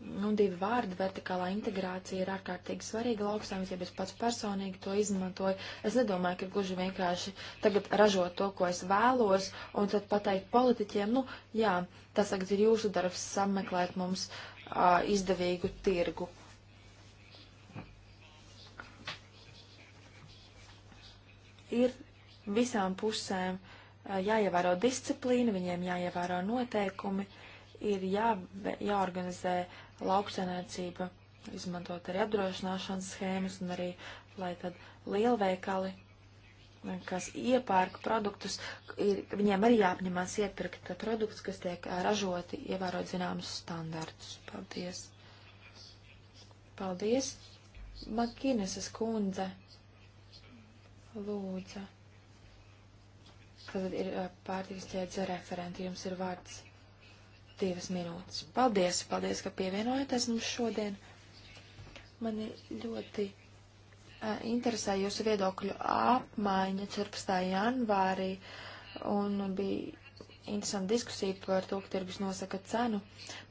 nu, divi vārdi - vertikālā integrācija ir ārkārtīgi svarīga lauksaimniecībai. Es pats personīgi to izmantoju. Es nedomāju, ka gluži vienkārši tagad ražot to, ko es vēlos, un tad pateikt politiķiem, nu, jā, tas tagad ir jūsu darbs sameklēt mums uh, izdevīgu tirgu. Ir visām pusēm uh, jāievēro disciplīna, viņiem jāievēro noteikumi, ir jā, jāorganizē uh, lauksainēcība, izmantot arī apdrošināšanas schēmas un arī, lai tad lielveikali, kas iepērk produktus, ir, viņiem arī jāapņemās iepirkt produktus, kas tiek ražoti, ievērot zināmus standartus. Paldies! Paldies! Makineses kundze lūdza. Tad ir pārtiks ķēdes referenti, jums ir vārds divas minūtes. Paldies, paldies, ka pievienojāties mums šodien. Mani ļoti uh, interesē jūsu viedokļu apmaiņa 14. janvārī, un bija interesanta diskusija par to, ka tirgus nosaka cenu.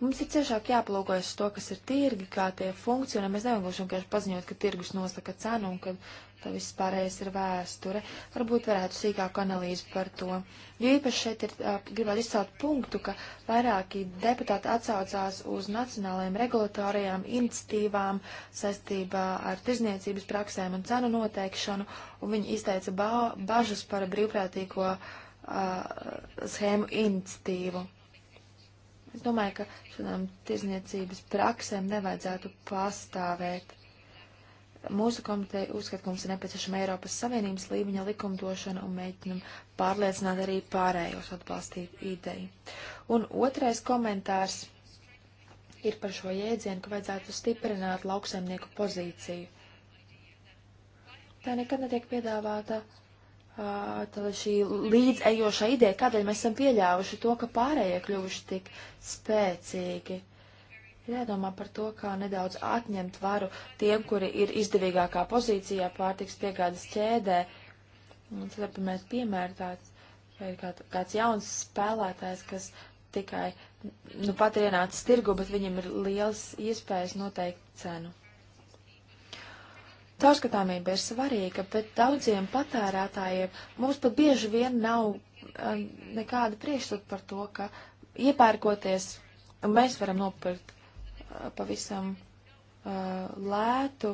Mums ir ciešāk jāplūkojas to, kas ir tirgi, kā tie funkcionē. Mēs nevaram vienkārši paziņot, ka tirgus nosaka cenu un ka tā viss pārējais ir vēsture. Varbūt varētu sīkāku analīzi par to. Jo īpaši šeit ir, gribētu izcelt punktu, ka vairāki deputāti atsaucās uz nacionālajiem regulatorijām, iniciatīvām saistībā ar tirzniecības praksēm un cenu noteikšanu, un viņi izteica ba bažas par brīvprātīgo uh, schēmu iniciatīvu. Es domāju, ka šādām tirzniecības praksēm nevajadzētu pastāvēt Mūsu komiteja uzskata, ka mums ir nepieciešama Eiropas Savienības līmeņa likumdošana un mēģinam pārliecināt arī pārējos atbalstīt ideju. Un otrais komentārs ir par šo jēdzienu, ka vajadzētu stiprināt lauksaimnieku pozīciju. Tā nekad netiek piedāvāta tāda šī līdzejošā ideja, kādēļ mēs esam pieļāvuši to, ka pārējie kļuvuši tik spēcīgi. Ir jādomā par to, kā nedaudz atņemt varu tiem, kuri ir izdevīgākā pozīcijā pārtiks piegādes ķēdē. Un tad, piemēram, piemēra tāds, vai kā, kāds jauns spēlētājs, kas tikai, nu, pat ir ienācis tirgu, bet viņam ir liels iespējas noteikt cenu. Caurskatāmība ir svarīga, bet daudziem patērētājiem mums pat bieži vien nav eh, nekāda priekšstata par to, ka iepērkoties, mēs varam nopirkt pavisam lētu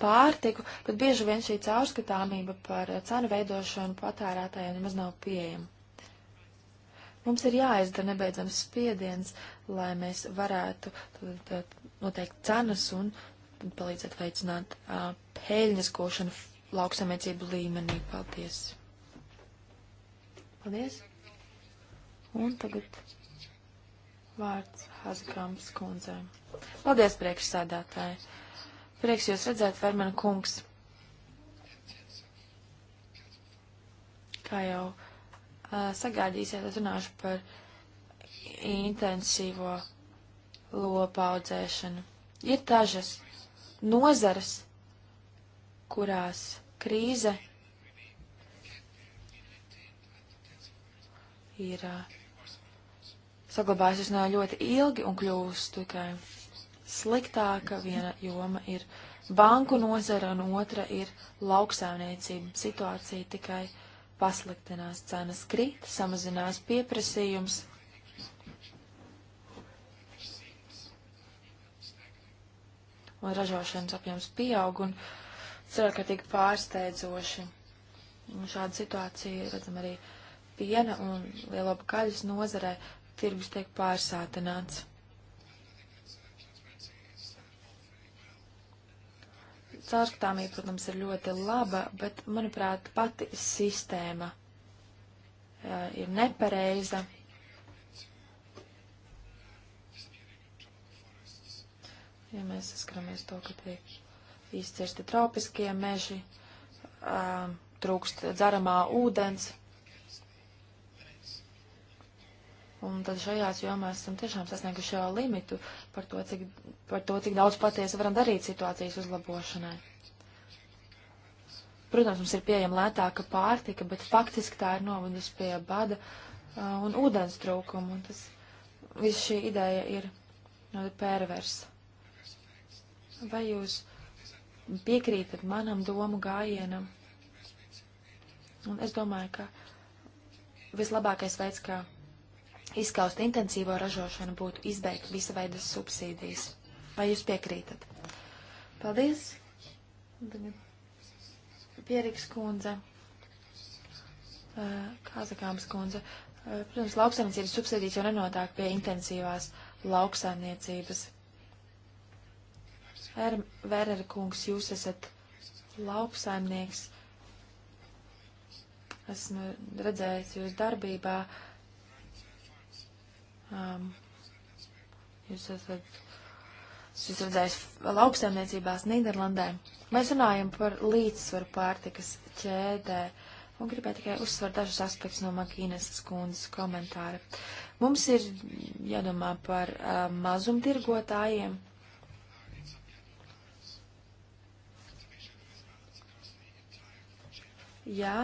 pārtiku, bet bieži vien šī caurskatāmība par cenu veidošanu patērētājiem nemaz nav pieejama. Mums ir jāizdara nebeidzams spiediens, lai mēs varētu noteikt cenas un palīdzēt veicināt uh, peļņas košanu lauksamniecību līmenī. Paldies! Paldies! Un tagad vārds Hazikāmas kundzēm. Paldies, priekšsēdētāji. Prieks jūs redzēt, Fermana kungs. Kā jau uh, sagādīsiet, es runāšu par intensīvo lopaudzēšanu. Ir dažas nozaras, kurās krīze ir uh, saglabājusies no ļoti ilgi un kļūst tikai sliktāka. Viena joma ir banku nozara un otra ir lauksēmniecība. Situācija tikai pasliktinās, cenas krīt, samazinās pieprasījums. Un ražošanas apjoms pieaug un ceru, ka tik pārsteidzoši. Un šāda situācija redzam arī piena un lielo pakaļas nozarē tirgus tiek pārsātināts. Caurskatāmība, protams, ir ļoti laba, bet, manuprāt, pati sistēma uh, ir nepareiza. Ja mēs saskaramies to, ka tiek izcirsti tropiskie meži, uh, trūkst dzeramā ūdens, Un tad šajās jomās esam tiešām sasnieguši jau limitu par to, cik, par to, cik daudz patiesi varam darīt situācijas uzlabošanai. Protams, mums ir pieejama lētāka pārtika, bet faktiski tā ir novedus pie bada uh, un ūdens trūkuma. Un tas viss šī ideja ir no, nu, perversa. Vai jūs piekrītat manam domu gājienam? Un es domāju, ka vislabākais veids, kā izskaust intensīvo ražošanu būtu izbeigt visa veida subsīdijas. Vai jūs piekrītat? Paldies! Pieriks kundze, Kāzakāms kundze. Protams, lauksaimniecības subsīdijas jau nenotāk pie intensīvās lauksaimniecības. Vērera kungs, jūs esat lauksaimnieks. Esmu redzējis jūs darbībā. Uh, Um, jūs esat jūs redzējis lauksaimniecībās Nīderlandē. Mēs runājam par līdzsvaru pārtikas ķēdē un gribēju tikai uzsvert dažus aspektus no Makīnes skundas komentāra. Mums ir jādomā par uh, mazumtirgotājiem. Jā,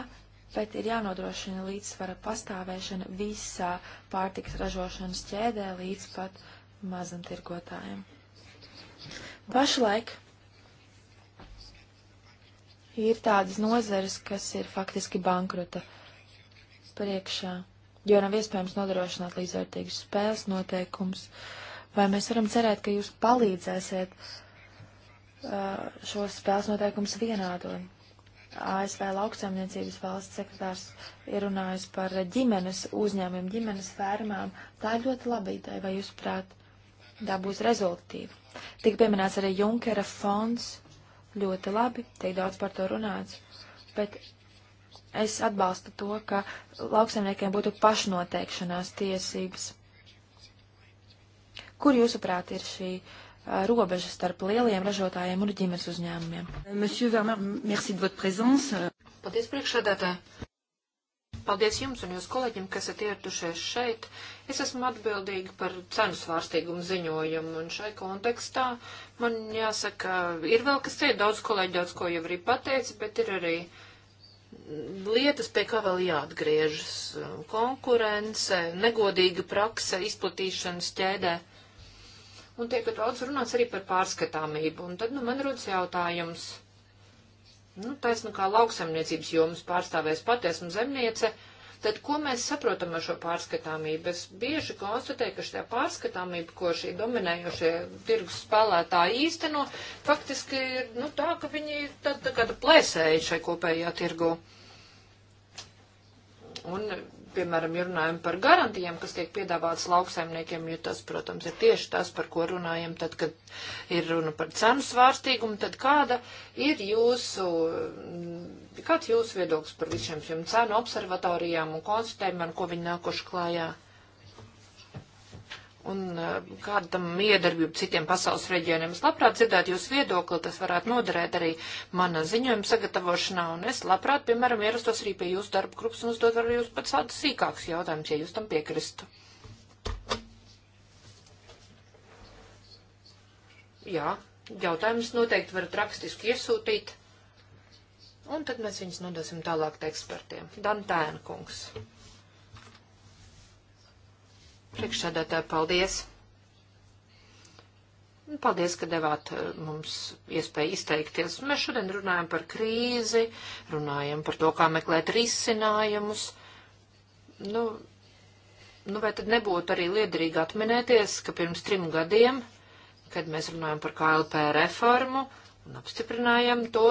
bet ir jānodrošina līdzsvara pastāvēšana visā pārtiks ražošanas ķēdē līdz pat mazumtirgotājiem. Pašlaik ir tādas nozeres, kas ir faktiski bankrota priekšā, jo nav iespējams nodrošināt līdzvērtīgus spēles noteikumus. Vai mēs varam cerēt, ka jūs palīdzēsiet uh, šos spēles noteikumus vienādot? ASV lauksaimniecības valsts sekretārs ir runājis par ģimenes uzņēmumiem, ģimenes fermām. Tā ir ļoti laba ideja, vai jūs prāt, tā būs rezultatīva. Tik pieminēts arī Junkera fonds, ļoti labi, tiek daudz par to runāts, bet es atbalstu to, ka lauksaimniekiem būtu pašnoteikšanās tiesības. Kur jūsuprāt ir šī uh, robežas starp lieliem ražotājiem un ģimenes uzņēmumiem. Monsieur Vermar, merci de votre présence. Paldies priekšsādātāji. Paldies jums un jūsu kolēģim, kas esat ieradušies šeit. Es esmu atbildīga par cenu svārstīgumu ziņojumu, un šai kontekstā man jāsaka, ir vēl kas te, daudz kolēģi daudz ko jau arī pateica, bet ir arī lietas, pie kā vēl jāatgriežas. Konkurence, negodīga prakse izplatīšanas ķēdē un tiek daudz runāts arī par pārskatāmību. Un tad, nu, man rodas jautājums. Nu, taisnu kā lauksamniecības jomas pārstāvēs pati esmu zemniece, tad ko mēs saprotam ar šo pārskatāmību? Es bieži konstatēju, ka šī pārskatāmība, ko šī dominējošie tirgus spēlētāji īsteno, faktiski ir, nu, tā, ka viņi ir tad, tā, tā kā plēsēji šai kopējā tirgu. Un piemēram, ja runājam par garantijām, kas tiek piedāvātas lauksaimniekiem, jo tas, protams, ir tieši tas, par ko runājam, tad, kad ir runa par cenu svārstīgumu, tad kāda ir jūsu, kāds jūsu viedoklis par visiem šiem cenu observatorijām un konstatējumiem, ko viņi nākuši klājā? un eh, kāda tam miedarbība citiem pasaules reģioniem. Es labprāt dzirdētu jūs viedokli, tas varētu noderēt arī mana ziņojuma sagatavošanā, un es labprāt, piemēram, ierastos arī pie jūsu darba grupas un uzdot arī jūs pats tādus sīkākus jautājumus, ja jūs tam piekristu. Jā, jautājumus noteikti varat rakstiski iesūtīt, un tad mēs viņus nodosim tālāk ekspertiem. Dan Tēnkungs. kungs. Priekšsēdētāji, paldies! Paldies, ka devāt eh, mums iespēju izteikties. Mēs šodien runājam par krīzi, runājam par to, kā meklēt risinājumus. Nu, nu vai tad nebūtu arī liederīgi atminēties, ka pirms trim gadiem, kad mēs runājam par KLP reformu un apstiprinājam to,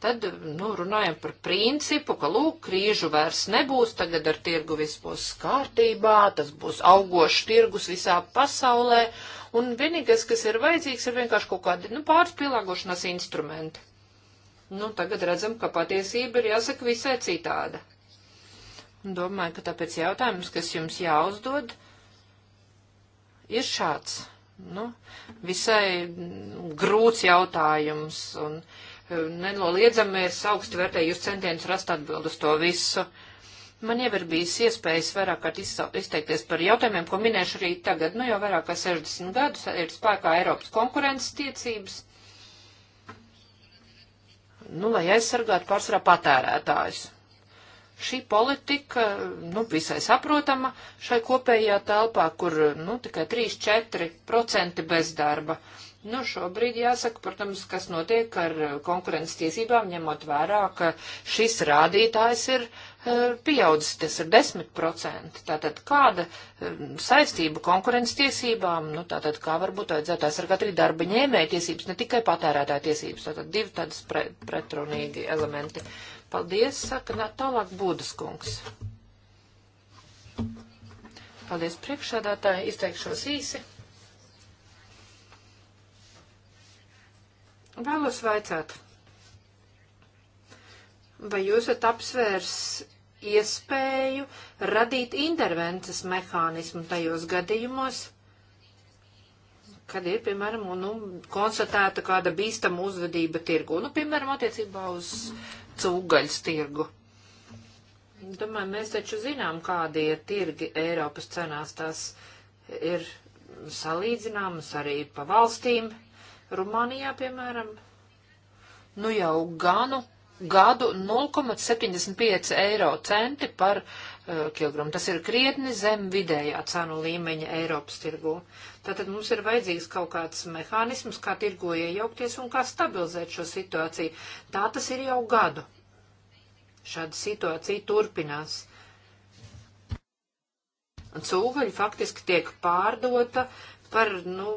tad, nu, runājam par principu, ka, lūk, krīžu vairs nebūs, tagad ar tirgu viss būs kārtībā, tas būs augošs tirgus visā pasaulē, un vienīgais, kas ir vajadzīgs, ir vienkārši kaut kādi, nu, pāris pielāgošanās instrumenti. Nu, tagad redzam, ka patiesība ir jāsaka visai citāda. Un domāju, ka tāpēc jautājums, kas jums jāuzdod, ir šāds. Nu, visai grūts jautājums. Un, uh, nenoliedzami es augstu vērtēju jūs centienus rast atbildus to visu. Man jau ir bijis iespējas vairāk kārt izteikties par jautājumiem, ko minēšu arī tagad. Nu, jau vairāk kā 60 gadus ir spēkā Eiropas konkurences tiecības. Nu, lai aizsargātu pārsvarā patērētājus. Šī politika, nu, visai saprotama šai kopējā telpā, kur, nu, tikai 3-4% bezdarba. Uh, Nu, šobrīd jāsaka, protams, kas notiek ar eh, konkurences tiesībām, ņemot vērā, ka šis rādītājs ir eh, pieaudzis, tas ir 10%. Tātad kāda eh, saistība konkurences tiesībām, nu, tātad kā varbūt vajadzētu aizsargāt arī darba ņēmēja tiesības, ne tikai patērētāja tiesības. Tātad divi tādas pre, pretrunīgi elementi. Paldies, saka tālāk Būdas kungs. Paldies priekšādātāji, izteikšos īsi. Vēlos vaicāt, vai jūs esat apsvērs iespēju radīt intervences mehānismu tajos gadījumos, kad ir, piemēram, nu, konstatēta kāda bīstama uzvedība tirgu, nu, piemēram, attiecībā uz cūgaļas tirgu. Domāju, mēs taču zinām, kādi ir tirgi Eiropas cenās. Tās ir salīdzināmas arī pa valstīm. Rumānijā, piemēram, nu jau ganu gadu 0,75 eiro centi par uh, kilogramu. Tas ir krietni zem vidējā cenu līmeņa Eiropas tirgu. Tātad mums ir vajadzīgs kaut kāds mehānisms, kā tirgo iejaukties un kā stabilizēt šo situāciju. Tā tas ir jau gadu. Šāda situācija turpinās. Cūgaļi faktiski tiek pārdota par, nu,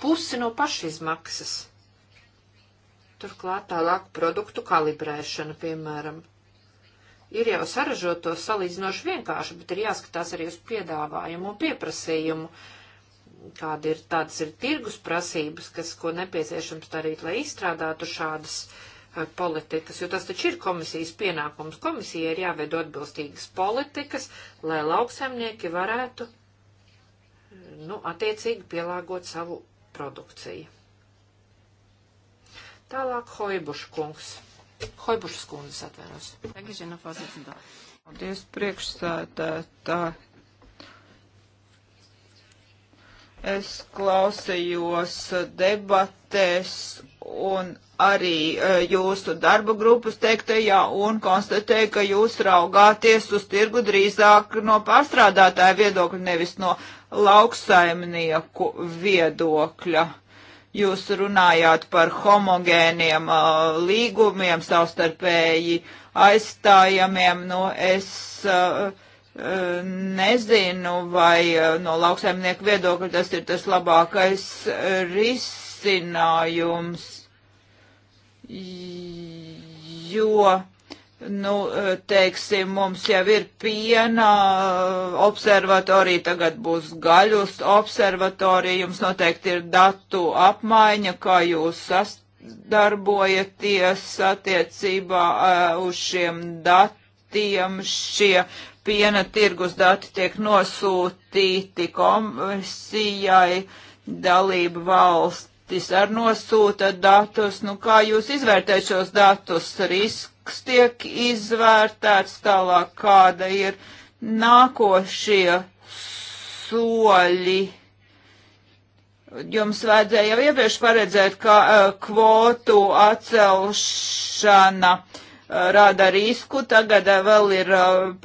pusi no pašizmaksas. Turklāt tālāk produktu kalibrēšana, piemēram. Ir jau saražoto salīdzinoši vienkārši, bet ir jāskatās arī uz piedāvājumu un pieprasījumu, kāda ir tādas ir tirgus prasības, kas, ko nepieciešams darīt, lai izstrādātu šādas uh, politikas, jo tas taču ir komisijas pienākums. Komisija ir jāveido atbilstīgas politikas, lai lauksaimnieki varētu, eh, nu, attiecīgi pielāgot savu produkcija. Tālāk Hoibušu kungs. Hoibušas kundzes atvainos. Paldies priekšsēdētāji. Es klausījos debatēs un arī eh, jūsu darba grupas teiktajā un konstatēju, ka jūs raugāties uz tirgu drīzāk no pārstrādātāja viedokļa, nevis no lauksaimnieku viedokļa. Jūs runājāt par homogēniem uh, līgumiem, savstarpēji aizstājamiem. Nu, es uh, nezinu, vai uh, no lauksaimnieku viedokļa tas ir tas labākais risinājums, jo nu, eh, teiksim, mums jau ir piena eh, observatorija, tagad būs gaļus observatorija, jums noteikti ir datu apmaiņa, kā jūs sasdarbojaties attiecībā eh, uz šiem datiem. Šie piena tirgus dati tiek nosūtīti komisijai dalību valstis ar nosūta datus. Nu, kā jūs izvērtējat šos datus risku? risks tiek izvērtēts, tālāk kāda ir nākošie soļi. Jums vajadzēja jau iepriekš paredzēt, ka e, kvotu atcelšana e, rada risku, tagad e, vēl ir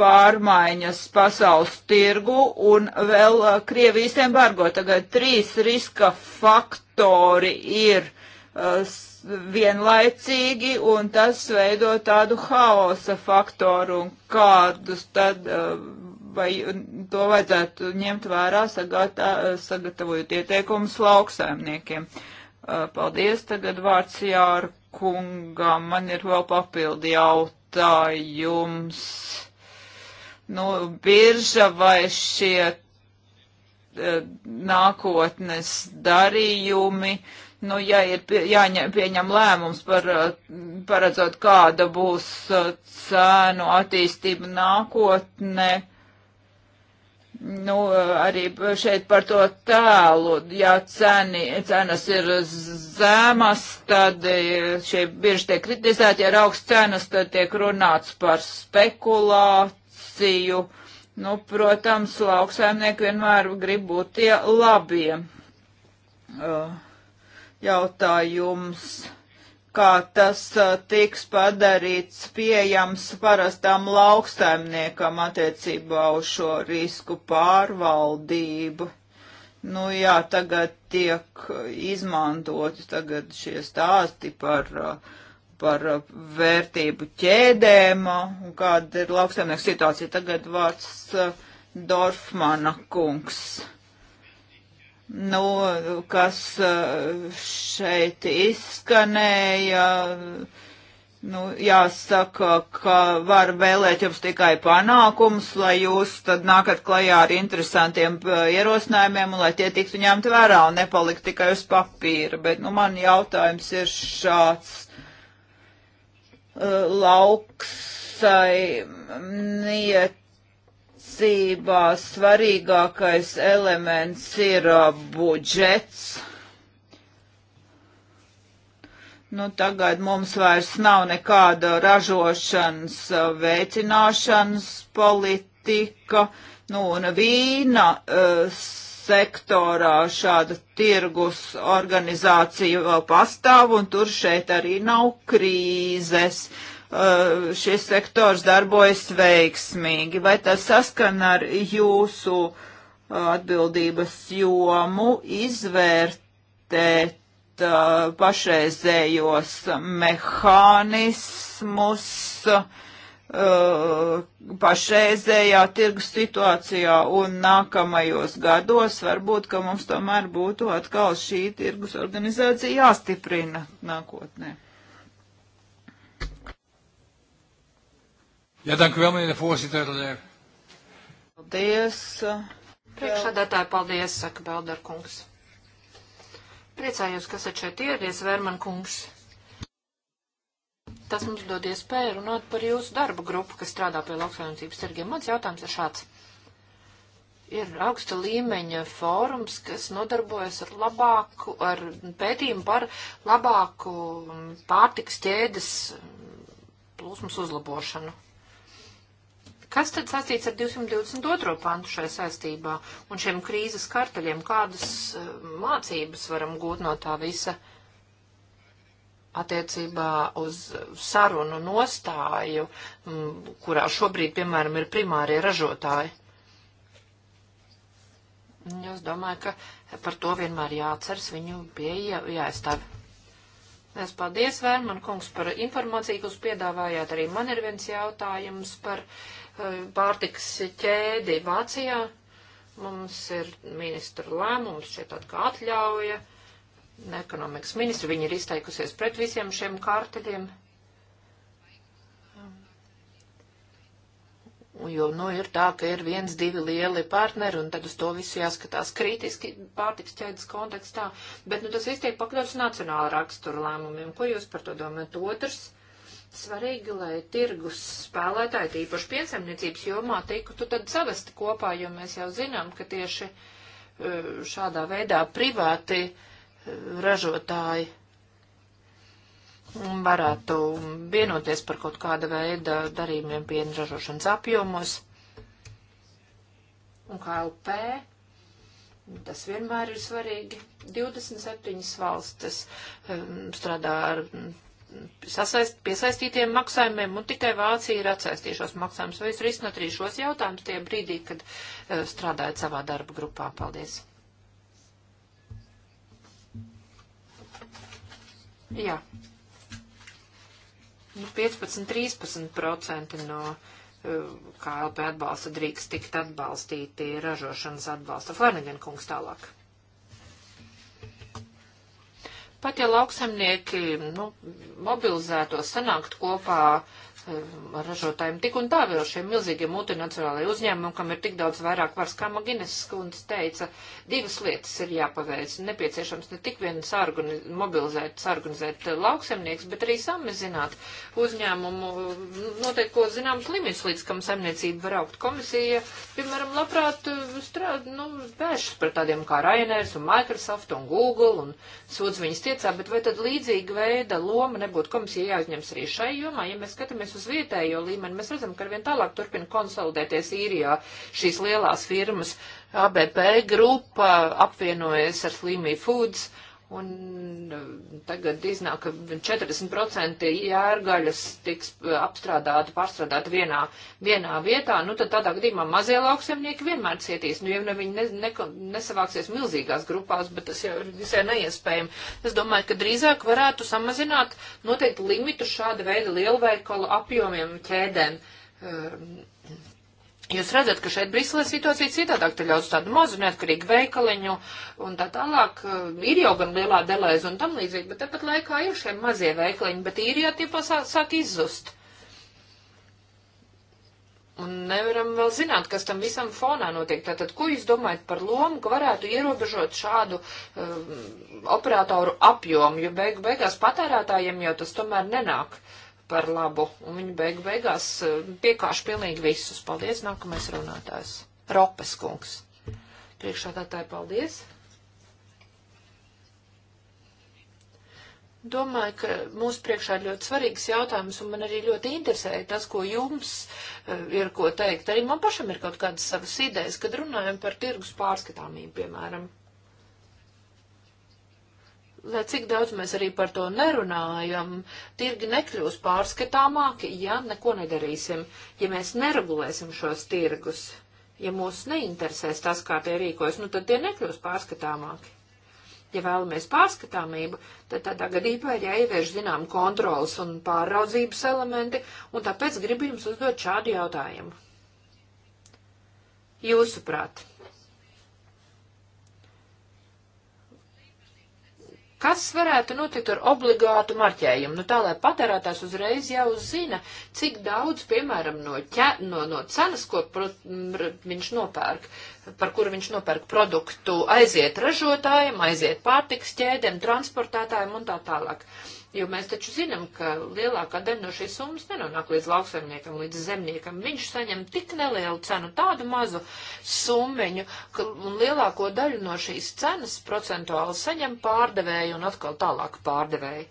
pārmaiņas pasaules tirgu un vēl Krievijas embargo. Tagad trīs riska faktori ir uh, vienlaicīgi, un tas veido tādu haosa faktoru, un kādus tad, uh, vai to vajadzētu ņemt vērā, sagatā, uh, sagatavojot ieteikumus lauksaimniekiem. Uh, paldies, tagad vārds Jāra kungam. Man ir vēl papildi jautājums. Nu, birža vai šie nākotnes darījumi. Uh, nu, ja ir pie, jāņem, pieņem lēmums par uh, paredzot, kāda būs uh, cēnu attīstība nākotnē, nu, uh, arī šeit par to tēlu, ja ceni, cenas ir zemas, tad šie bieži tiek kritizēti, ja ir augsts cenas, tad tiek runāts par spekulāciju. Nu, protams, lauksaimnieki vienmēr grib būt tie labie. Uh jautājums, kā tas uh, tiks padarīts pieejams parastam lauksaimniekam attiecībā uz šo risku pārvaldību. Nu jā, tagad tiek izmantoti tagad šie stāsti par uh, par uh, vērtību ķēdēm uh, un kāda ir lauksaimnieku situācija. Tagad vārds Dorfmana kungs nu, kas eh, šeit izskanēja. Nu, jāsaka, ka var vēlēt jums tikai panākumus, lai jūs tad nākat klajā ar interesantiem eh, ierosinājumiem un lai tie tiktu ņemti vērā un nepalikt tikai uz papīra. Bet, nu, man jautājums ir šāds uh, lauksai. Niet Mācībā svarīgākais elements ir uh, budžets. Nu, tagad mums vairs nav nekāda ražošanas uh, veicināšanas politika, nu, un vīna uh, sektorā šāda tirgus organizācija vēl pastāv, un tur šeit arī nav krīzes. Uh, Eh, šis sektors darbojas veiksmīgi. Vai tas saskan ar jūsu eh, atbildības jomu izvērtēt eh, pašreizējos mehānismus pašreizējā tirgus situācijā un nākamajos gados varbūt, ka mums tomēr būtu atkal šī tirgus organizācija jāstiprina nākotnē. Ja, dank u wel, meneer de voorzitter. Eh, paldies. Priekšādātāji, paldies, saka Belder kungs. Priecājos, ka esat šeit ieradies, Vērman kungs. Tas mums dod iespēju runāt par jūsu darba grupu, kas strādā pie lauksaimniecības tirgiem. Mans jautājums ir šāds. Ir augsta līmeņa fórums, kas nodarbojas ar labāku, ar pētījumu par labāku mm, pārtiks ķēdes mm, plūsmas uzlabošanu. Kas tad saistīts ar 222. pantu šai saistībā un šiem krīzes kartaļiem? Kādas eh, mācības varam gūt no tā visa attiecībā uz sarunu nostāju, mm, kurā šobrīd, piemēram, ir primārie ražotāji? Es domāju, ka par to vienmēr jāatceras viņu pieeja jāaizstāv. Es paldies, Vērman kungs, par informāciju, ko jūs piedāvājāt. Arī man ir viens jautājums par uh, Eh, pārtiks ķēdi Vācijā. Mums ir ministra lēmums, šeit tāda kā atļauja, ekonomikas ministra, viņi ir izteikusies pret visiem šiem kārteļiem. Jo, nu, ir tā, ka ir viens, divi lieli partneri, un tad uz to visu jāskatās kritiski pārtiks ķēdes kontekstā. Bet, nu, tas viss tiek pakļauts nacionāla rakstura lēmumiem. Ko jūs par to domājat? Otrs. Uh, Svarīgi, lai tirgus spēlētāji, tīpaši piensaimniecības jomā, tiktu tad savesti kopā, jo mēs jau zinām, ka tieši e, šādā veidā privāti e, ražotāji varētu vienoties par kaut kāda veida darījumiem piena ražošanas apjomos. Un KLP Tas vienmēr ir svarīgi. 27 valstis um, strādā ar sasaist, piesaistītiem maksājumiem, un tikai Vācija ir atsaistījušos maksājumus. Vai es risinot arī šos jautājumus tie brīdī, kad uh, strādājat savā darba grupā? Paldies! Jā. Nu, 15-13% no uh, eh, KLP atbalsta drīkst tikt atbalstīti ražošanas atbalsta. Flanagan kungs tālāk. Pat ja lauksaimnieki nu, mobilizētos, sanākt kopā, uh, Eh, ražotājiem tik un tā vēl šiem milzīgiem multinacionālajiem uzņēmumiem, kam ir tik daudz vairāk vairs, kā Maginas skundze teica, divas lietas ir jāpaveic. Nepieciešams ne tik vien sarguni, mobilizēt, sargunizēt eh, lauksemnieks, bet arī samazināt uzņēmumu eh, noteikko zināms limits, līdz kam saimniecība var augt. Komisija, piemēram, labprāt strād, nu, vēršas par tādiem kā Rainers un Microsoft un Google un sūdz viņas tiecā, bet vai tad līdzīga veida loma nebūtu komisija jāuzņems arī šai jomā, ja mēs skatāmies uz vietējo līmeni, mēs redzam, ka arvien tālāk turpina konsolidēties īrijā šīs lielās firmas. ABP grupa apvienojas ar Slimī Foods. Uh, Un eh, tagad iznāk, ka 40% jērgaļas tiks eh, apstrādāta, pārstrādāta vienā, vienā vietā. Nu, tad tādā gadījumā mazie lauksemnieki vienmēr cietīs. Nu, ja ne, nu viņi ne, ne, nesavāksies milzīgās grupās, bet tas jau ir visai neiespējami. Es domāju, ka drīzāk varētu samazināt noteikti limitu šāda veida lielveikalu apjomiem ķēdēm. Uh, Jūs redzat, ka šeit Briselē situācija citādāk, te ļaudz tādu mazu neatkarīgu veikaliņu un tā tālāk. Um, ir jau gan lielā delēza un tam līdzīgi, bet tāpat laikā ir šie mazie veikaliņi, bet īrijā tie pasāk sāk izzust. Un nevaram vēl zināt, kas tam visam fonā notiek. Tātad, ko jūs domājat par lomu, ka varētu ierobežot šādu um, operatoru apjomu, jo beig, beigās patērētājiem jau tas tomēr nenāk. Uh, par labu, un viņi beig beigās eh, piekāš pilnīgi visus. Paldies, nākamais runātājs. Ropes kungs. Priekšādātāji, paldies. Domāju, ka mūsu priekšā ir ļoti svarīgs jautājums, un man arī ļoti interesē tas, ko jums eh, ir ko teikt. Arī man pašam ir kaut kādas savas idejas, kad runājam par tirgus pārskatāmību, piemēram lai cik daudz mēs arī par to nerunājam, tirgi nekļūs pārskatāmāki, ja neko nedarīsim, ja mēs neregulēsim šos tirgus, ja mūs neinteresēs tas, kā tie rīkojas, nu tad tie nekļūs pārskatāmāki. Ja vēlamies pārskatāmību, tad tādā gadījumā ir jāievieš zinām kontrols un pāraudzības elementi, un tāpēc gribu jums uzdot šādu jautājumu. Jūsuprāt, Kas varētu notikt ar obligātu marķējumu? Nu tā, lai patērētājs uzreiz jau zina, cik daudz, piemēram, no, ķē, no, no cenas, ko pro, mm, r, viņš nopērk, par kuru viņš nopērk produktu, aiziet ražotājiem, aiziet pārtiks ķēdēm, transportētājiem un tā tālāk. Jo mēs taču zinām, ka lielākā daļa no šīs summas nenonāk līdz lauksaimniekam, līdz zemniekam. Viņš saņem tik nelielu cenu, tādu mazu summiņu, ka, un lielāko daļu no šīs cenas procentuāli saņem pārdevēju un atkal tālāk pārdevēju.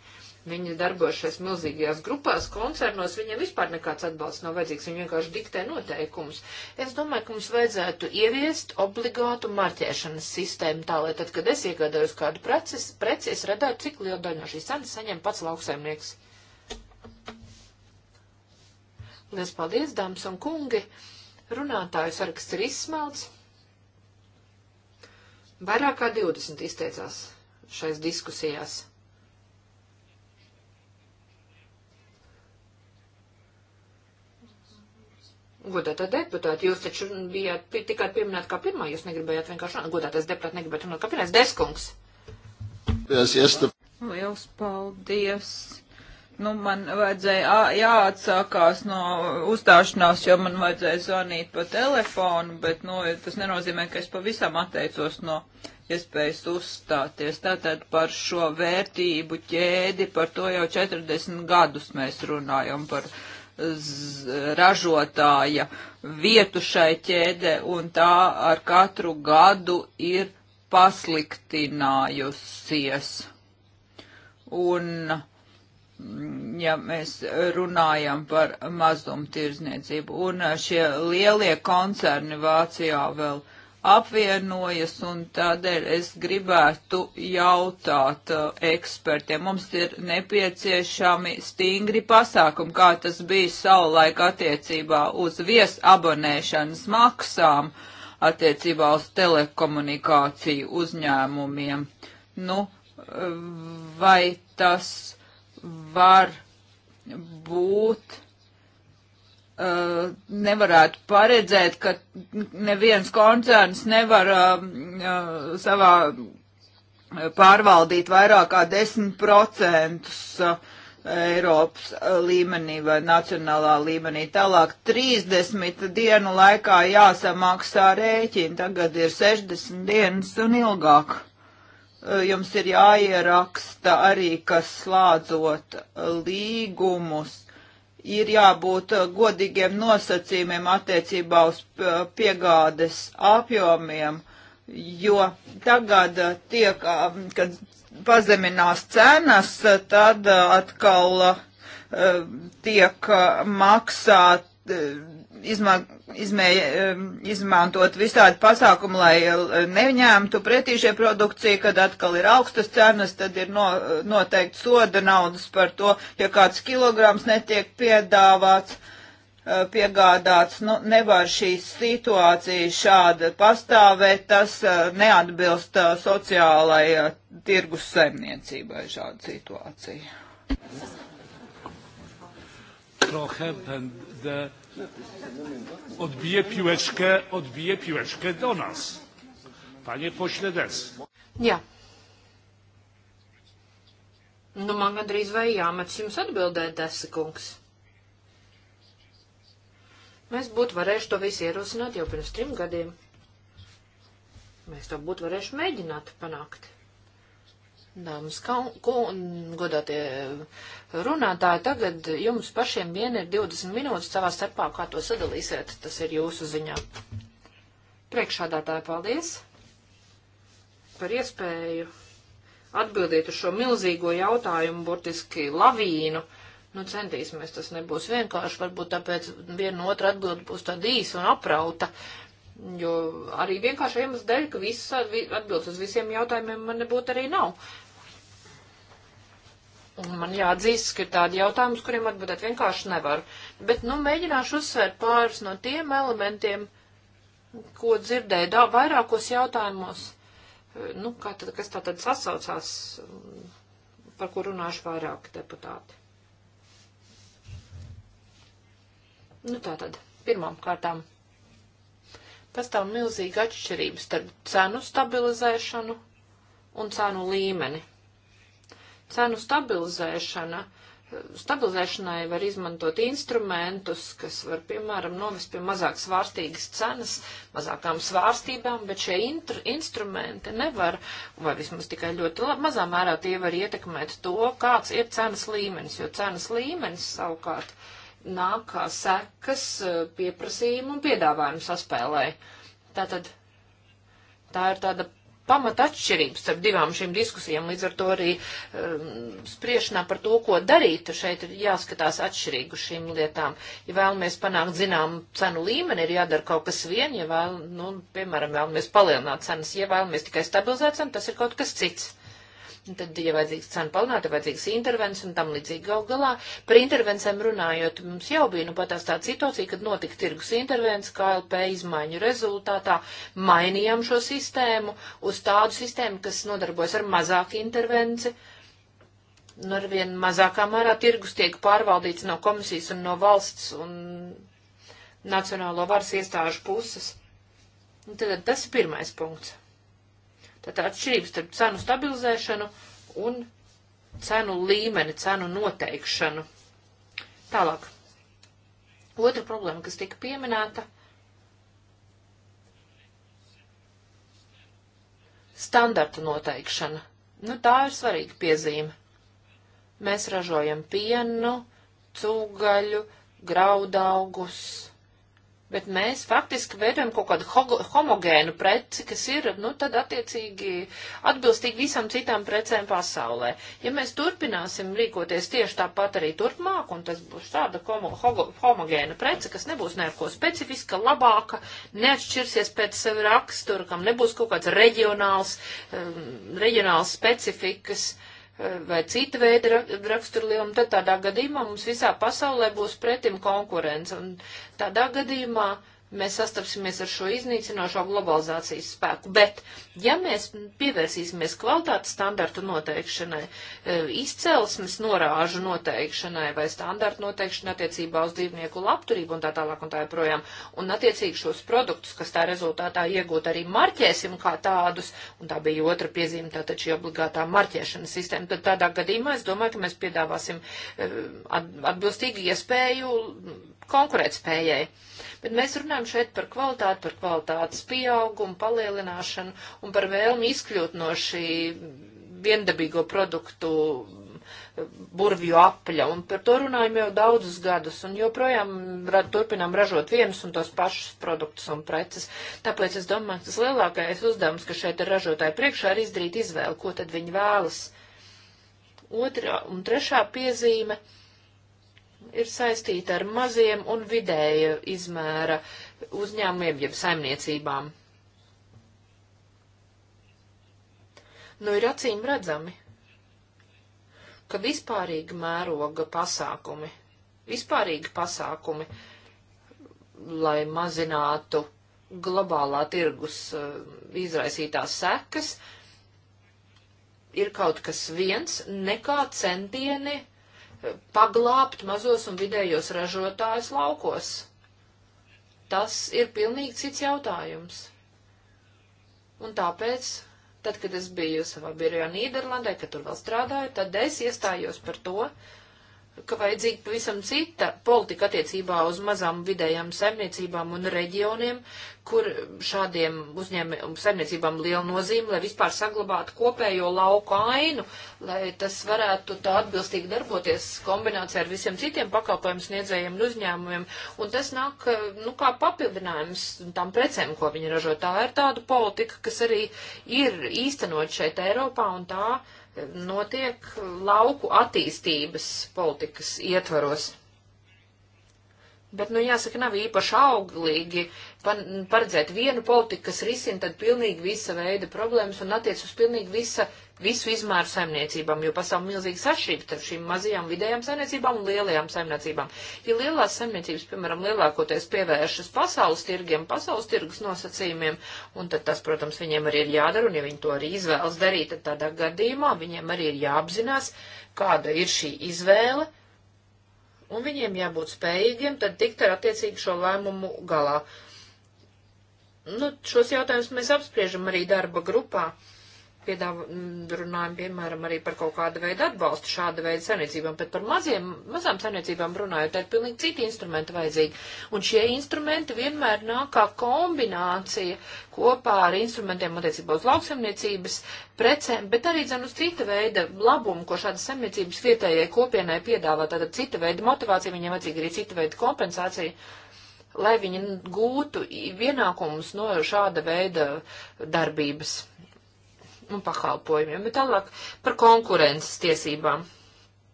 Viņi darbojušies milzīgajās grupās, koncernos, viņiem vispār nekāds atbalsts nav vajadzīgs, viņi vienkārši diktē noteikumus. Es domāju, ka mums vajadzētu ieviest obligātu marķēšanas sistēmu tā, lai tad, kad es iegādājos kādu preces, preci, es redzētu, cik lielu daļu no šīs cenas saņem pats lauksaimnieks. Liels paldies, dāmas un kungi! Runātāju saraksts ir izsmelts. Vairāk kā 20 izteicās šais diskusijās. Godātā deputāte, jūs taču bijāt tikai pieminēt kā pirmā, jūs negribējāt vienkārši, godātais deputāte, negribētu runāt kā pirmais, deskungs. Liels paldies. Nu, man vajadzēja jāatsākās no uzstāšanās, jo man vajadzēja zvanīt pa telefonu, bet, nu, tas nenozīmē, ka es pavisam atteicos no iespējas uzstāties. Tātad par šo vērtību ķēdi, par to jau 40 gadus mēs runājam par. Uh, ražotāja vietu šai ķēdē, un tā ar katru gadu ir pasliktinājusies. Un, mm, ja mēs runājam par mazumtirdzniecību, un šie lielie koncerni Vācijā vēl apvienojas, un tādēļ es gribētu jautāt uh, ekspertiem. Mums ir nepieciešami stingri pasākumi, kā tas bija savulaik attiecībā uz viesabonēšanas maksām, attiecībā uz telekomunikāciju uzņēmumiem. Nu, vai tas var būt? Uh, nevarētu paredzēt, ka neviens koncerns nevar uh, uh savā uh, pārvaldīt vairāk kā 10% uh, Eiropas līmenī vai nacionālā līmenī. Tālāk 30 dienu laikā jāsamaksā rēķini, tagad ir 60 dienas un ilgāk. Uh, jums ir jāieraksta arī, kas slādzot līgumus ir jābūt uh, godīgiem nosacījumiem attiecībā uz uh, piegādes apjomiem, jo tagad uh, tiek, um, kad pazeminās cenas, tad atkal tiek maksāt izmā, izmē, izmantot visādi pasākumi, lai eh, neņemtu pretī šie produkcija, kad atkal ir augstas cenas, tad ir no, noteikti soda naudas par to, ja kāds kilograms netiek piedāvāts, eh, piegādāts. Nu, nevar šī situācija šāda pastāvēt, tas eh, neatbilst sociālai tirgus saimniecībai šāda situācija. Trochę będę Odbije piłeczkę, odbije piłeczkę do nas. Panie pośle Des. Jā. Nu, man gandrīz vai jāmet jums atbildēt, Desa kungs. Mēs būtu varējuši to visu ierosināt jau pirms trim gadiem. Mēs to būtu varējuši mēģināt panākt. Dāmas, godātie runātāji, tagad jums pašiem vien ir 20 minūtes savā starpā, kā to sadalīsiet, tas ir jūsu ziņā. Priekšādātāji, paldies par iespēju atbildēt uz šo milzīgo jautājumu, burtiski lavīnu. Nu, centīsimies, tas nebūs vienkārši, varbūt tāpēc viena otra atbilde būs tāda īsa un aprauta. Jo arī vienkārši iemesls dēļ, ka visas atbildes uz visiem jautājumiem man nebūtu arī nav. Un man jāatzīst, ka ir tādi jautājumi, uz kuriem atbildēt vienkārši nevar. Bet, nu, mēģināšu uzsvērt pāris no tiem elementiem, ko dzirdēju da, vairākos jautājumos. Eh, nu, kā tad, kas tā tad sasaucās, mm, par ko runāšu vairāk deputāti. Nu, tā tad, pirmām kārtām. Pastāv milzīga atšķirība starp cenu stabilizēšanu un cenu līmeni Cenu stabilizēšana. Stabilizēšanai var izmantot instrumentus, kas var, piemēram, novest pie mazāk svārstīgas cenas, mazākām svārstībām, bet šie intru, instrumenti nevar, vai vismaz tikai ļoti labi, mazā mērā tie var ietekmēt to, kāds ir cenas līmenis, jo cenas līmenis savukārt nāk kā sekas eh, pieprasījumu un piedāvājumu saspēlē. Tātad tā ir tāda pamata atšķirības starp divām šīm diskusijām, līdz ar to arī um, spriešanā par to, ko darīt, šeit ir jāskatās atšķirīgi uz šīm lietām. Ja vēlamies panākt zinām cenu līmeni, ir jādara kaut kas vien, ja vēl, nu, piemēram, vēlamies palielināt cenas, ja vēlamies tikai stabilizēt cenu, tas ir kaut kas cits. Un nu, tad, ja vajadzīgs cenu palnāt, ja vajadzīgs intervences un tam līdzīgi gal galā. Par intervencēm runājot, mums jau bija, nu, patās tāda situācija, kad notika tirgus intervences, KLP izmaiņu rezultātā mainījām šo sistēmu uz tādu sistēmu, kas nodarbojas ar mazāku intervenci. Un nu, ar vien mazākā mērā tirgus tiek pārvaldīts no komisijas un no valsts un nacionālo varas iestāžu puses. Un tad tas ir pirmais punkts. Tātad atšķirības starp cenu stabilizēšanu un cenu līmeni, cenu noteikšanu. Tālāk. Otra problēma, kas tika pieminēta. Standarta noteikšana. Nu, tā ir svarīga piezīme. Mēs ražojam pienu, cūgaļu, graudaugus bet mēs faktiski veidojam kaut kādu homogēnu preci, kas ir, nu, tad attiecīgi atbilstīgi visam citām precēm pasaulē. Ja mēs turpināsim rīkoties tieši tāpat arī turpmāk, un tas būs tāda homogēna prece, kas nebūs neko specifiska, labāka, neatšķirsies pēc sevi rakstura, kam nebūs kaut kāds reģionāls, um, reģionāls specifikas. Uh, vai cita veida raksturlieluma, tad tādā gadījumā mums visā pasaulē būs pretim konkurence. Un tādā gadījumā uh, mēs sastapsimies ar šo iznīcinošo globalizācijas spēku. Bet, ja mēs pievērsīsimies kvalitātes standartu noteikšanai, e, izcelsmes norāžu noteikšanai vai standartu noteikšanai attiecībā uz dzīvnieku labturību un tā tālāk un tā joprojām, un attiecīgi šos produktus, kas tā rezultātā iegūt, arī marķēsim kā tādus, un tā bija otra piezīme, tātad šī obligātā marķēšanas sistēma, tad tādā gadījumā es domāju, ka mēs piedāvāsim e, atbilstīgu iespēju konkurētspējai. Bet mēs runājam šeit par kvalitāti, par kvalitātes pieaugumu, palielināšanu un par vēlmi izkļūt no šī viendabīgo produktu eh, burvju apļa, un par to runājam jau daudzus gadus, un joprojām ra turpinām ražot vienus un tos pašus produktus un preces. Tāpēc es domāju, ka tas lielākais uzdevums, ka šeit ir ražotāji priekšā, ir izdarīt izvēli, ko tad viņi vēlas. Otra un trešā piezīme. Uh, ir saistīta ar maziem un vidēja izmēra uzņēmumiem, jeb saimniecībām. Nu, ir acīm redzami, ka vispārīga mēroga pasākumi, vispārīga pasākumi, lai mazinātu globālā tirgus uh, izraisītās sekas, ir kaut kas viens, nekā centieni paglābt mazos un vidējos ražotājus laukos. Tas ir pilnīgi cits jautājums. Un tāpēc, tad, kad es biju savā birojā Nīderlandē, kad tur vēl strādāju, tad es iestājos par to, uh, ka vajadzīga pavisam cita politika attiecībā uz mazām vidējām saimniecībām un reģioniem, kur šādiem uzņēmumiem saimniecībām liela nozīme, lai vispār saglabātu kopējo lauku ainu, lai tas varētu tā atbilstīgi darboties kombinācijā ar visiem citiem pakalpojumu sniedzējiem un uzņēmumiem. Un tas nāk, nu, kā papildinājums tām precēm, ko viņi ražo. Tā ir tāda politika, kas arī ir īstenot šeit Eiropā un tā notiek lauku attīstības politikas ietvaros. Bet, nu, jāsaka, nav īpaši auglīgi paredzēt vienu politiku, kas risina tad pilnīgi visa veida problēmas un attiec uz pilnīgi visa visu izmēru saimniecībām, jo pastāv milzīgi sašķirība starp šīm mazajām vidējām saimniecībām un lielajām saimniecībām. Ja lielās saimniecības, piemēram, lielākoties pievēršas pasaules tirgiem, pasaules tirgus nosacījumiem, un tad tas, protams, viņiem arī ir jādara, un ja viņi to arī izvēlas darīt, tad tādā gadījumā viņiem arī ir jāapzinās, kāda ir šī izvēle un viņiem jābūt spējīgiem tad tikt ar attiecīgi šo lēmumu galā. Nu, šos jautājumus mēs apspriežam arī darba grupā, piedāv, mm, runājam, piemēram, arī par kaut kādu veidu atbalstu šāda veida saimniecībām, bet par maziem, mazām saimniecībām runājot, ir pilnīgi citi instrumenti vajadzīgi. Un šie instrumenti vienmēr nāk kā kombinācija kopā ar instrumentiem attiecībā uz lauksaimniecības precēm, bet arī, zinu, uz cita veida labumu, ko šāda saimniecības vietējai kopienai piedāvā. Tātad cita veida motivācija, viņiem vajadzīga arī cita veida kompensācija lai viņi gūtu ienākumus no šāda veida darbības un pakalpojumiem, bet tālāk par konkurences tiesībām.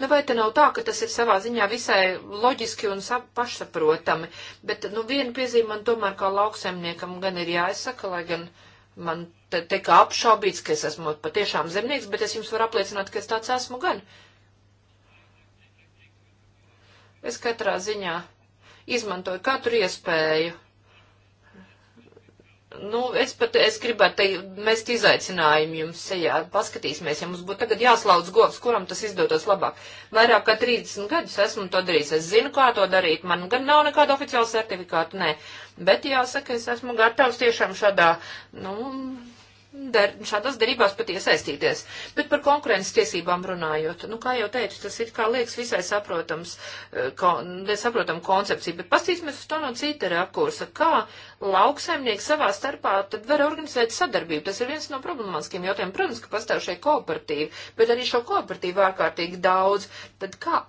Nu, vai te nav tā, ka tas ir savā ziņā visai loģiski un pašsaprotami, bet, nu, viena piezīme man tomēr kā lauksaimniekam gan ir jāizsaka, lai gan man te, te kā apšaubīts, ka es esmu patiešām zemnieks, bet es jums varu apliecināt, ka es tāds esmu gan. Es katrā ziņā izmantoju katru iespēju Nu, es pat, es gribētu te mest izaicinājumu jums sejā. Paskatīsimies, ja mums būtu tagad jāslaudz govs, kuram tas izdotos labāk. Vairāk kā 30 gadus esmu to darījis. Es zinu, kā to darīt. Man gan nav nekāda oficiāla certifikāta, nē. Bet jāsaka, es esmu gatavs tiešām šādā, nu, dar, šādās darībās pat iesaistīties. Bet par konkurences tiesībām runājot, nu, kā jau teicu, tas ir kā liekas visai saprotams, eh, kon, saprotam koncepcija, bet pastīsimies uz to no cita rakursa, kā lauksaimnieki savā starpā tad var organizēt sadarbību. Tas ir viens no problemātiskiem jautājumiem. Protams, ka pastāv šie kooperatīvi, bet arī šo kooperatīvu ārkārtīgi daudz. Tad kā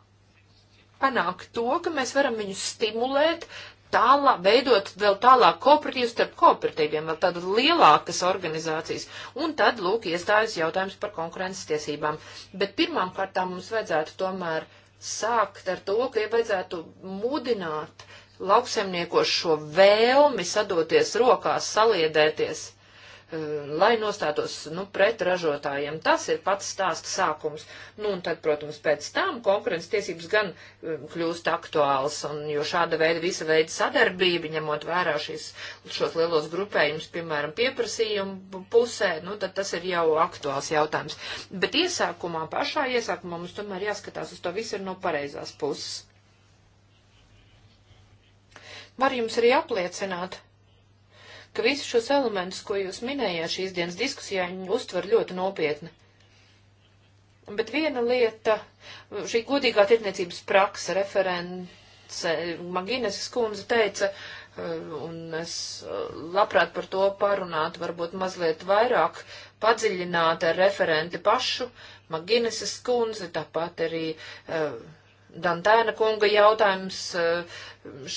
panākt to, ka mēs varam viņus stimulēt, tālā, veidot vēl tālāk kooperatīvas starp kooperatīviem, vēl tādas lielākas organizācijas, un tad, lūk, iestājas jautājums par konkurences tiesībām. Bet pirmām kārtām mums vajadzētu tomēr sākt ar to, ka ja vajadzētu mudināt lauksemniekos šo vēlmi sadoties rokās, saliedēties Eh, lai nostātos nu, pret ražotājiem. Tas ir pats stāsta sākums. Nu, un tad, protams, pēc tam konkurences tiesības gan eh, kļūst aktuāls, un, jo šāda veida visa veida sadarbība, ņemot vērā šīs, šos lielos grupējumus, piemēram, pieprasījumu pusē, nu, tad tas ir jau aktuāls jautājums. Bet iesākumā, pašā iesākumā mums tomēr jāskatās uz to visu ir no pareizās puses. Var jums arī apliecināt, ka visus šos elementus, ko jūs minējāt šīs dienas diskusijā, viņi uztver ļoti nopietni. Bet viena lieta, šī godīgā tirdzniecības praksa, reference, Magīnes skundze teica, uh, un es uh, labprāt par to parunātu, varbūt mazliet vairāk padziļināt ar referenti pašu, Magīnes skundze, tāpat arī uh, Dantēna kunga jautājums eh,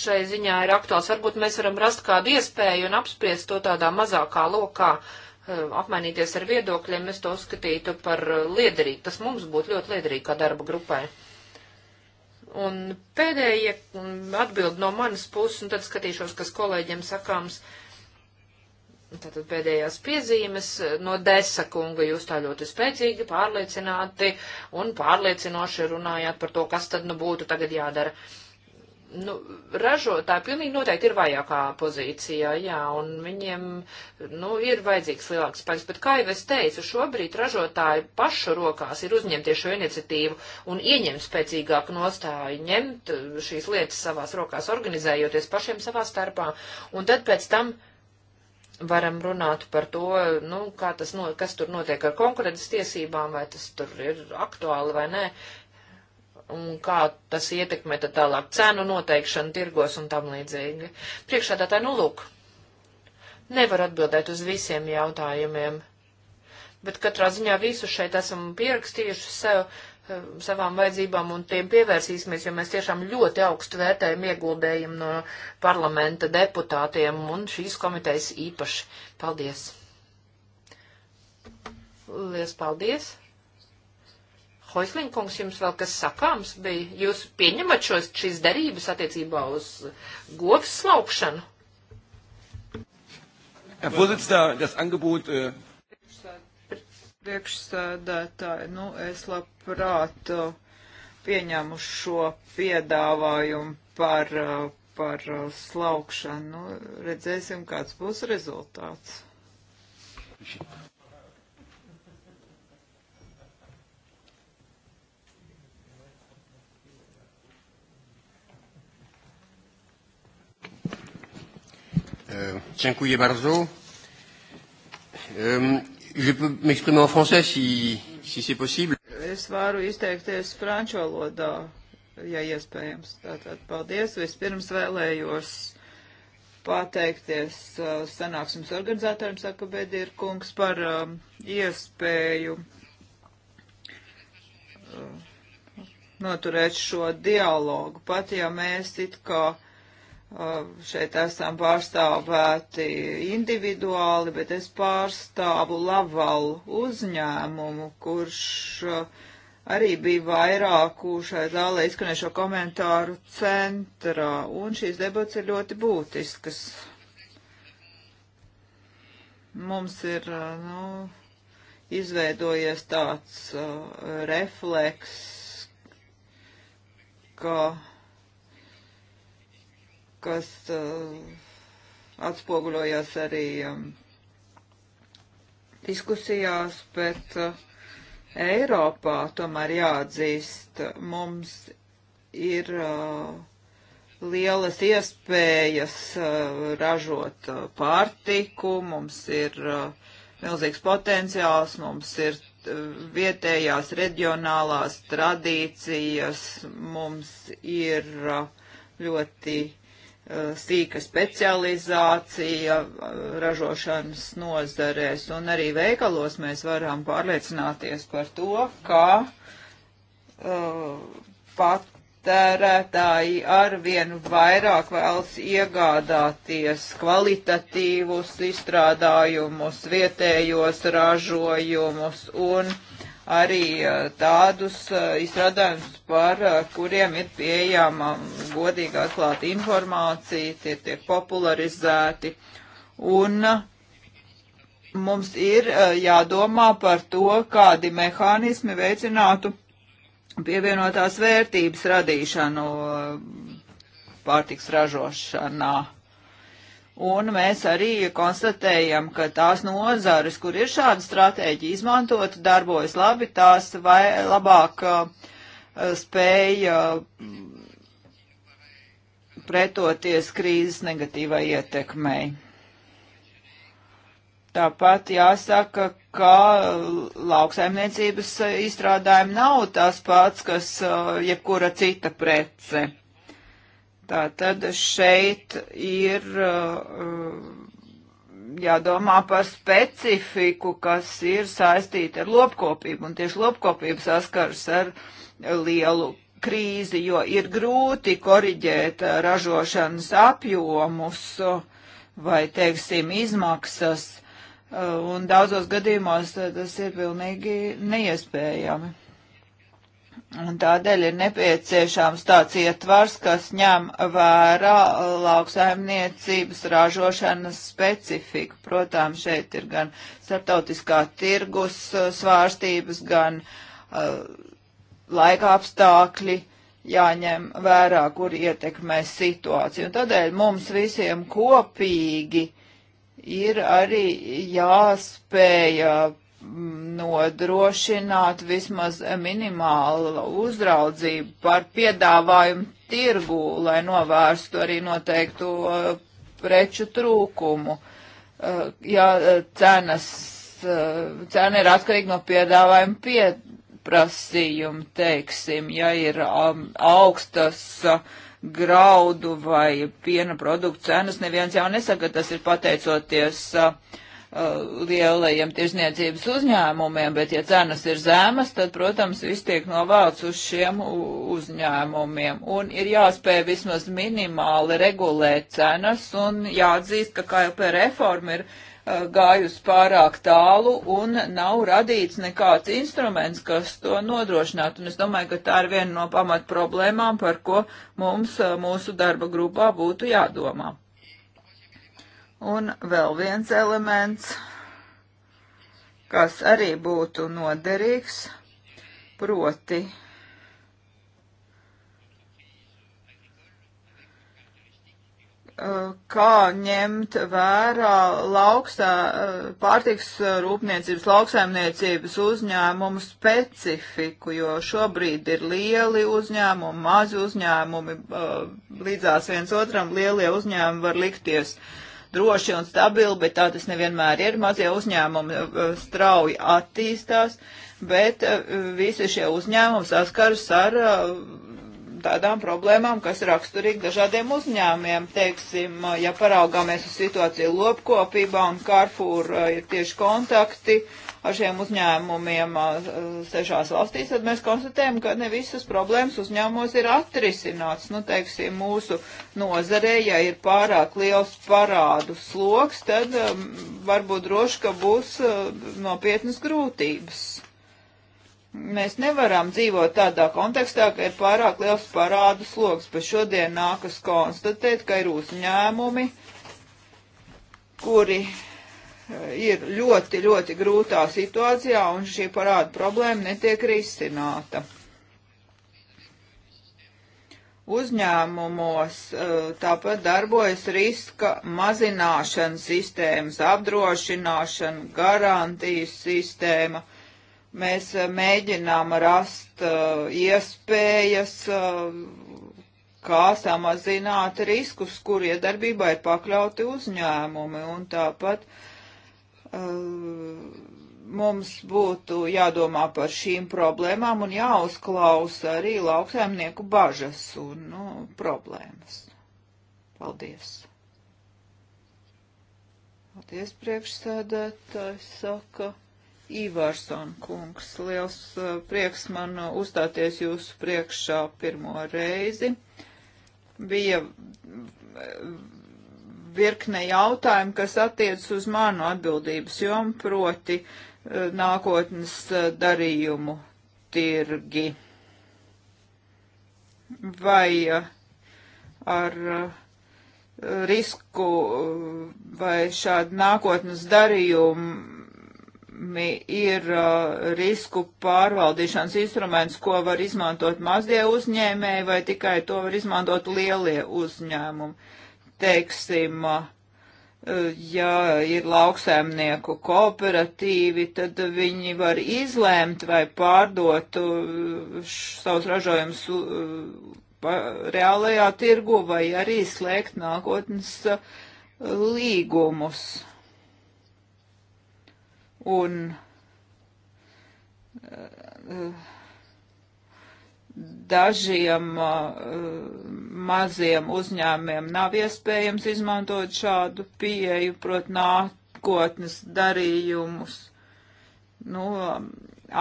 šai ziņā ir aktuāls. Varbūt mēs varam rast kādu iespēju un apspriest to tādā mazākā lokā, eh, apmainīties ar viedokļiem. Es to uzskatītu par liederīgu. Tas mums būtu ļoti liederīgi kā darba grupai. Un pēdējie mm, atbild no manas puses, un tad skatīšos, kas kolēģiem sakāms. Uh, Tātad pēdējās piezīmes no desa kunga jūs tā ļoti spēcīgi, pārliecināti un pārliecinoši runājāt par to, kas tad nu būtu tagad jādara nu, ražotāji pilnīgi noteikti ir vajākā pozīcijā, jā, un viņiem, nu, ir vajadzīgs lielāks spēks, bet, kā jau es teicu, šobrīd ražotāji pašu rokās ir uzņemties šo iniciatīvu un ieņemt spēcīgāku nostāju, ņemt šīs lietas savās rokās, organizējoties pašiem savā starpā, un tad pēc tam varam runāt par to, nu, kā tas, no, kas tur notiek ar konkurences tiesībām, vai tas tur ir aktuāli vai nē, un kā tas ietekmē tad tālāk cenu noteikšanu tirgos un tam līdzīgi. Priekšādātāji, nu, lūk, nevar atbildēt uz visiem jautājumiem, bet katrā ziņā visu šeit esam pierakstījuši sev Um, savām vajadzībām un tiem pievērsīsimies, jo mēs tiešām ļoti augstu vērtējam ieguldējumu no parlamenta deputātiem un šīs komitejas īpaši. Paldies! Lielas paldies! Hoislinkungs, jums vēl kas sakāms bija? Jūs pieņemat šos, šīs derības attiecībā uz govs slaukšanu? Herr Vorsitzender, das Angebot äh, Priekšsēdētāji, nu es labprāt uh, pieņemu šo piedāvājumu par, uh, par uh, slaukšanu. Nu, redzēsim, kāds būs rezultāts. Dziękuję bardzo. Je peux m'exprimer en français si, si c'est possible. Es varu izteikties franču valodā, ja iespējams. Tātad paldies. Vispirms vēlējos pateikties uh, sanāksmes organizatoram, saka Bedir kungs, par uh, iespēju uh, noturēt šo dialogu. Pat ja mēs it kā šeit esam pārstāvēti individuāli, bet es pārstāvu Lavalu uzņēmumu, kurš arī bija vairāku šai zālē izskanējušo komentāru centrā, un šīs debats ir ļoti būtiskas. Mums ir, nu, izveidojies tāds uh, refleks, ka kas uh, atspoguļojās arī um, diskusijās, bet uh, Eiropā tomēr jāatzīst, mums ir uh, lielas iespējas ražot pārtiku, mums ir milzīgs potenciāls, mums ir vietējās reģionālās tradīcijas, mums ir ļoti Eh, sīka specializācija eh, ražošanas nozarēs, un arī veikalos mēs varam pārliecināties par to, ka uh, patērētāji arvien vairāk vēlas iegādāties kvalitatīvus izstrādājumus, vietējos ražojumus un uh, arī tādus izstrādājumus, par kuriem ir pieejama godīga atklāta informācija, tie tiek popularizēti. Un mums ir jādomā par to, kādi mehānismi veicinātu pievienotās vērtības radīšanu pārtiks ražošanā. Un mēs arī konstatējam, ka tās nozares, kur ir šāda stratēģija izmantota, darbojas labi, tās vai labāk uh, spēja mm, pretoties krīzes negatīvai ietekmei. Tāpat jāsaka, ka lauksaimniecības izstrādājumi nav tas pats, kas uh, jebkura cita prece. Tātad šeit ir uh, jādomā par specifiku, kas ir saistīta ar lopkopību, un tieši lopkopība saskars ar lielu krīzi, jo ir grūti koriģēt ražošanas apjomus vai, teiksim, izmaksas, uh, un daudzos gadījumos tas ir pilnīgi neiespējami. Un tādēļ ir nepieciešams tāds ietvars, kas ņem vērā lauksaimniecības ražošanas specifiku. Protams, šeit ir gan starptautiskā tirgus uh, svārstības, gan uh, laika apstākļi jāņem vērā, kur ietekmē situāciju. Un tādēļ mums visiem kopīgi ir arī jāspēja uh, nodrošināt vismaz minimālu uzraudzību par piedāvājumu tirgu, lai novērstu arī noteiktu preču trūkumu. Eh, ja eh, cenas, eh, cena ir atkarīga no piedāvājuma pieprasījuma, teiksim, ja ir um, augstas graudu vai piena produktu cenas, neviens jau nesaka, tas ir pateicoties uh, Uh, lielajiem tirzniecības uzņēmumiem, bet ja cenas ir zemas, tad, protams, viss tiek novāc uz šiem uzņēmumiem. Un ir jāspēj vismaz minimāli regulēt cenas un jāatzīst, ka KLP reforma ir uh, gājusi pārāk tālu un nav radīts nekāds instruments, kas to nodrošinātu. Un es domāju, ka tā ir viena no pamat problēmām, par ko mums uh, mūsu darba grupā būtu jādomā. Un vēl viens elements, kas arī būtu noderīgs, proti kā ņemt vērā laukstā, pārtiks rūpniecības, lauksaimniecības uzņēmumu specifiku, jo šobrīd ir lieli uzņēmumi, mazi uzņēmumi, līdzās viens otram lielie uzņēmumi var likties uh, droši un stabili, bet tā tas nevienmēr ir. Mazie uzņēmumi uh, uh, strauji attīstās, bet uh, visi šie uzņēmumi saskaras ar tādām problēmām, kas raksturīgi dažādiem uzņēmiem. Teiksim, ja paraugāmies uz situāciju lopkopībā un Carrefour ir tieši kontakti, uh, ar šiem uzņēmumiem sešās valstīs, tad mēs konstatējam, ka ne visas problēmas uzņēmumos ir atrisināts. Nu, teiksim, mūsu nozarē, ja ir pārāk liels parādu sloks, tad varbūt droši, ka būs nopietnas grūtības. Mēs nevaram dzīvot tādā kontekstā, ka ir pārāk liels parādu sloks, bet šodien nākas konstatēt, ka ir uzņēmumi, kuri ir ļoti, ļoti grūtā situācijā un šī parāda problēma netiek risināta. Uzņēmumos eh, tāpat darbojas riska mazināšana sistēmas, apdrošināšana, garantijas sistēma. Mēs eh, mēģinām rast eh, iespējas, kā samazināt riskus, kur iedarbībā ir pakļauti uzņēmumi un tāpat uh, Eh, mums būtu jādomā par šīm problēmām un jāuzklausa arī lauksaimnieku bažas un nu, problēmas. Paldies! Paldies, priekšsēdētājs saka Ivārson kungs. Liels eh, prieks man uzstāties jūsu priekšā pirmo reizi. Bija virkne jautājumu, kas attiec uz manu atbildības jomu, proti eh, nākotnes eh, darījumu tirgi. Vai eh, ar risku vai šādi nākotnes darījumi ir risku pārvaldīšanas instruments, ko var izmantot mazie uzņēmēji vai tikai to var izmantot lielie uzņēmumi teiksim, ja ir lauksēmnieku kooperatīvi, tad viņi var izlēmt vai pārdot uh, savus ražojumus uh, reālajā tirgu vai arī slēgt nākotnes uh, līgumus. Un uh, dažiem uh, maziem uzņēmiem nav iespējams izmantot šādu pieeju, prot nākotnes darījumus. Nu, um,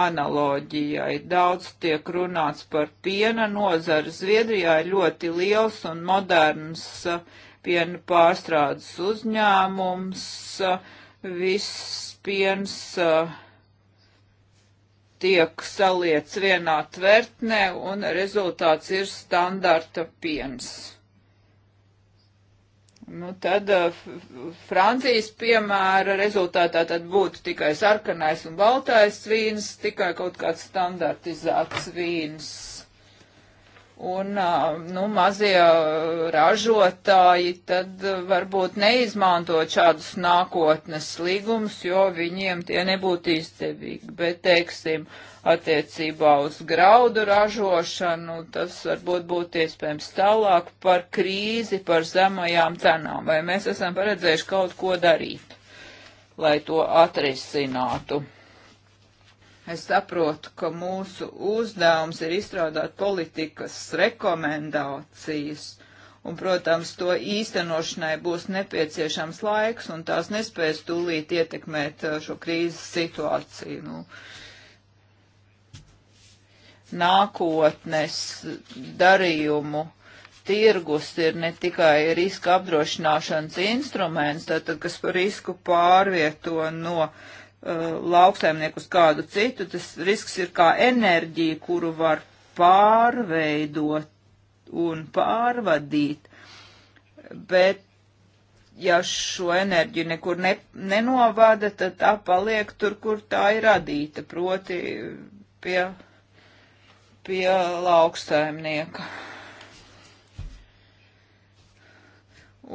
analoģijai. Daudz tiek runāts par piena nozari. Zviedrijā ir ļoti liels un moderns uh, piena pārstrādes uzņēmums. Uh, viss piens uh, tiek saliec vienā tvertnē un rezultāts ir standarta piens. Nu, tad eh, Francijas piemēra rezultātā tad būtu tikai sarkanais un baltais vīns, tikai kaut kāds standartizēts vīns. Un, nu, mazie ražotāji tad varbūt neizmantot šādus nākotnes līgumus, jo viņiem tie nebūtu izdevīgi. Bet, teiksim, attiecībā uz graudu ražošanu, tas varbūt būtu iespējams tālāk par krīzi, par zemajām cenām. Vai mēs esam paredzējuši kaut ko darīt, lai to atrisinātu? Es saprotu, ka mūsu uzdevums ir izstrādāt politikas rekomendācijas, un, protams, to īstenošanai būs nepieciešams laiks, un tās nespēs tūlīt ietekmēt uh, šo krīzes situāciju. Nu, nākotnes darījumu tirgus ir ne tikai riska apdrošināšanas instruments, tātad, kas par risku pārvieto no uh, Uh, lauksaimnieku uz kādu citu, tas risks ir kā enerģija, kuru var pārveidot un pārvadīt, bet ja šo enerģiju nekur ne, nenovada, tad tā paliek tur, kur tā ir radīta, proti pie, pie lauksaimnieka.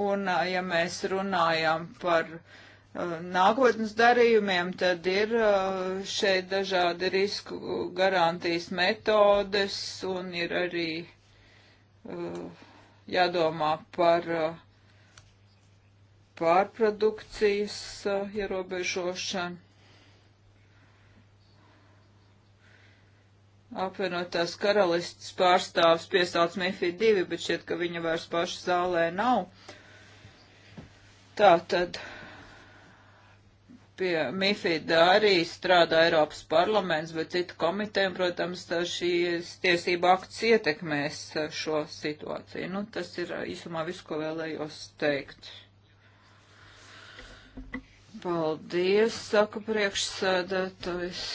Un, uh, ja mēs runājam par uh, Uh, nākotnes darījumiem, tad ir uh, šeit dažādi risku garantijas metodes un ir arī uh, jādomā par pārprodukcijas ierobežošanu. Apvienotās karalists pārstāvs piesauc Mifid 2, bet šķiet, ka viņa vairs paša zālē nav. Tā tad. Pie MIFID arī strādā Eiropas parlaments, bet citu komiteju, protams, šīs tiesība akts ietekmēs šo situāciju. Nu, tas ir īsumā viss, ko vēlējos teikt. Paldies, saka priekšsēdētājs.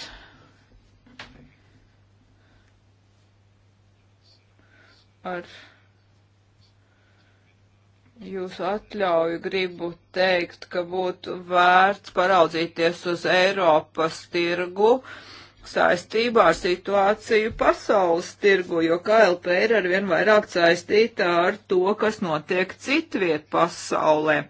Ar jūsu atļauju gribu teikt, ka būtu vērts paraudzīties uz Eiropas tirgu saistībā ar situāciju pasaules tirgu, jo KLP ir arvien vairāk saistīta ar to, kas notiek citviet pasaulē.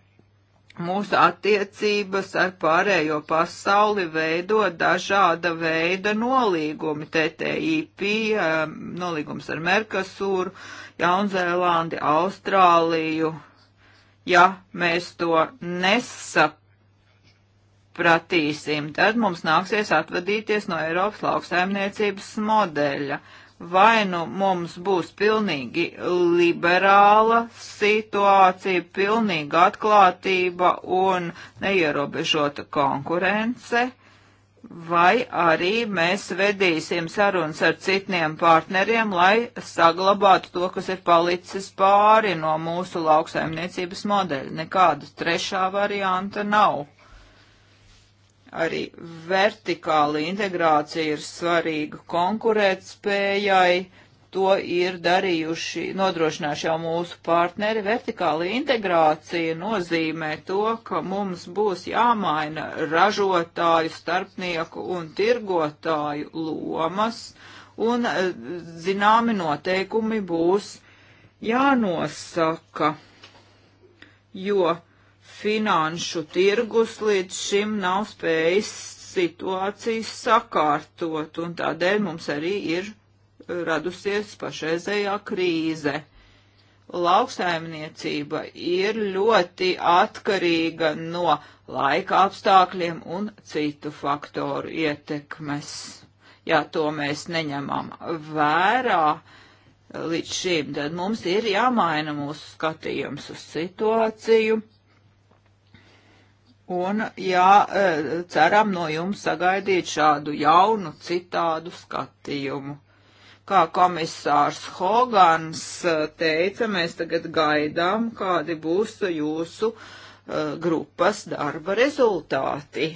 Mūsu attiecības ar pārējo pasauli veido dažāda veida nolīgumi, TTIP, eh, nolīgums ar Merkasūru, Jaunzēlandi, Austrāliju, ja mēs to nesapratīsim, tad mums nāksies atvadīties no Eiropas lauksaimniecības modeļa. Vai nu mums būs pilnīgi liberāla situācija, pilnīga atklātība un neierobežota konkurence, uh, vai arī mēs vedīsim sarunas ar citiem partneriem, lai saglabātu to, kas ir palicis pāri no mūsu lauksaimniecības modeļa. Nekāda trešā varianta nav. Arī vertikāla integrācija ir svarīga konkurētspējai to ir darījuši, nodrošinājuši jau mūsu partneri. Vertikāla integrācija nozīmē to, ka mums būs jāmaina ražotāju, starpnieku un tirgotāju lomas, un e, zināmi noteikumi būs jānosaka, jo finanšu tirgus līdz šim nav spējis situācijas sakārtot, un tādēļ mums arī ir radusies pašreizējā krīze. Lauksaimniecība ir ļoti atkarīga no laika apstākļiem un citu faktoru ietekmes. Ja to mēs neņemam vērā līdz šim, tad mums ir jāmaina mūsu skatījums uz situāciju. Un, jā, e, ceram no jums sagaidīt šādu jaunu, citādu skatījumu. Kā komisārs Hogans eh, teica, mēs tagad gaidām, kādi būs jūsu uh, grupas darba rezultāti.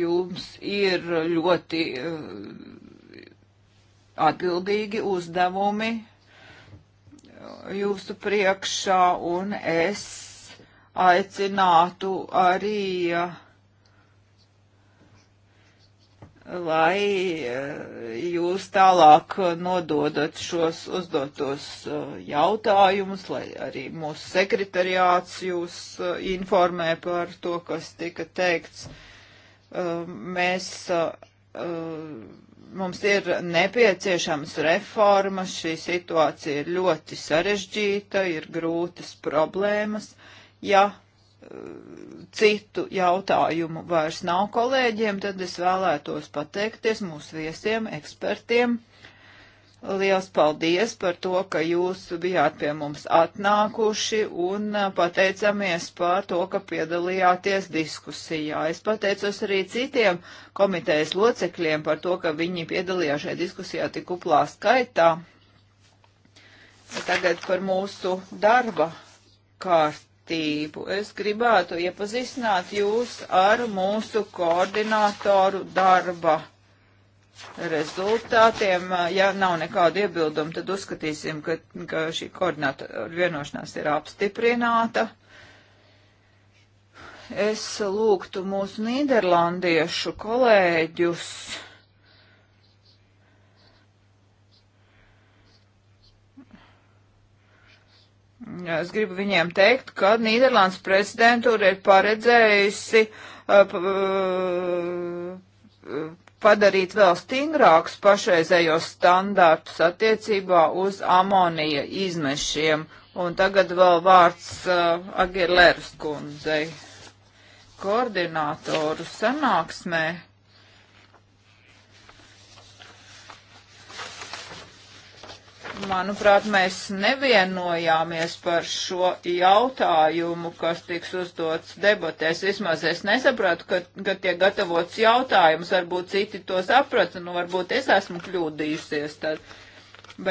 Jums ir ļoti uh, atbildīgi uzdevumi jūsu priekšā, un es aicinātu arī uh, lai eh, jūs tālāk nododat šos uzdotos eh, jautājumus, lai arī mūsu sekretariāts jūs eh, informē par to, kas tika teikts. Mēs, mums ir nepieciešams reformas, šī situācija ir ļoti sarežģīta, ir grūtas problēmas. Ja citu jautājumu vairs nav kolēģiem, tad es vēlētos pateikties mūsu viesiem, ekspertiem. Liels paldies par to, ka jūs bijāt pie mums atnākuši un pateicamies par to, ka piedalījāties diskusijā. Es pateicos arī citiem komitejas locekļiem par to, ka viņi piedalījās šajā diskusijā tik uplā skaitā. Tagad par mūsu darba kārtu kārtību. Es gribētu iepazīstināt jūs ar mūsu koordinātoru darba rezultātiem. Ja nav nekādu iebildumu, tad uzskatīsim, ka, ka šī koordinātoru vienošanās ir apstiprināta. Es lūgtu mūsu nīderlandiešu kolēģus Es gribu viņiem teikt, ka Nīderlandes prezidentūra ir paredzējusi uh, uh, padarīt vēl stingrākus pašreizējos standārtus attiecībā uz amonija izmešiem. Un tagad vēl vārds uh, Agilēras kundzei. Koordinātoru sanāksmē Manuprāt, mēs nevienojāmies par šo jautājumu, kas tiks uzdots debatēs. Vismaz es nesapratu, ka, ka tiek gatavots jautājums, varbūt citi to saprata, nu varbūt es esmu kļūdījusies. Tad.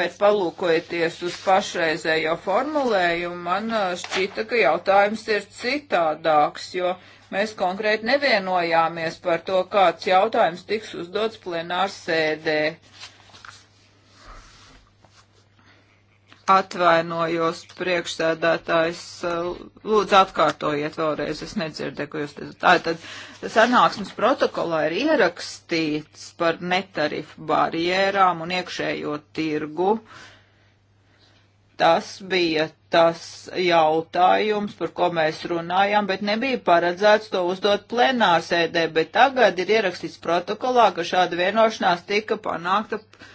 Bet palūkojieties uz pašreizējo formulējumu, man uh, šķita, ka jautājums ir citādāks, jo mēs konkrēti nevienojāmies par to, kāds jautājums tiks uzdots plenārsēdē. sēdē Atvainojos priekšsēdētājs, uh, lūdzu atkārtojiet vēlreiz, es nedzirdēju, ko jūs teicat. Tātad sanāksmes protokolā ir ierakstīts par netarifu barjerām un iekšējo tirgu. Tas bija tas jautājums, par ko mēs runājām, bet nebija paredzēts to uzdot plenārsēdē, bet tagad ir ierakstīts protokolā, ka šāda vienošanās tika panākta. Pa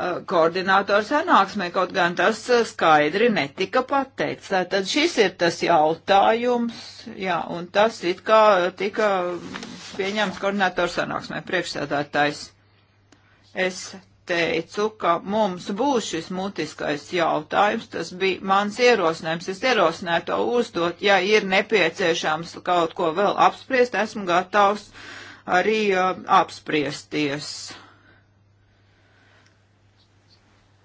Eh, koordinātoru sanāksmē, kaut gan tas eh, skaidri netika pateikts. Tātad šis ir tas jautājums, jā, un tas it kā tika pieņemts koordinātoru sanāksmē priekšsēdētājs. Es teicu, ka mums būs šis mutiskais jautājums, tas bija mans ierosinājums, es ierosināju to uzdot, ja ir nepieciešams kaut ko vēl apspriest, esmu gatavs arī uh, apspriesties.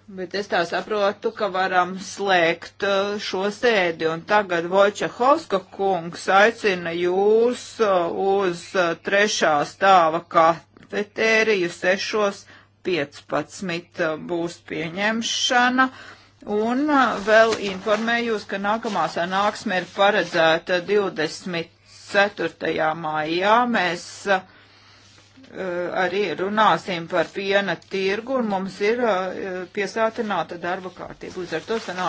Bet es tā saprotu, ka varam slēgt uh, šo sēdi. Un tagad Vojčehovska kungs aicina jūs uh, uz uh, trešā stāva kafetēriju 6.15 būs pieņemšana. Un vēl informēju jūs, ka nākamā sanāksme ir paredzēta 24. maijā. Mēs uh, Eh, arī runāsim par piena tirgu, un mums ir eh, piesātināta darba kārtība. Līdz ar to sanāk.